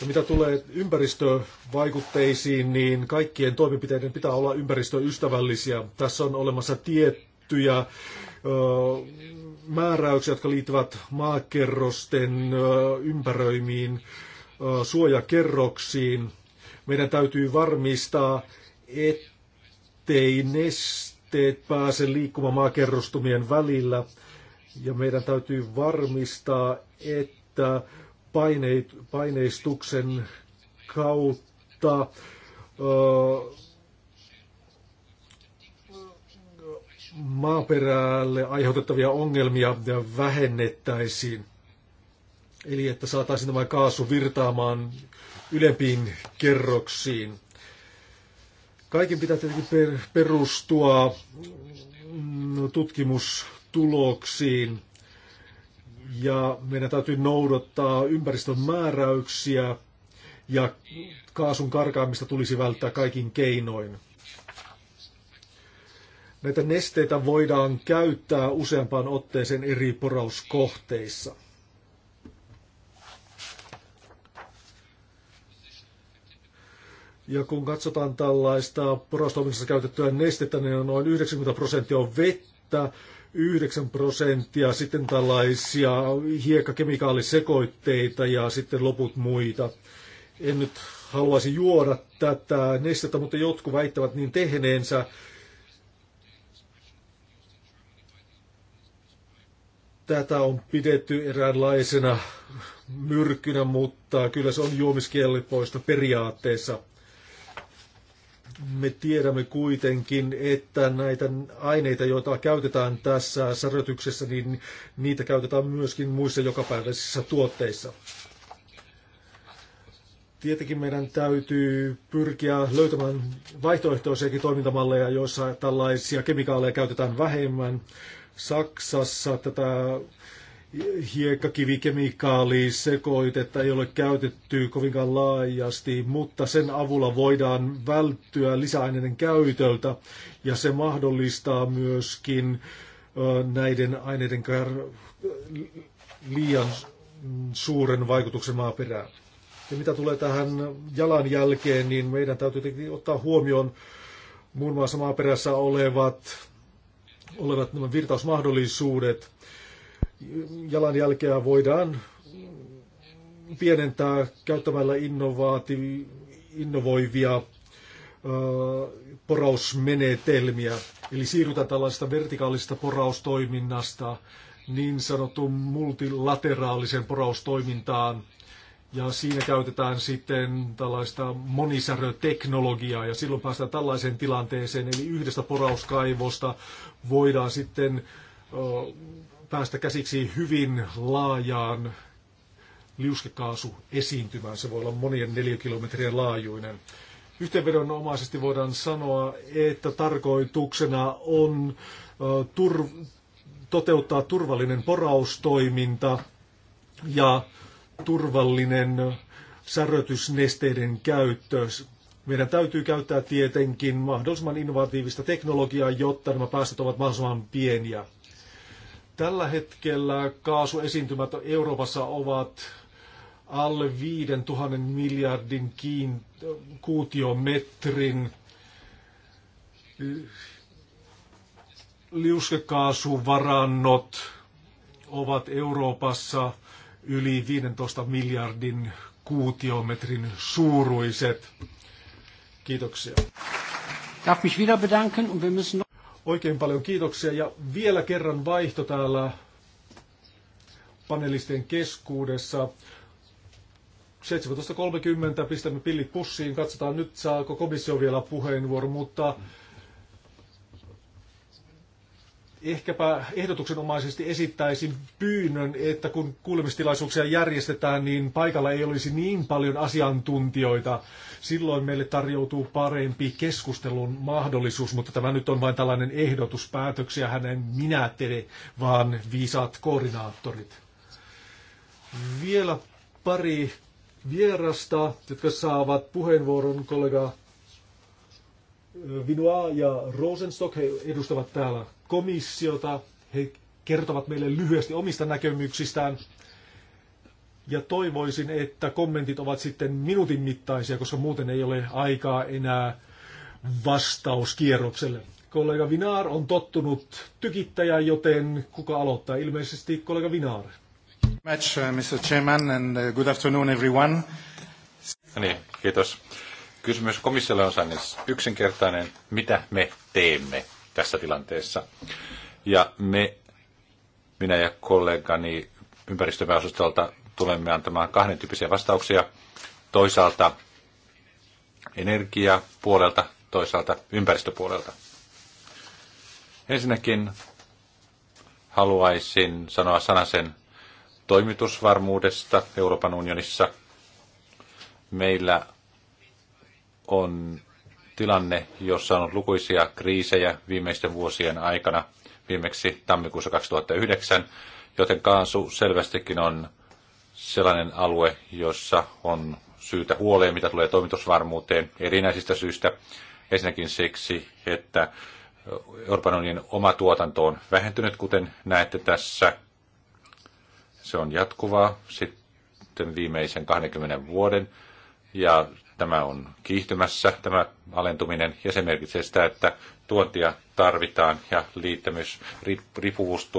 Ja mitä tulee ympäristövaikutteisiin, niin kaikkien toimenpiteiden pitää olla ympäristöystävällisiä. Tässä on olemassa tiettyjä ö, määräyksiä, jotka liittyvät maakerrosten ö, ympäröimiin suojakerroksiin. Meidän täytyy varmistaa, ettei nesteet pääse liikkumaan maakerrostumien välillä. Ja meidän täytyy varmistaa, että paineistuksen kautta maaperälle aiheutettavia ongelmia vähennettäisiin. Eli että saataisiin tämä kaasu virtaamaan ylempiin kerroksiin. Kaiken pitää tietenkin perustua mm, tutkimustuloksiin ja meidän täytyy noudattaa ympäristön määräyksiä ja kaasun karkaamista tulisi välttää kaikin keinoin. Näitä nesteitä voidaan käyttää useampaan otteeseen eri porauskohteissa – Ja kun katsotaan tällaista porastoiminnassa käytettyä nestettä, niin noin 90 prosenttia on vettä, 9 prosenttia sitten tällaisia hiekkakemikaalisekoitteita ja sitten loput muita. En nyt haluaisi juoda tätä nestettä, mutta jotkut väittävät niin tehneensä. Tätä on pidetty eräänlaisena myrkkynä, mutta kyllä se on juomiskelpoista periaatteessa me tiedämme kuitenkin, että näitä aineita, joita käytetään tässä särötyksessä, niin niitä käytetään myöskin muissa jokapäiväisissä tuotteissa. Tietenkin meidän täytyy pyrkiä löytämään vaihtoehtoisiakin toimintamalleja, joissa tällaisia kemikaaleja käytetään vähemmän. Saksassa tätä hiekkakivikemisaalia sekoitetta ei ole käytetty kovinkaan laajasti, mutta sen avulla voidaan välttyä lisäaineiden käytöltä ja se mahdollistaa myöskin näiden aineiden liian suuren vaikutuksen maaperään. Ja mitä tulee tähän jalanjälkeen, niin meidän täytyy ottaa huomioon muun muassa maaperässä olevat, olevat nämä virtausmahdollisuudet – jalanjälkeä voidaan pienentää käyttämällä innovaati, innovoivia porausmenetelmiä. Eli siirrytään tällaista vertikaalista poraustoiminnasta niin sanottuun multilateraalisen poraustoimintaan. Ja siinä käytetään sitten tällaista monisäröteknologiaa ja silloin päästään tällaiseen tilanteeseen. Eli yhdestä porauskaivosta voidaan sitten päästä käsiksi hyvin laajaan liuskekaasuesiintymään. Se voi olla monien neliökilometrien laajuinen. Yhteenvedonomaisesti voidaan sanoa, että tarkoituksena on tur- toteuttaa turvallinen poraustoiminta ja turvallinen särötysnesteiden käyttö. Meidän täytyy käyttää tietenkin mahdollisimman innovatiivista teknologiaa, jotta nämä päästöt ovat mahdollisimman pieniä. Tällä hetkellä kaasuesiintymät Euroopassa ovat alle 5000 miljardin kiin, kuutiometrin liuskekaasuvarannot ovat Euroopassa yli 15 miljardin kuutiometrin suuruiset. Kiitoksia. Darf mich wieder bedanken und wir müssen Oikein paljon kiitoksia ja vielä kerran vaihto täällä panelistien keskuudessa. 17.30 pistämme pillit pussiin, katsotaan nyt saako komissio vielä puheenvuoro, mutta ehkäpä ehdotuksenomaisesti esittäisin pyynnön, että kun kuulemistilaisuuksia järjestetään, niin paikalla ei olisi niin paljon asiantuntijoita. Silloin meille tarjoutuu parempi keskustelun mahdollisuus, mutta tämä nyt on vain tällainen ehdotus. Päätöksiä hänen minä tee, vaan viisaat koordinaattorit. Vielä pari vierasta, jotka saavat puheenvuoron kollega eh, Vinoa ja Rosenstock, he edustavat täällä komissiota. He kertovat meille lyhyesti omista näkemyksistään. Ja toivoisin, että kommentit ovat sitten minuutin mittaisia, koska muuten ei ole aikaa enää vastauskierrokselle. Kollega Vinaar on tottunut tykittäjään, joten kuka aloittaa? Ilmeisesti kollega Vinaar. Much, uh, Mr. Chairman, and uh, good afternoon everyone. No niin, kiitos. Kysymys komissiolle on yksinkertainen. Mitä me teemme? tässä tilanteessa. Ja me, minä ja kollegani ympäristöpääosastolta tulemme antamaan kahden tyyppisiä vastauksia. Toisaalta energiapuolelta, toisaalta ympäristöpuolelta. Ensinnäkin haluaisin sanoa sanasen toimitusvarmuudesta Euroopan unionissa. Meillä on tilanne, jossa on ollut lukuisia kriisejä viimeisten vuosien aikana, viimeksi tammikuussa 2009, joten kaasu selvästikin on sellainen alue, jossa on syytä huoleen, mitä tulee toimitusvarmuuteen erinäisistä syistä. Ensinnäkin siksi, että Euroopan unionin oma tuotanto on vähentynyt, kuten näette tässä. Se on jatkuvaa sitten viimeisen 20 vuoden. Ja Tämä on kiihtymässä, tämä alentuminen, ja se merkitsee sitä, että tuontia tarvitaan ja liittämys, riippuvuus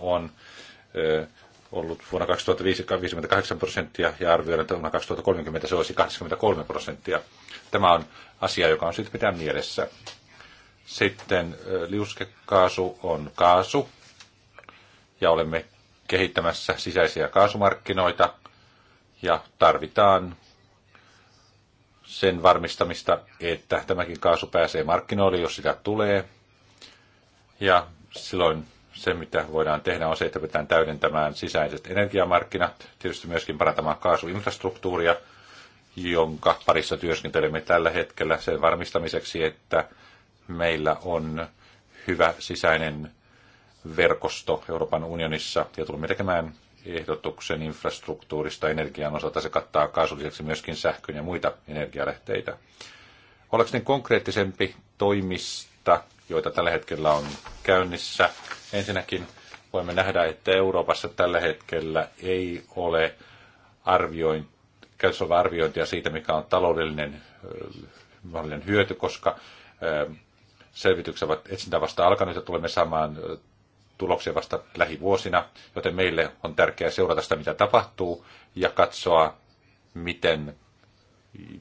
on ö, ollut vuonna 2050 prosenttia ja arvioidaan, että vuonna 2030 se olisi 83 prosenttia. Tämä on asia, joka on syytä pitää mielessä. Sitten liuskekaasu on kaasu ja olemme kehittämässä sisäisiä kaasumarkkinoita ja tarvitaan sen varmistamista, että tämäkin kaasu pääsee markkinoille, jos sitä tulee. Ja silloin se, mitä voidaan tehdä, on se, että pitää täydentämään sisäiset energiamarkkinat, tietysti myöskin parantamaan kaasuinfrastruktuuria, jonka parissa työskentelemme tällä hetkellä sen varmistamiseksi, että meillä on hyvä sisäinen verkosto Euroopan unionissa ja tulemme tekemään ehdotuksen infrastruktuurista energian osalta. Se kattaa kaasulliseksi myöskin sähkön ja muita energialähteitä. ne konkreettisempi toimista, joita tällä hetkellä on käynnissä. Ensinnäkin voimme nähdä, että Euroopassa tällä hetkellä ei ole arvioin, käytössä arviointia siitä, mikä on taloudellinen mahdollinen hyöty, koska selvitykset ovat etsintä vasta alkanut ja tulemme saamaan tuloksia vasta lähivuosina, joten meille on tärkeää seurata sitä, mitä tapahtuu, ja katsoa, miten,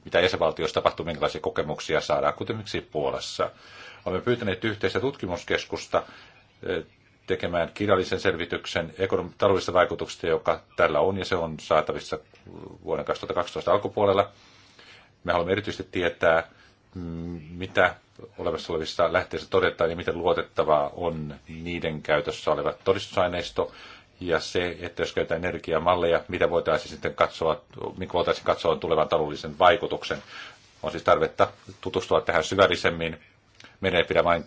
mitä jäsenvaltioissa tapahtuu, minkälaisia kokemuksia saadaan, kuten miksi Puolassa. Olemme pyytäneet yhteistä tutkimuskeskusta eh, tekemään kirjallisen selvityksen taloudellisista vaikutuksista, joka tällä on, ja se on saatavissa vuoden 2012 alkupuolella. Me haluamme erityisesti tietää, mitä olevassa olevissa lähteissä todetaan ja miten luotettavaa on niiden käytössä oleva todistusaineisto. Ja se, että jos käytetään energiamalleja, mitä voitaisiin sitten katsoa, mikä voitaisiin katsoa tulevan taloudellisen vaikutuksen. On siis tarvetta tutustua tähän syvällisemmin. Meidän ei pidä vain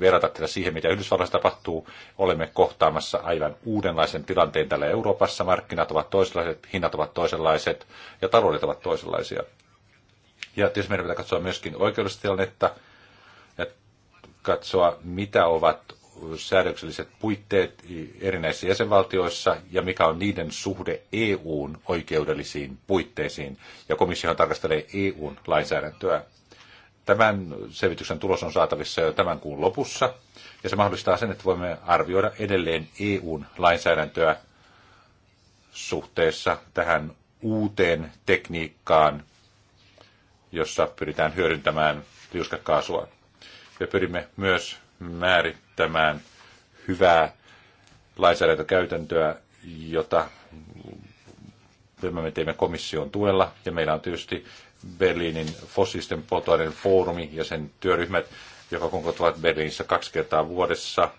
verrata tätä siihen, mitä Yhdysvalloissa tapahtuu. Olemme kohtaamassa aivan uudenlaisen tilanteen täällä Euroopassa. Markkinat ovat toisenlaiset, hinnat ovat toisenlaiset ja taloudet ovat toisenlaisia. Ja tietysti meidän pitää katsoa myöskin oikeudellista tilannetta ja katsoa, mitä ovat säädökselliset puitteet erinäisissä jäsenvaltioissa ja mikä on niiden suhde EUn oikeudellisiin puitteisiin. Ja komissio tarkastelee EUn lainsäädäntöä. Tämän selvityksen tulos on saatavissa jo tämän kuun lopussa, ja se mahdollistaa sen, että voimme arvioida edelleen EUn lainsäädäntöä suhteessa tähän uuteen tekniikkaan, jossa pyritään hyödyntämään liuskakaasua. Me pyrimme myös määrittämään hyvää lainsäädäntökäytäntöä, jota me teemme komission tuella. Ja meillä on tietysti Berliinin fossiisten polttoaineiden foorumi ja sen työryhmät, joka kokoontuvat Berliinissä kaksi kertaa vuodessa.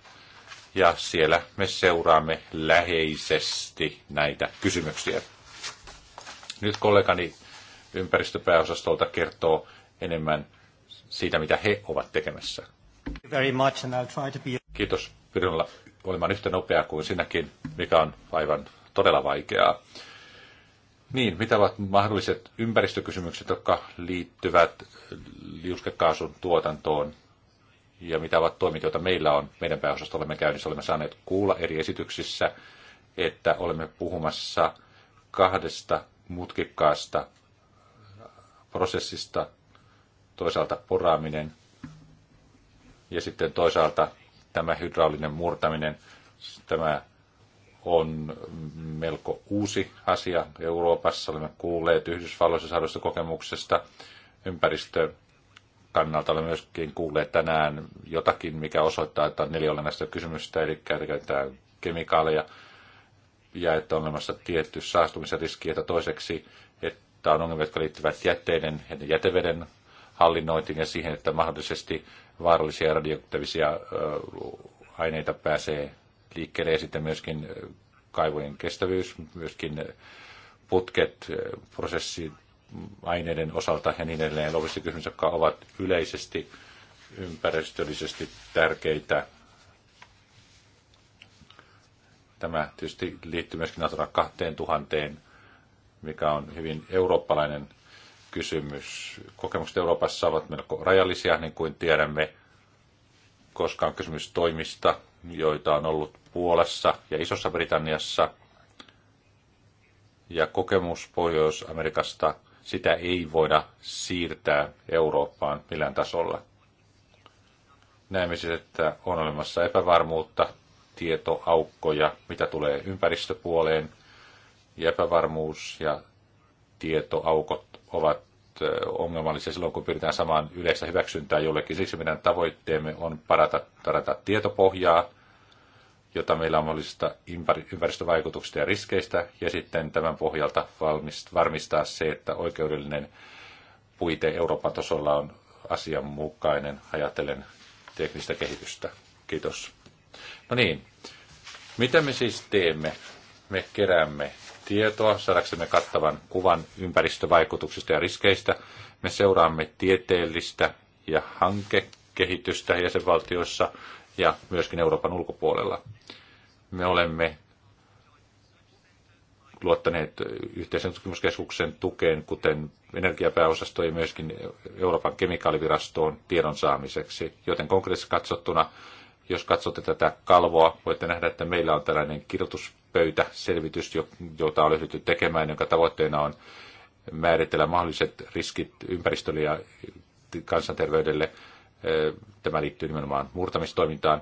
Ja siellä me seuraamme läheisesti näitä kysymyksiä. Nyt kollegani ympäristöpääosastolta kertoo enemmän siitä, mitä he ovat tekemässä. Very much, and I'll try to be... Kiitos Pyrin olemaan yhtä nopea kuin sinäkin, mikä on aivan todella vaikeaa. Niin, mitä ovat mahdolliset ympäristökysymykset, jotka liittyvät liuskekaasun tuotantoon ja mitä ovat toimit, joita meillä on meidän pääosasta olemme käynnissä. Olemme saaneet kuulla eri esityksissä, että olemme puhumassa kahdesta mutkikkaasta prosessista, toisaalta poraaminen ja sitten toisaalta tämä hydraulinen murtaminen. Tämä on melko uusi asia Euroopassa. Olemme kuulleet Yhdysvalloissa saadusta kokemuksesta. Ympäristö kannalta olen myöskin kuulleet tänään jotakin, mikä osoittaa, että on neljä olennaista kysymystä, eli käytetään kemikaaleja ja että on olemassa tietty saastumisen riski, että toiseksi, että Tämä on ongelmia, jotka liittyvät jätteiden ja jäteveden hallinnointiin ja siihen, että mahdollisesti vaarallisia radioaktiivisia aineita pääsee liikkeelle ja sitten myöskin kaivojen kestävyys, myöskin putket, aineiden osalta ja niin edelleen. Lopuksi kysymys, jotka ovat yleisesti ympäristöllisesti tärkeitä. Tämä tietysti liittyy myöskin Natura 2000 mikä on hyvin eurooppalainen kysymys. Kokemukset Euroopassa ovat melko rajallisia, niin kuin tiedämme, koska on kysymys toimista, joita on ollut Puolassa ja Isossa Britanniassa. Ja kokemus Pohjois-Amerikasta, sitä ei voida siirtää Eurooppaan millään tasolla. Näemme siis, että on olemassa epävarmuutta, tietoaukkoja, mitä tulee ympäristöpuoleen – ja epävarmuus ja tietoaukot ovat ongelmallisia silloin, kun pyritään samaan yleistä hyväksyntää jollekin. Siksi meidän tavoitteemme on parata, parata tietopohjaa, jota meillä on mahdollisista ympäristövaikutuksista ja riskeistä, ja sitten tämän pohjalta varmistaa se, että oikeudellinen puite Euroopan tasolla on asianmukainen, ajatellen teknistä kehitystä. Kiitos. No niin, mitä me siis teemme? Me keräämme tietoa saadaksemme kattavan kuvan ympäristövaikutuksista ja riskeistä. Me seuraamme tieteellistä ja hankekehitystä jäsenvaltioissa ja myöskin Euroopan ulkopuolella. Me olemme luottaneet yhteisen tutkimuskeskuksen tukeen, kuten energiapääosasto ja myöskin Euroopan kemikaalivirastoon tiedon saamiseksi. Joten konkreettisesti katsottuna, jos katsotte tätä kalvoa, voitte nähdä, että meillä on tällainen kirjoitus pöytäselvitys, jota on ryhdytty tekemään, jonka tavoitteena on määritellä mahdolliset riskit ympäristölle ja kansanterveydelle. Tämä liittyy nimenomaan murtamistoimintaan.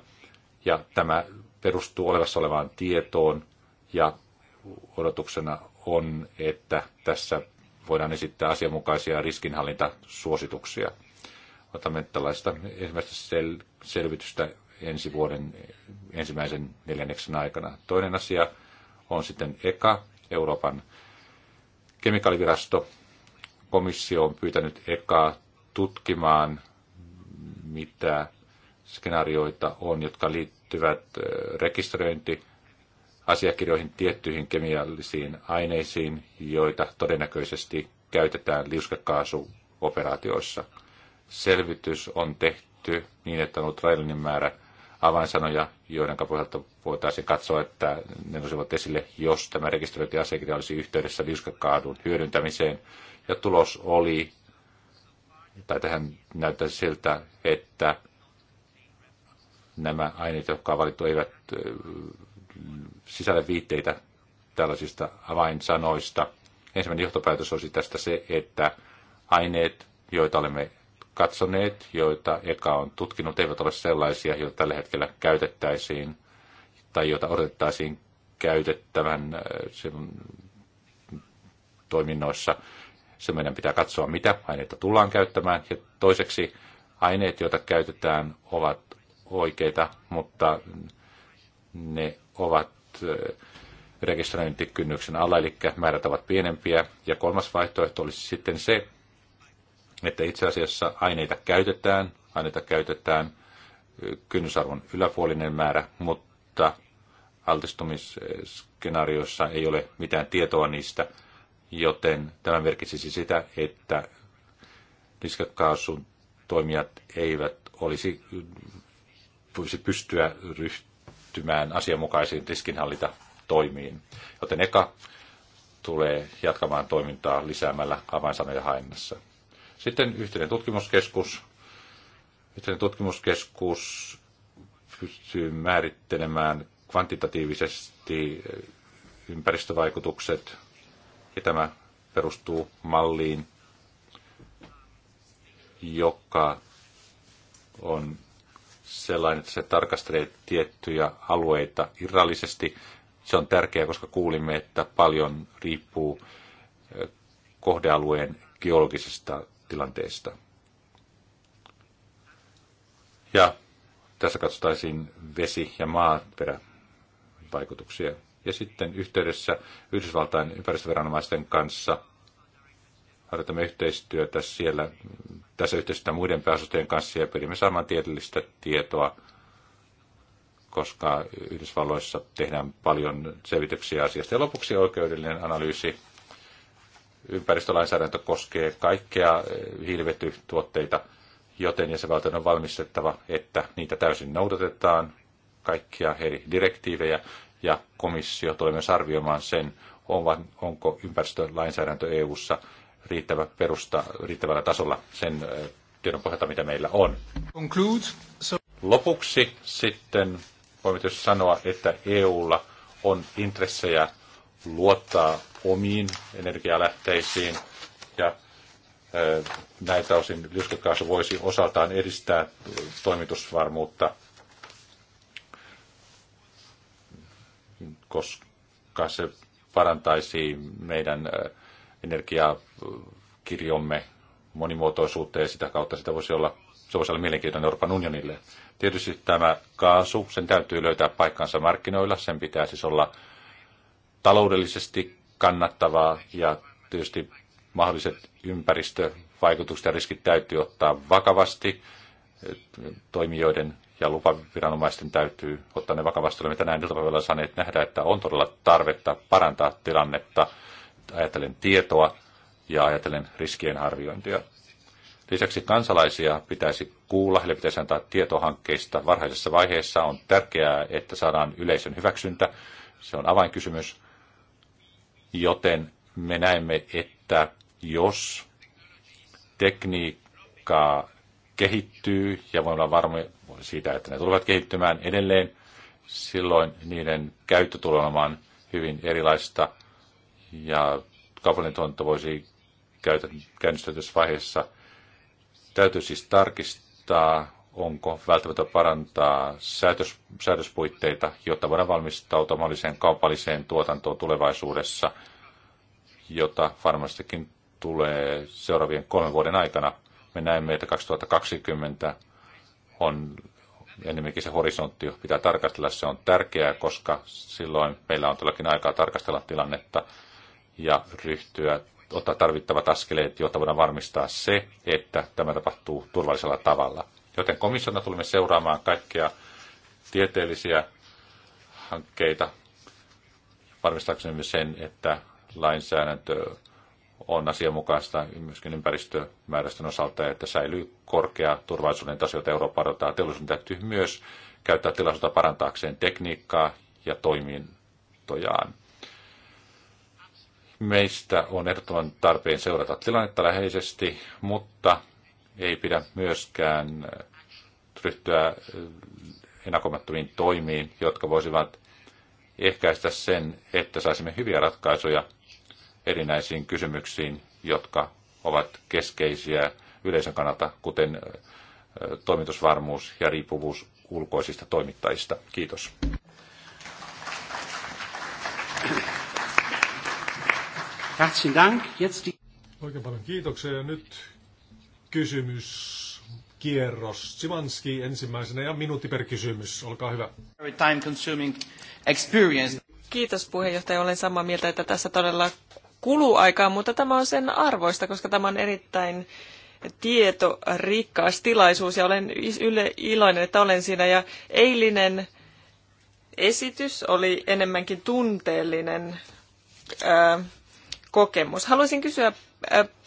Ja tämä perustuu olevassa olevaan tietoon ja odotuksena on, että tässä voidaan esittää asianmukaisia riskinhallintasuosituksia. Otamme tällaista ensimmäistä sel- selvitystä ensi vuoden ensimmäisen neljänneksen aikana. Toinen asia on sitten EKA, Euroopan kemikaalivirasto. Komissio on pyytänyt EKA tutkimaan, mitä skenaarioita on, jotka liittyvät rekisteröinti asiakirjoihin tiettyihin kemiallisiin aineisiin, joita todennäköisesti käytetään liuskekaasuoperaatioissa. Selvitys on tehty niin, että on ollut rajallinen määrä avainsanoja, joiden pohjalta voitaisiin katsoa, että ne nousivat esille, jos tämä rekisteröintiasiakirja olisi yhteydessä liuskakaadun hyödyntämiseen. Ja tulos oli, tai tähän näyttäisi siltä, että nämä aineet, jotka on valittu, eivät äh, sisällä viitteitä tällaisista avainsanoista. Ensimmäinen johtopäätös olisi tästä se, että aineet, joita olemme katsoneet, joita EKA on tutkinut, eivät ole sellaisia, joita tällä hetkellä käytettäisiin tai joita odotettaisiin käytettävän äh, toiminnoissa. Se meidän pitää katsoa, mitä aineita tullaan käyttämään. Ja toiseksi aineet, joita käytetään, ovat oikeita, mutta ne ovat äh, rekisteröintikynnyksen alla, eli määrät ovat pienempiä. Ja kolmas vaihtoehto olisi sitten se, että itse asiassa aineita käytetään, aineita käytetään kynnysarvon yläpuolinen määrä, mutta altistumisskenaarioissa ei ole mitään tietoa niistä, joten tämä merkitsisi sitä, että niskakaasun toimijat eivät olisi voisi pystyä ryhtymään asianmukaisiin riskinhallintatoimiin. Joten eka tulee jatkamaan toimintaa lisäämällä avainsanoja hainnassa. Sitten yhteinen tutkimuskeskus. Yhteinen tutkimuskeskus pystyy määrittelemään kvantitatiivisesti eh, ympäristövaikutukset, ja tämä perustuu malliin, joka on sellainen, että se tarkastelee tiettyjä alueita irrallisesti. Se on tärkeää, koska kuulimme, että paljon riippuu eh, kohdealueen geologisesta tilanteesta. Ja tässä katsotaisiin vesi- ja maaperävaikutuksia. Ja sitten yhteydessä Yhdysvaltain ympäristöviranomaisten kanssa harjoitamme yhteistyötä siellä, tässä yhteistyötä muiden pääosastojen kanssa ja pyrimme saamaan tieteellistä tietoa, koska Yhdysvalloissa tehdään paljon selvityksiä asiasta. Ja lopuksi oikeudellinen analyysi Ympäristölainsäädäntö koskee kaikkea eh, hiilivetytuotteita, joten jäsenvaltion on valmistettava, että niitä täysin noudatetaan, kaikkia eri direktiivejä, ja komissio tulee myös arvioimaan sen, onko ympäristölainsäädäntö EU-ssa riittävä perusta riittävällä tasolla sen eh, tiedon pohjalta, mitä meillä on. Conclude. So... Lopuksi sitten voimme sanoa, että EUlla on intressejä luottaa omiin energialähteisiin ja näitä osin liuskekaasu voisi osaltaan edistää toimitusvarmuutta, koska se parantaisi meidän energiakirjomme monimuotoisuutta ja sitä kautta sitä voisi olla, se voisi olla mielenkiintoinen Euroopan unionille. Tietysti tämä kaasu, sen täytyy löytää paikkansa markkinoilla, sen pitää siis olla taloudellisesti kannattavaa ja tietysti mahdolliset ympäristövaikutukset ja riskit täytyy ottaa vakavasti. Toimijoiden ja lupaviranomaisten täytyy ottaa ne vakavasti. Olemme tänään iltapäivällä saaneet nähdä, että on todella tarvetta parantaa tilannetta. Ajatellen tietoa ja ajatellen riskien arviointia. Lisäksi kansalaisia pitäisi kuulla, heille pitäisi antaa tietohankkeista varhaisessa vaiheessa. On tärkeää, että saadaan yleisön hyväksyntä. Se on avainkysymys. Joten me näemme, että jos tekniikkaa kehittyy ja voimme olla varmoja siitä, että ne tulevat kehittymään edelleen, silloin niiden käyttö tulee olemaan hyvin erilaista ja kaupallinen tuotanto voisi käynnistyä tässä vaiheessa. Täytyy siis tarkistaa, onko välttämättä parantaa säätös, säätöspuitteita, jotta voidaan valmistautua mahdolliseen kaupalliseen tuotantoon tulevaisuudessa, jota varmastikin tulee seuraavien kolmen vuoden aikana. Me näemme, että 2020 on enemmänkin se horisontti, jo pitää tarkastella. Se on tärkeää, koska silloin meillä on todellakin aikaa tarkastella tilannetta ja ryhtyä ottaa tarvittavat askeleet, jotta voidaan varmistaa se, että tämä tapahtuu turvallisella tavalla. Joten komissiona tulemme seuraamaan kaikkia tieteellisiä hankkeita varmistaaksemme sen, että lainsäädäntö on asianmukaista myöskin ympäristömääräisten osalta, että säilyy korkea turvallisuuden taso, jota Eurooppa odottaa. Teollisuuden täytyy myös käyttää tilaisuutta parantaakseen tekniikkaa ja toimintojaan. Meistä on ehdottoman tarpeen seurata tilannetta läheisesti, mutta ei pidä myöskään ryhtyä ennakomattomiin toimiin, jotka voisivat ehkäistä sen, että saisimme hyviä ratkaisuja erinäisiin kysymyksiin, jotka ovat keskeisiä yleisön kannalta, kuten toimitusvarmuus ja riippuvuus ulkoisista toimittajista. Kiitos. Herzlichen Dank. Jetzt die... Oikein paljon kiitoksia ja nyt kysymys kierros. Simanski ensimmäisenä ja minuutti per kysymys. Olkaa hyvä. Kiitos puheenjohtaja. Olen samaa mieltä, että tässä todella kuluu aikaa, mutta tämä on sen arvoista, koska tämä on erittäin tietorikas tilaisuus ja olen yle iloinen, että olen siinä. Ja eilinen esitys oli enemmänkin tunteellinen ää, kokemus. Haluaisin kysyä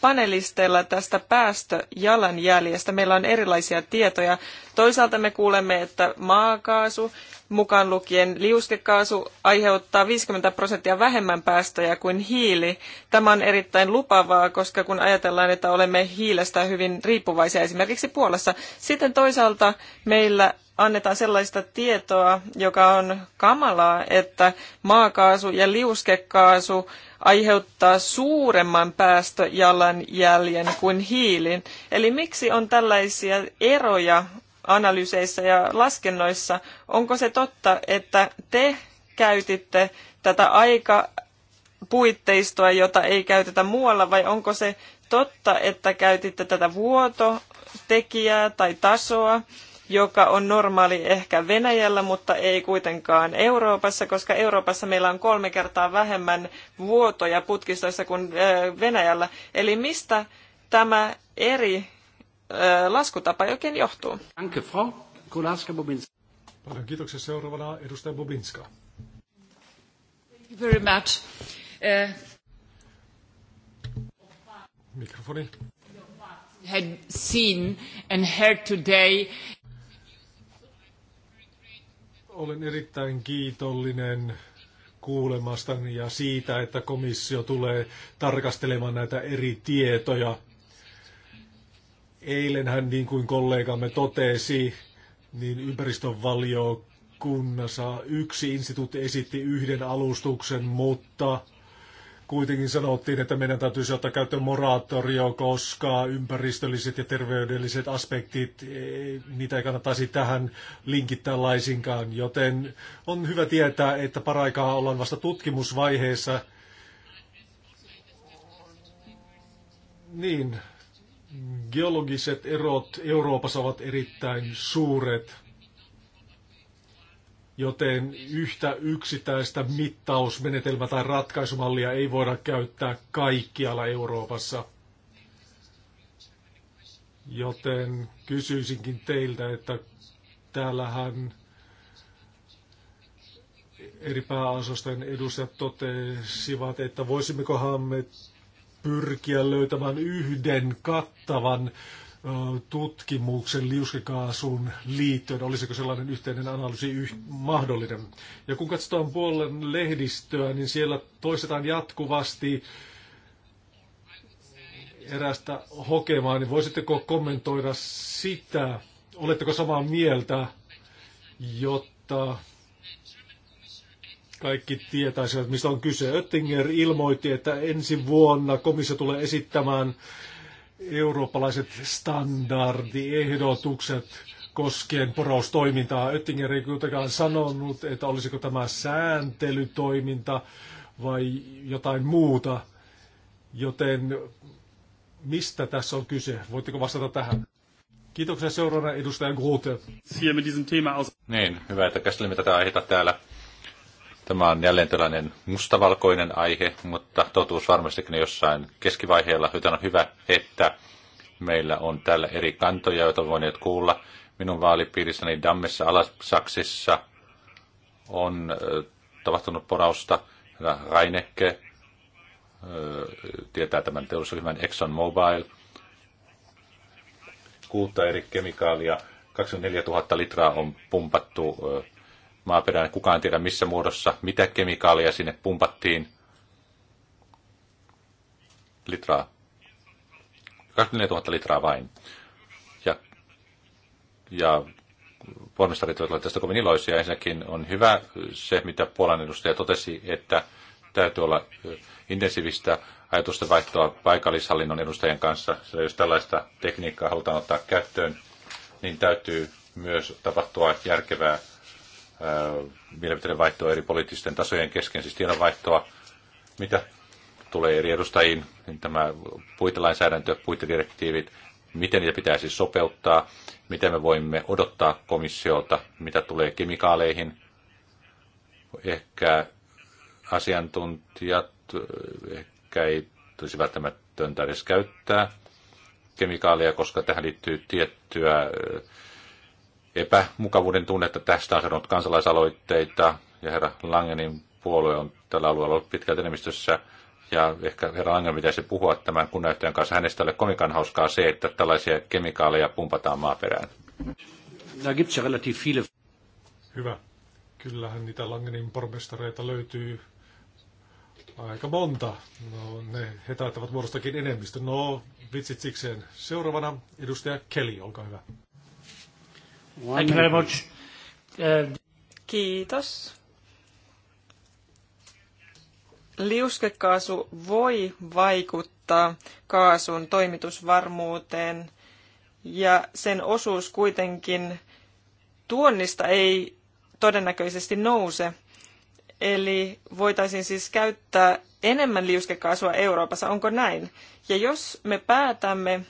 panelisteilla tästä päästöjalanjäljestä. Meillä on erilaisia tietoja. Toisaalta me kuulemme, että maakaasu, mukaan lukien liuskekaasu, aiheuttaa 50 prosenttia vähemmän päästöjä kuin hiili. Tämä on erittäin lupavaa, koska kun ajatellaan, että olemme hiilestä hyvin riippuvaisia esimerkiksi Puolassa. Sitten toisaalta meillä annetaan sellaista tietoa, joka on kamalaa, että maakaasu ja liuskekaasu aiheuttaa suuremman päästöjalanjäljen kuin hiilin. Eli miksi on tällaisia eroja analyyseissä ja laskennoissa? Onko se totta, että te käytitte tätä aika puitteistoa, jota ei käytetä muualla, vai onko se totta, että käytitte tätä vuototekijää tai tasoa? joka on normaali ehkä Venäjällä, mutta ei kuitenkaan Euroopassa, koska Euroopassa meillä on kolme kertaa vähemmän vuotoja putkistoissa kuin äh, Venäjällä. Eli mistä tämä eri äh, laskutapa oikein johtuu? Danke, Frau Kolaska-Bobinska. Paljon kiitoksia. Seuraavana edustaja Bobinska. Very much. Uh, Mikrofoni. Had seen and heard today. Olen erittäin kiitollinen kuulemastani ja siitä, että komissio tulee tarkastelemaan näitä eri tietoja. Eilenhän, niin kuin kollegamme totesi, niin ympäristövaliokunnassa yksi instituutti esitti yhden alustuksen, mutta kuitenkin sanottiin, että meidän täytyisi ottaa käyttöön moratorio, koska ympäristölliset ja terveydelliset aspektit, e, niitä ei kannattaisi tähän linkittää laisinkaan. Joten on hyvä tietää, että paraikaa ollaan vasta tutkimusvaiheessa. Niin, geologiset erot Euroopassa ovat erittäin suuret joten yhtä yksittäistä mittausmenetelmää tai ratkaisumallia ei voida käyttää kaikkialla Euroopassa. Joten kysyisinkin teiltä, että täällähän eri pääasosten edustajat totesivat, että voisimmekohan me pyrkiä löytämään yhden kattavan tutkimuksen liuskekaasun liittyen, olisiko sellainen yhteinen analyysi yh- mahdollinen. Ja kun katsotaan puolen lehdistöä, niin siellä toistetaan jatkuvasti erästä hokemaa, niin voisitteko kommentoida sitä, oletteko samaa mieltä, jotta kaikki tietäisivät, mistä on kyse. Oettinger ilmoitti, että ensi vuonna komissio tulee esittämään eurooppalaiset standardiehdotukset koskien poraustoimintaa. Oettinger ei kuitenkaan sanonut, että olisiko tämä sääntelytoiminta vai jotain muuta. Joten mistä tässä on kyse? Voitteko vastata tähän? Kiitoksia seuraavana edustaja Grote. Niin, hyvä, että käsittelemme tätä aihetta täällä. Tämä on jälleen tällainen mustavalkoinen aihe, mutta totuus varmastikin jossain keskivaiheella, joten on hyvä, että meillä on täällä eri kantoja, joita voineet kuulla. Minun vaalipiirissäni Dammessa Alasaksissa on tapahtunut porausta. Raineke tietää tämän teollisuusryhmän Exxon Mobile. Kuutta eri kemikaalia, 24 000 litraa on pumpattu maaperään. Kukaan tiedä missä muodossa, mitä kemikaalia sinne pumpattiin. Litraa. 24 000 litraa vain. Ja, ja pormestarit olivat tästä kovin iloisia. Ensinnäkin on hyvä se, mitä Puolan edustaja totesi, että täytyy olla intensiivistä ajatusten vaihtoa paikallishallinnon edustajien kanssa. Sillä jos tällaista tekniikkaa halutaan ottaa käyttöön, niin täytyy myös tapahtua järkevää mielipiteiden vaihtoa eri poliittisten tasojen kesken, siis tiedonvaihtoa, mitä tulee eri edustajiin, niin tämä puitelainsäädäntö, puitedirektiivit, miten niitä pitäisi sopeuttaa, miten me voimme odottaa komissiolta, mitä tulee kemikaaleihin. Ehkä asiantuntijat, ehkä ei tulisi välttämättä edes käyttää kemikaaleja, koska tähän liittyy tiettyä epämukavuuden tunnetta. Tästä on saanut kansalaisaloitteita ja herra Langenin puolue on tällä alueella ollut pitkälti enemmistössä. Ja ehkä herra Langen pitäisi puhua tämän kunnioittajan kanssa. Hänestä ei ole komikan hauskaa se, että tällaisia kemikaaleja pumpataan maaperään. Hyvä. Kyllähän niitä Langenin pormestareita löytyy aika monta. No, ne he taitavat muodostakin enemmistö. No, vitsit sikseen. Seuraavana edustaja Kelly, olkaa hyvä. Thank you very much. Uh, Kiitos. Liuskekaasu voi vaikuttaa kaasun toimitusvarmuuteen ja sen osuus kuitenkin tuonnista ei todennäköisesti nouse. Eli voitaisiin siis käyttää enemmän liuskekaasua Euroopassa, onko näin? Ja jos me päätämme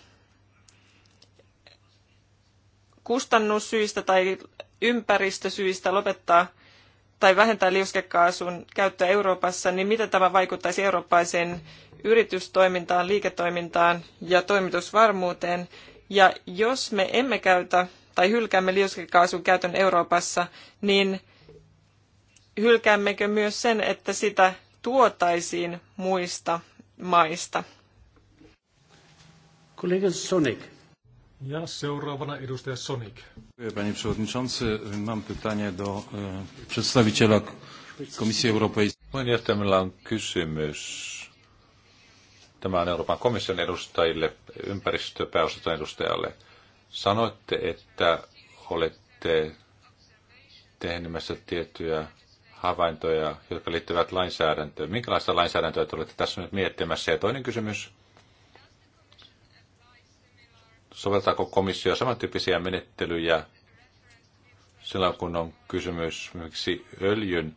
kustannussyistä tai ympäristösyistä lopettaa tai vähentää liuskekaasun käyttöä Euroopassa, niin miten tämä vaikuttaisi eurooppaiseen yritystoimintaan, liiketoimintaan ja toimitusvarmuuteen? Ja jos me emme käytä tai hylkäämme liuskekaasun käytön Euroopassa, niin hylkäämmekö myös sen, että sitä tuotaisiin muista maista? Kollega Sonic. Ja seuraavana edustaja Sonik. Panie przewodniczący, mam pytanie do e, przedstawiciela Komisji Europejskiej. on kysymys tämän Euroopan komission edustajille, ympäristöpääosaston edustajalle. Sanoitte, että olette tehneet tiettyjä havaintoja, jotka liittyvät lainsäädäntöön. Minkälaista lainsäädäntöä te olette tässä nyt miettimässä? Ja toinen kysymys, soveltaako komissio samantyyppisiä menettelyjä silloin, kun on kysymys miksi öljyn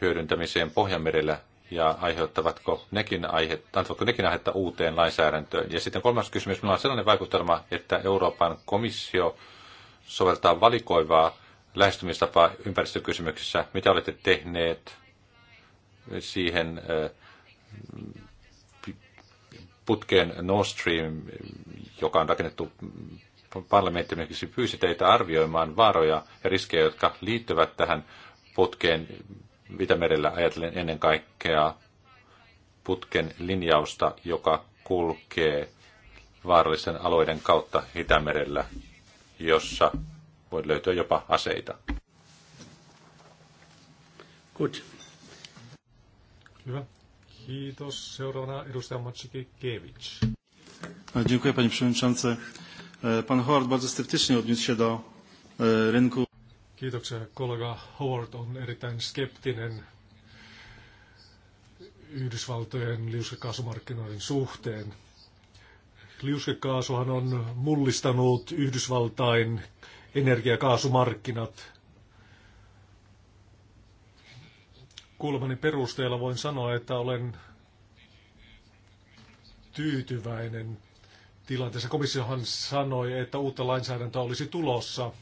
hyödyntämiseen Pohjanmerellä ja aiheuttavatko nekin aihetta, nekin aihetta uuteen lainsäädäntöön. Ja sitten kolmas kysymys, minulla on sellainen vaikutelma, että Euroopan komissio soveltaa valikoivaa lähestymistapaa ympäristökysymyksissä. Mitä olette tehneet siihen putkeen Nord Stream, joka on rakennettu parlamentti pyysi teitä arvioimaan vaaroja ja riskejä, jotka liittyvät tähän putkeen Itämerellä ajatellen ennen kaikkea putken linjausta, joka kulkee vaarallisten alueiden kautta Itämerellä, jossa voi löytyä jopa aseita. Good. Hyvä. Kiitos. Seuraavana edustaja Macikiewicz. E, dziękuję panie przewodniczący. E, pan Howard bardzo sceptycznie odniósł się do e, rynku. Kiitoksia. Kollega Howard on erittäin skeptinen Yhdysvaltojen liuskekaasumarkkinoiden suhteen. Liuskekaasuhan on mullistanut Yhdysvaltain energiakaasumarkkinat kuulemani perusteella voin sanoa, että olen tyytyväinen tilanteessa. Komissiohan sanoi, että uutta lainsäädäntöä olisi tulossa.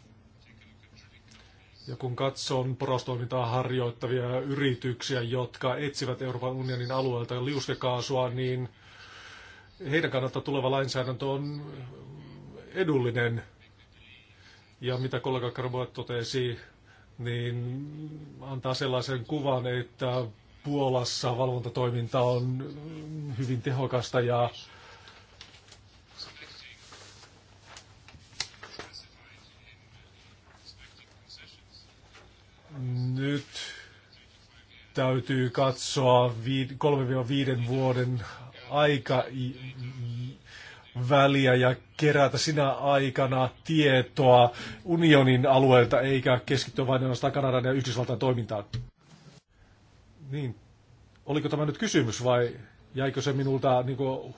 Ja kun katson porostoimintaa harjoittavia yrityksiä, jotka etsivät Euroopan unionin alueelta liuskekaasua, niin heidän kannalta tuleva lainsäädäntö on edullinen. Ja mitä kollega Karvoet totesi, niin antaa sellaisen kuvan, että Puolassa valvontatoiminta on hyvin tehokasta ja nyt täytyy katsoa 3-5 vuoden aika väliä ja kerätä sinä aikana tietoa unionin alueelta, eikä keskittyä vain ainoastaan Kanadan ja Yhdysvaltain toimintaan. Niin, oliko tämä nyt kysymys vai jäikö se minulta niin kuin,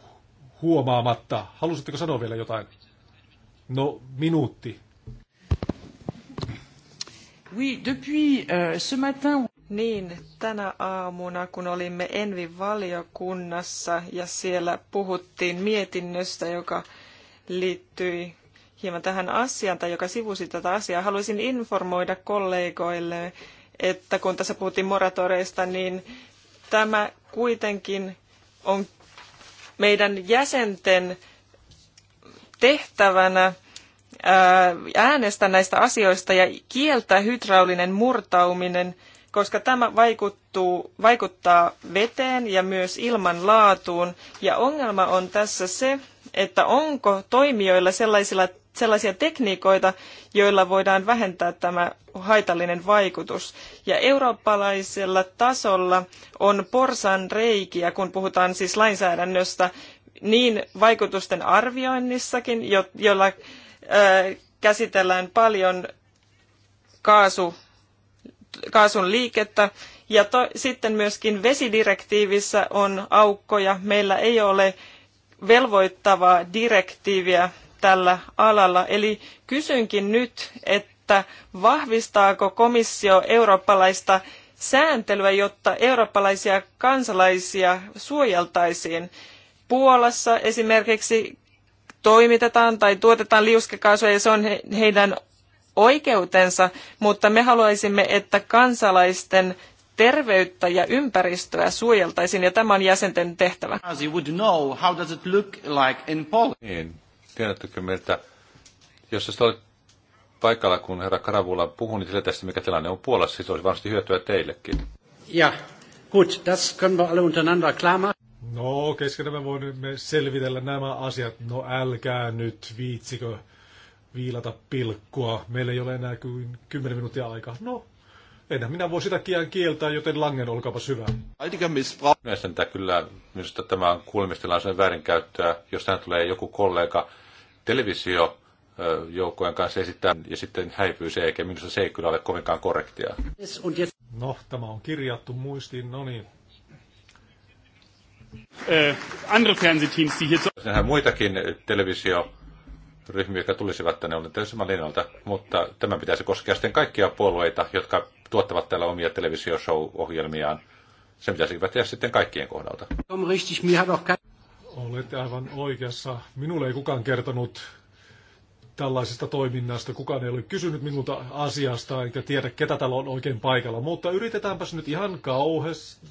huomaamatta? Halusitteko sanoa vielä jotain? No, minuutti. Oui, depuis uh, ce matin... Niin, tänä aamuna, kun olimme Envin valiokunnassa ja siellä puhuttiin mietinnöstä, joka liittyi hieman tähän asiaan tai joka sivusi tätä asiaa, haluaisin informoida kollegoille, että kun tässä puhuttiin moratoreista, niin tämä kuitenkin on meidän jäsenten tehtävänä äänestää näistä asioista ja kieltää hydraulinen murtauminen – koska tämä vaikuttuu, vaikuttaa veteen ja myös ilman laatuun. Ja ongelma on tässä se, että onko toimijoilla sellaisilla, sellaisia tekniikoita, joilla voidaan vähentää tämä haitallinen vaikutus. Ja eurooppalaisella tasolla on porsan reikiä, kun puhutaan siis lainsäädännöstä, niin vaikutusten arvioinnissakin, jo, jolla ö, käsitellään paljon kaasu kaasun liikettä. Ja to, sitten myöskin vesidirektiivissä on aukkoja. Meillä ei ole velvoittavaa direktiiviä tällä alalla. Eli kysynkin nyt, että vahvistaako komissio eurooppalaista sääntelyä, jotta eurooppalaisia kansalaisia suojeltaisiin. Puolassa esimerkiksi toimitetaan tai tuotetaan liuskekaasua ja se on heidän oikeutensa, mutta me haluaisimme, että kansalaisten terveyttä ja ympäristöä suojeltaisiin, ja tämä on jäsenten tehtävä. Niin, tiedättekö meiltä, jos sä olet paikalla, kun herra Karavula puhui, niin sillä tästä, mikä tilanne on Puolassa, siis olisi varmasti hyötyä teillekin. Ja, gut, das können wir alle untereinander klar No, keskenämme voimme selvitellä nämä asiat. No, älkää nyt viitsikö viilata pilkkua. Meillä ei ole enää kuin 10 minuuttia aikaa. No, enää minä voi sitä kieltää, joten langen olkaapas hyvä. Näistä no, tämä kyllä, minusta tämä on kuulemistilaisuuden väärinkäyttöä. Jos tähän tulee joku kollega televisio joukkojen kanssa esittää ja sitten häipyy se, eikä minusta se ei kyllä ole kovinkaan korrektia. No, tämä on kirjattu muistiin, no niin. Äh, andere die hier... Muitakin televisio ryhmiä, jotka tulisivat tänne, olen täysin linjalta, mutta tämä pitäisi koskea sitten kaikkia puolueita, jotka tuottavat täällä omia televisioshow-ohjelmiaan. Se pitäisi tehdä sitten kaikkien kohdalta. Olette aivan oikeassa. Minulle ei kukaan kertonut tällaisesta toiminnasta. Kukaan ei ole kysynyt minulta asiasta, eikä tiedä, ketä täällä on oikein paikalla. Mutta yritetäänpäs nyt ihan kauheassa,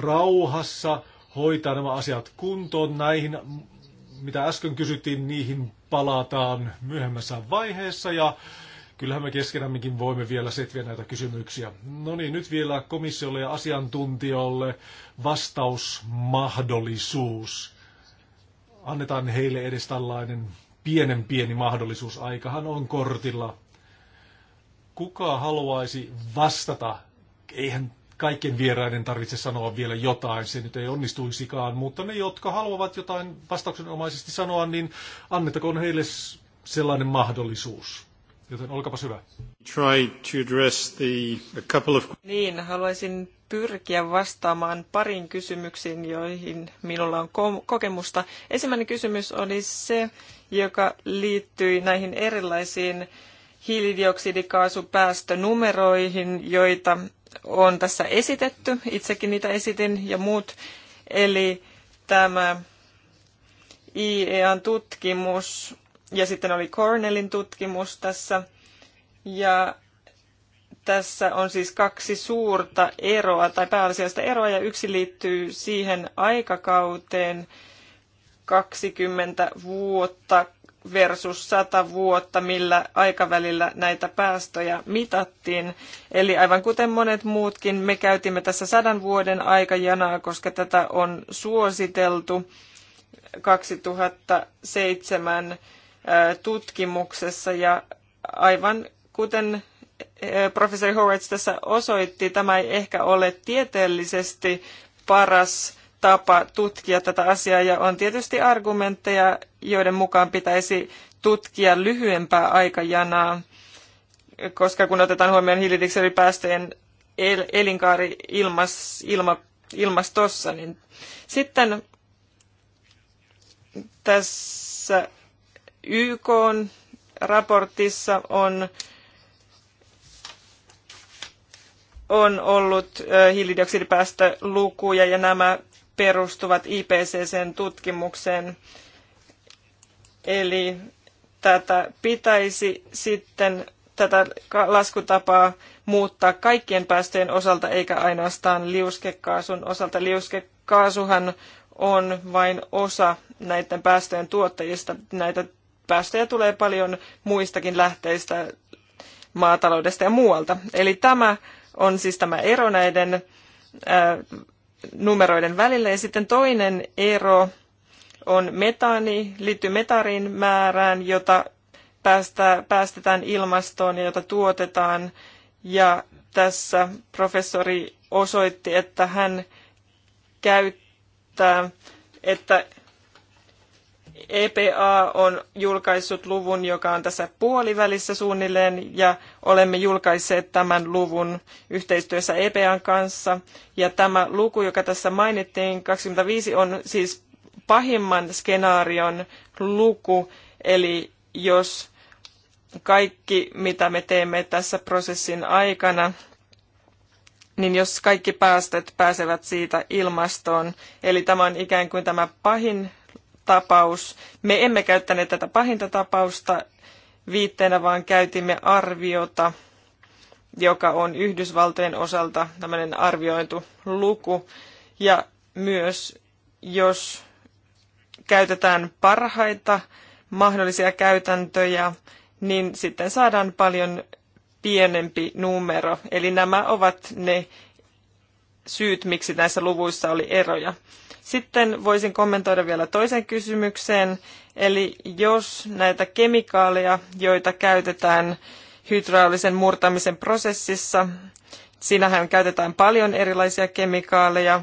rauhassa hoitaa nämä asiat kuntoon. Näihin mitä äsken kysyttiin, niihin palataan myöhemmässä vaiheessa ja kyllähän me keskenämminkin voimme vielä setviä näitä kysymyksiä. No niin, nyt vielä komissiolle ja asiantuntijoille vastausmahdollisuus. Annetaan heille edes tällainen pienen pieni mahdollisuus. Aikahan on kortilla. Kuka haluaisi vastata? Eihän kaikkien vieraiden tarvitse sanoa vielä jotain, se nyt ei onnistuisikaan, mutta ne, jotka haluavat jotain vastauksenomaisesti sanoa, niin annettakoon heille sellainen mahdollisuus. Joten olkapas hyvä. Try to address the, a couple of... Niin, haluaisin pyrkiä vastaamaan parin kysymyksiin, joihin minulla on ko- kokemusta. Ensimmäinen kysymys oli se, joka liittyi näihin erilaisiin hiilidioksidikaasupäästönumeroihin, joita on tässä esitetty. Itsekin niitä esitin ja muut. Eli tämä IEAn tutkimus ja sitten oli Cornellin tutkimus tässä. Ja tässä on siis kaksi suurta eroa tai pääasiallista eroa ja yksi liittyy siihen aikakauteen 20 vuotta versus 100 vuotta, millä aikavälillä näitä päästöjä mitattiin. Eli aivan kuten monet muutkin, me käytimme tässä sadan vuoden aikajanaa, koska tätä on suositeltu 2007 tutkimuksessa ja aivan kuten professori Horwitz tässä osoitti, tämä ei ehkä ole tieteellisesti paras tapa tutkia tätä asiaa ja on tietysti argumentteja, joiden mukaan pitäisi tutkia lyhyempää aikajanaa, koska kun otetaan huomioon hiilidioksidipäästöjen el- elinkaari ilmas, ilma, ilmastossa, niin sitten tässä YK raportissa on on ollut hiilidioksidipäästölukuja ja nämä perustuvat IPCCn tutkimukseen. Eli tätä pitäisi sitten tätä laskutapaa muuttaa kaikkien päästöjen osalta eikä ainoastaan liuskekaasun osalta. Liuskekaasuhan on vain osa näiden päästöjen tuottajista. Näitä päästöjä tulee paljon muistakin lähteistä, maataloudesta ja muualta. Eli tämä on siis tämä ero näiden numeroiden välillä. Ja sitten toinen ero on metaani, liittyy metarin määrään, jota päästä, päästetään ilmastoon ja jota tuotetaan. Ja tässä professori osoitti, että hän käyttää, että EPA on julkaissut luvun, joka on tässä puolivälissä suunnilleen, ja olemme julkaisseet tämän luvun yhteistyössä EPAn kanssa. Ja tämä luku, joka tässä mainittiin, 25, on siis pahimman skenaarion luku, eli jos kaikki, mitä me teemme tässä prosessin aikana, niin jos kaikki päästöt pääsevät siitä ilmastoon, eli tämä on ikään kuin tämä pahin tapaus. Me emme käyttäneet tätä pahinta tapausta viitteenä, vaan käytimme arviota, joka on Yhdysvaltojen osalta tämmöinen arvioitu luku. Ja myös jos käytetään parhaita mahdollisia käytäntöjä, niin sitten saadaan paljon pienempi numero. Eli nämä ovat ne syyt, miksi näissä luvuissa oli eroja. Sitten voisin kommentoida vielä toisen kysymykseen, eli jos näitä kemikaaleja, joita käytetään hydraulisen murtamisen prosessissa, siinähän käytetään paljon erilaisia kemikaaleja,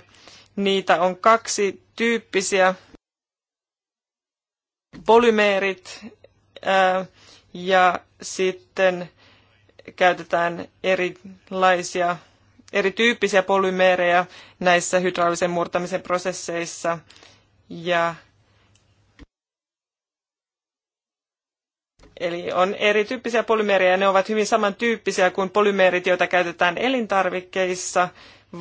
niitä on kaksi tyyppisiä, polymeerit ja sitten käytetään erilaisia erityyppisiä polymeerejä näissä hydraulisen murtamisen prosesseissa. Ja Eli on erityyppisiä polymeerejä, ne ovat hyvin samantyyppisiä kuin polymeerit, joita käytetään elintarvikkeissa,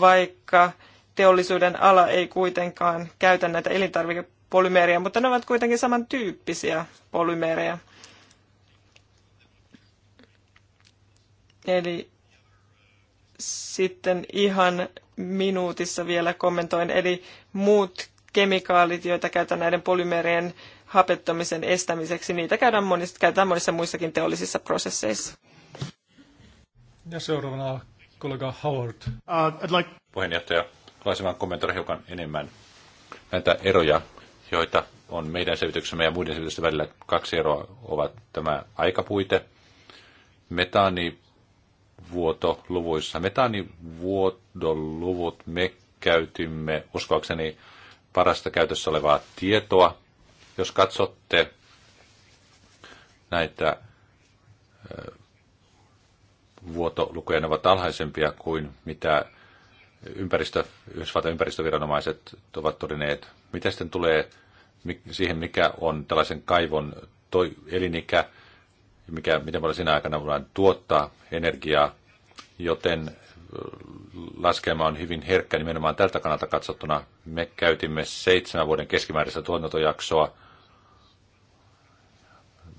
vaikka teollisuuden ala ei kuitenkaan käytä näitä elintarvikepolymeerejä, mutta ne ovat kuitenkin samantyyppisiä polymeerejä. Eli sitten ihan minuutissa vielä kommentoin, eli muut kemikaalit, joita käytetään näiden polymerien hapettomisen estämiseksi, niitä käytetään monissa, käytetään monissa muissakin teollisissa prosesseissa. Ja seuraavana kollega Howard. Uh, I'd like... Puheenjohtaja, haluaisin vain kommentoida hiukan enemmän näitä eroja, joita on meidän selvityksemme ja muiden selvitysten välillä. Kaksi eroa ovat tämä aikapuite, metaani vuotoluvuissa. Metaanivuodon me käytimme uskoakseni parasta käytössä olevaa tietoa. Jos katsotte näitä vuotolukuja, ne ovat alhaisempia kuin mitä ympäristö, Yhdysvaltain ympäristöviranomaiset ovat todenneet. Miten sitten tulee siihen, mikä on tällaisen kaivon toi elinikä, mikä, miten paljon sinä aikana voidaan tuottaa energiaa, joten laskelma on hyvin herkkä nimenomaan tältä kannalta katsottuna. Me käytimme seitsemän vuoden keskimääräistä tuotantojaksoa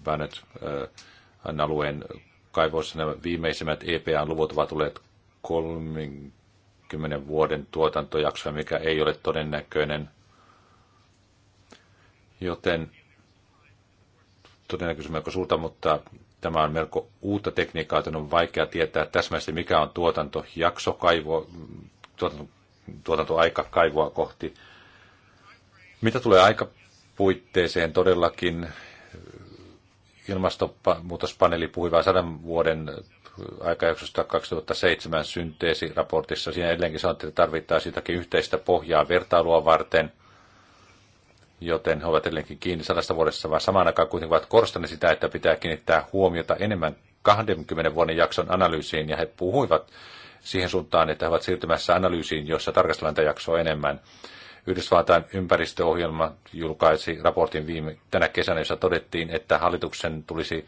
Vänet äh, alueen kaivoissa. Nämä viimeisimmät EPA-luvut ovat tulleet 30 vuoden tuotantojaksoa, mikä ei ole todennäköinen. Joten todennäköisyys melko suurta, mutta Tämä on melko uutta tekniikkaa, joten on vaikea tietää täsmällisesti, mikä on tuotantojakso, kaivoa, mm, tuotanto, tuotantoaika kaivoa kohti. Mitä tulee aikapuitteeseen todellakin, eh, ilmastonmuutospaneeli puhui vain sadan vuoden aikajaksosta 2007 synteesiraportissa. Siinä edelleenkin sanottiin, että tarvittaisiin jotakin yhteistä pohjaa vertailua varten joten he ovat edelleenkin kiinni sadassa vuodessa, vaan samaan aikaan kuitenkin ovat korostaneet sitä, että pitää kiinnittää huomiota enemmän 20 vuoden jakson analyysiin, ja he puhuivat siihen suuntaan, että he ovat siirtymässä analyysiin, jossa tarkastellaan tätä jaksoa enemmän. Yhdysvaltain ympäristöohjelma julkaisi raportin viime, tänä kesänä, jossa todettiin, että hallituksen tulisi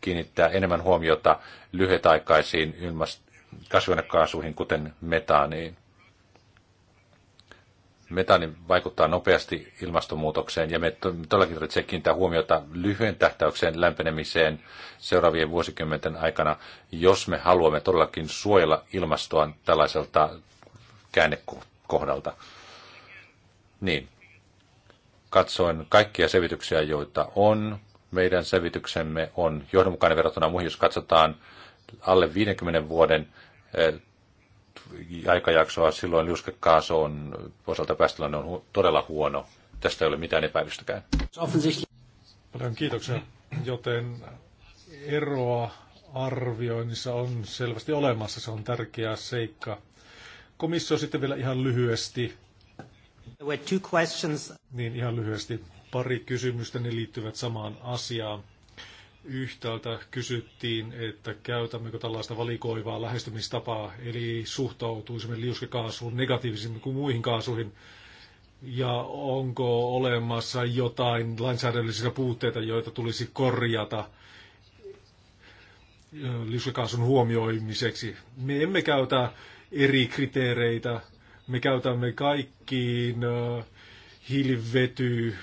kiinnittää enemmän huomiota lyhytaikaisiin ilmast- kasvihuonekaasuihin, kuten metaaniin. Metaani vaikuttaa nopeasti ilmastonmuutokseen ja me todellakin tarvitsee kiinnittää huomiota lyhyen tähtäyksen lämpenemiseen seuraavien vuosikymmenten aikana, jos me haluamme todellakin suojella ilmastoa tällaiselta käännekohdalta. Niin. Katsoin kaikkia selvityksiä, joita on. Meidän selvityksemme on johdonmukainen verrattuna muihin, jos katsotaan alle 50 vuoden eh, aikajaksoa, silloin liuskekaasu on osalta päästöllä on hu- todella huono. Tästä ei ole mitään epäilystäkään. Paljon kiitoksia, joten eroa arvioinnissa on selvästi olemassa. Se on tärkeä seikka. Komissio sitten vielä ihan lyhyesti. Niin ihan lyhyesti. Pari kysymystä, ne liittyvät samaan asiaan. Yhtäältä kysyttiin, että käytämmekö tällaista valikoivaa lähestymistapaa, eli suhtautuisimme liuskekaasuun negatiivisemmin kuin muihin kaasuihin, ja onko olemassa jotain lainsäädännöllisiä puutteita, joita tulisi korjata liuskekaasun huomioimiseksi. Me emme käytä eri kriteereitä, me käytämme kaikkiin hiilivety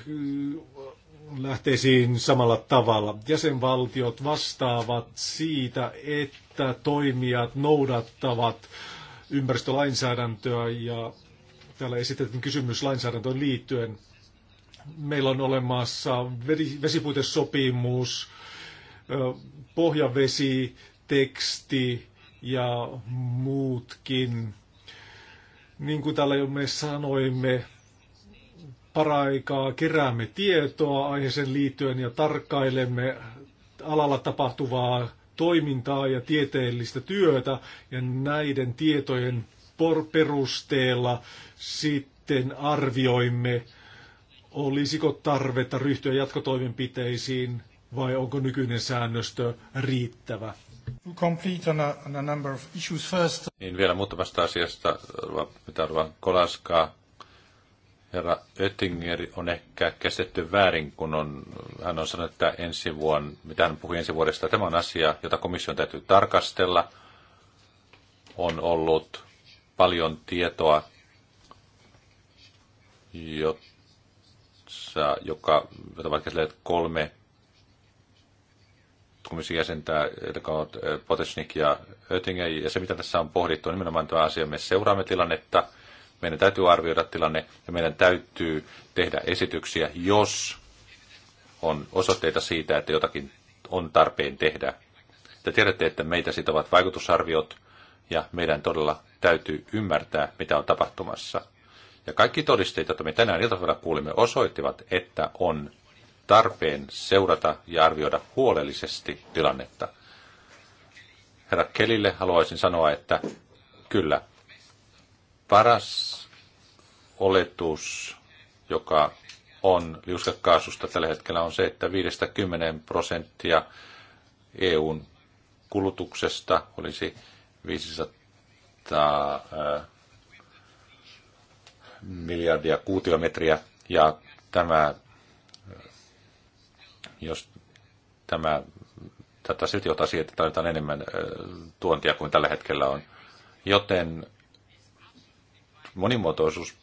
lähteisiin samalla tavalla. Jäsenvaltiot vastaavat siitä, että toimijat noudattavat ympäristölainsäädäntöä ja täällä esitettiin kysymys lainsäädäntöön liittyen. Meillä on olemassa vesipuitesopimus, pohjavesi, teksti ja muutkin. Niin kuin täällä jo me sanoimme, paraikaa keräämme tietoa aiheeseen liittyen ja tarkkailemme alalla tapahtuvaa toimintaa ja tieteellistä työtä ja näiden tietojen perusteella sitten arvioimme, olisiko tarvetta ryhtyä jatkotoimenpiteisiin vai onko nykyinen säännöstö riittävä. Niin vielä muutamasta asiasta, mitä Ruvan Kolaskaa herra Oettinger on ehkä käsitetty väärin, kun on, hän on sanonut, että ensi vuonna, mitä hän puhui ensi vuodesta, tämä on asia, jota komission täytyy tarkastella. On ollut paljon tietoa, jossa, joka, jota vaikka kolme komission jäsentä, jotka ovat Potesnik ja Oettinger, ja se mitä tässä on pohdittu, on nimenomaan tämä asia, me seuraamme tilannetta – meidän täytyy arvioida tilanne ja meidän täytyy tehdä esityksiä, jos on osoitteita siitä, että jotakin on tarpeen tehdä. Te tiedätte, että meitä sitovat vaikutusarviot ja meidän todella täytyy ymmärtää, mitä on tapahtumassa. Ja kaikki todisteet, joita me tänään iltapäivällä kuulimme, osoittivat, että on tarpeen seurata ja arvioida huolellisesti tilannetta. Herra Kelille haluaisin sanoa, että kyllä, Paras oletus, joka on liuskakaasusta tällä hetkellä, on se, että 50 prosenttia EUn kulutuksesta olisi 500 äh, miljardia kuutiometriä, ja tämä, jos tämä, tätä silti johtaa siihen, että tarvitaan enemmän äh, tuontia kuin tällä hetkellä on. Joten monimuotoisuus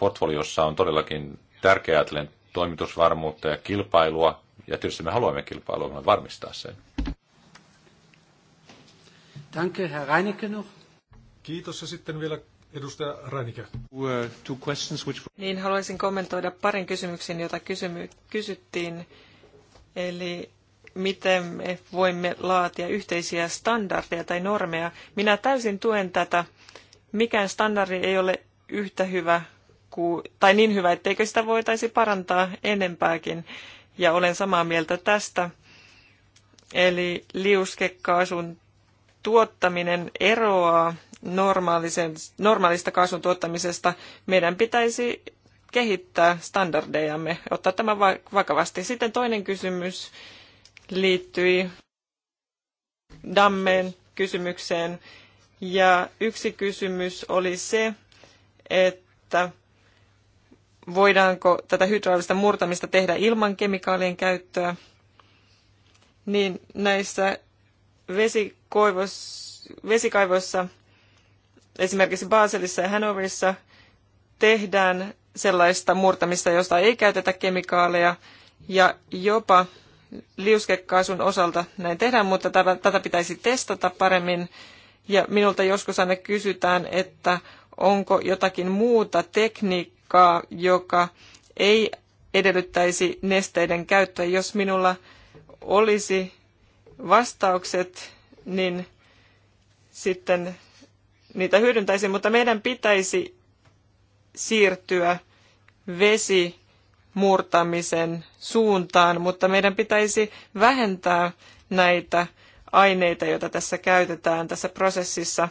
portfoliossa on todellakin tärkeää ajatellen toimitusvarmuutta ja kilpailua. Ja tietysti me haluamme kilpailua, me varmistaa sen. Danke, Herr Reinecke noch. Kiitos ja sitten vielä edustaja Reinecke. Two questions which... Niin, haluaisin kommentoida parin kysymyksen, jota kysymy- kysyttiin. Eli miten me voimme laatia yhteisiä standardeja tai normeja. Minä täysin tuen tätä. Mikään standardi ei ole yhtä hyvä kuin, tai niin hyvä, etteikö sitä voitaisi parantaa enempääkin. Ja olen samaa mieltä tästä. Eli liuskekaasun tuottaminen eroaa normaalista kaasun tuottamisesta. Meidän pitäisi kehittää standardejamme, ottaa tämä vakavasti. Sitten toinen kysymys liittyi dammeen kysymykseen. Ja yksi kysymys oli se, että voidaanko tätä hydraulista murtamista tehdä ilman kemikaalien käyttöä, niin näissä vesikaivoissa, esimerkiksi Baselissa ja Hanoverissa, tehdään sellaista murtamista, josta ei käytetä kemikaaleja, ja jopa liuskekaasun osalta näin tehdään, mutta tätä pitäisi testata paremmin. Ja minulta joskus aina kysytään, että onko jotakin muuta tekniikkaa, joka ei edellyttäisi nesteiden käyttöä. Jos minulla olisi vastaukset, niin sitten niitä hyödyntäisin, mutta meidän pitäisi siirtyä vesi murtamisen suuntaan, mutta meidän pitäisi vähentää näitä aineita, joita tässä käytetään tässä prosessissa.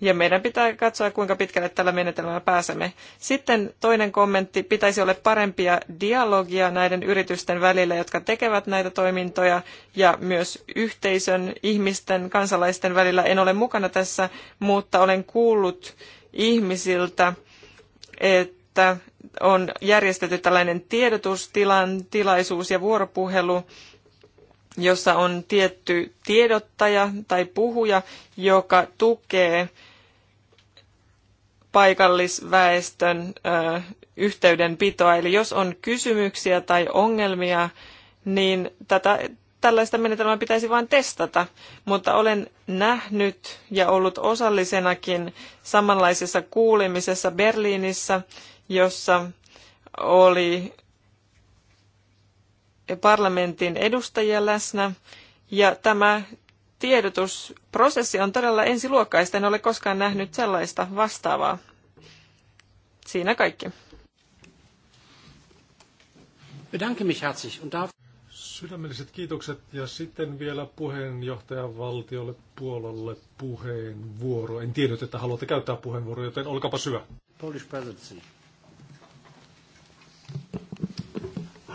Ja meidän pitää katsoa, kuinka pitkälle tällä menetelmällä pääsemme. Sitten toinen kommentti, pitäisi olla parempia dialogia näiden yritysten välillä, jotka tekevät näitä toimintoja, ja myös yhteisön, ihmisten, kansalaisten välillä. En ole mukana tässä, mutta olen kuullut ihmisiltä, että on järjestetty tällainen tiedotustilaisuus ja vuoropuhelu, jossa on tietty tiedottaja tai puhuja, joka tukee paikallisväestön yhteydenpitoa. Eli jos on kysymyksiä tai ongelmia, niin tätä, tällaista menetelmää pitäisi vain testata. Mutta olen nähnyt ja ollut osallisenakin samanlaisessa kuulemisessa Berliinissä, jossa oli parlamentin edustajia läsnä. Ja tämä tiedotusprosessi on todella ensiluokkaista. En ole koskaan nähnyt sellaista vastaavaa. Siinä kaikki. Bedanke mich herzlich und darf... Sydämelliset kiitokset ja sitten vielä puheenjohtajan valtiolle Puolalle puheenvuoro. En tiennyt, että haluatte käyttää puheenvuoroa, joten olkapa syvä. Polish presidency.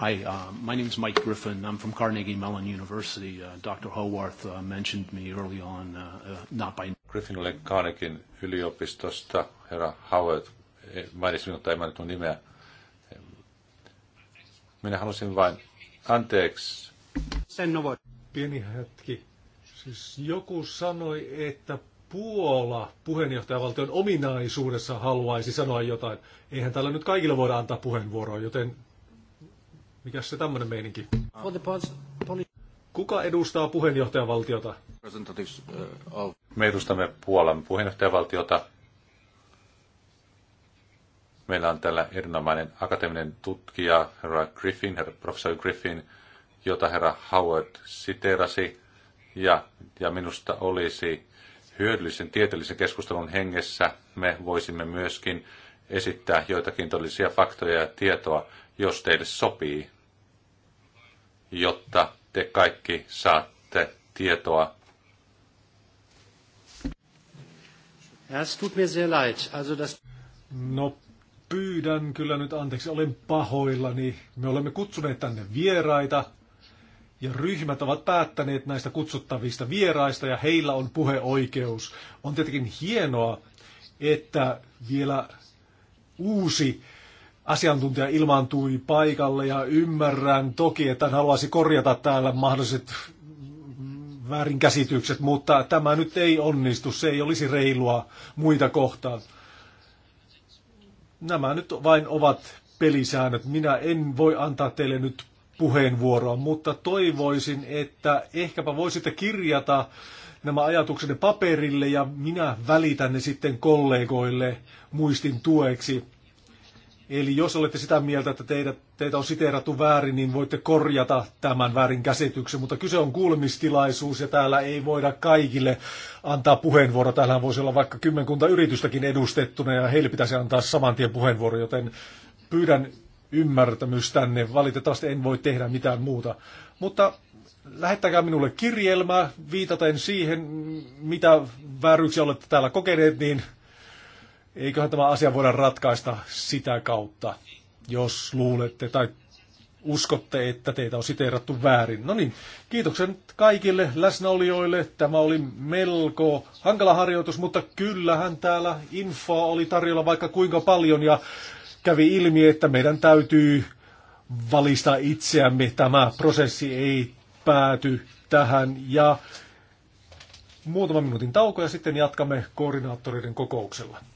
Hi, uh, my name is Mike Griffin. I'm from Carnegie Mellon University. Uh, Dr. Howarth uh, mentioned me early on, uh, uh not by... Griffin olen Carnegien yliopistosta. Herra Howard eh, mainitsi minut, ei mainittu nimeä. Minä halusin vain... Anteeksi. Sen ovat. Pieni hetki. Siis joku sanoi, että Puola puheenjohtajavaltion ominaisuudessa haluaisi sanoa jotain. Eihän täällä nyt kaikille voida antaa puheenvuoroa, joten Mikäs se tämmönen meininki? Kuka edustaa puheenjohtajavaltiota? Uh, me edustamme Puolan puheenjohtajavaltiota. Meillä on täällä erinomainen akateeminen tutkija, herra Griffin, herra professori Griffin, jota herra Howard siteerasi. Ja, ja minusta olisi hyödyllisen tieteellisen keskustelun hengessä me voisimme myöskin esittää joitakin todellisia faktoja ja tietoa jos teille sopii, jotta te kaikki saatte tietoa. No pyydän kyllä nyt anteeksi, olen pahoillani. Me olemme kutsuneet tänne vieraita ja ryhmät ovat päättäneet näistä kutsuttavista vieraista ja heillä on puheoikeus. On tietenkin hienoa, että vielä uusi asiantuntija ilmaantui paikalle ja ymmärrän toki, että hän haluaisi korjata täällä mahdolliset väärinkäsitykset, mutta tämä nyt ei onnistu, se ei olisi reilua muita kohtaan. Nämä nyt vain ovat pelisäännöt. Minä en voi antaa teille nyt puheenvuoroa, mutta toivoisin, että ehkäpä voisitte kirjata nämä ajatuksenne paperille ja minä välitän ne sitten kollegoille muistin tueksi. Eli jos olette sitä mieltä, että teidät, teitä on siteerattu väärin, niin voitte korjata tämän väärin käsityksen. mutta kyse on kuulemistilaisuus ja täällä ei voida kaikille antaa puheenvuoro. Täällähän voisi olla vaikka kymmenkunta yritystäkin edustettuna ja heille pitäisi antaa saman tien puheenvuoro, joten pyydän tänne. Valitettavasti en voi tehdä mitään muuta. Mutta lähettäkää minulle kirjelmä viitaten siihen, mitä vääryyksiä olette täällä kokeneet, niin Eiköhän tämä asia voida ratkaista sitä kautta, jos luulette tai uskotte, että teitä on siteerattu väärin. No niin, kiitoksen kaikille läsnäolijoille. Tämä oli melko hankala harjoitus, mutta kyllähän täällä infoa oli tarjolla vaikka kuinka paljon ja kävi ilmi, että meidän täytyy valista itseämme. Tämä prosessi ei pääty tähän ja muutaman minuutin tauko ja sitten jatkamme koordinaattoreiden kokouksella.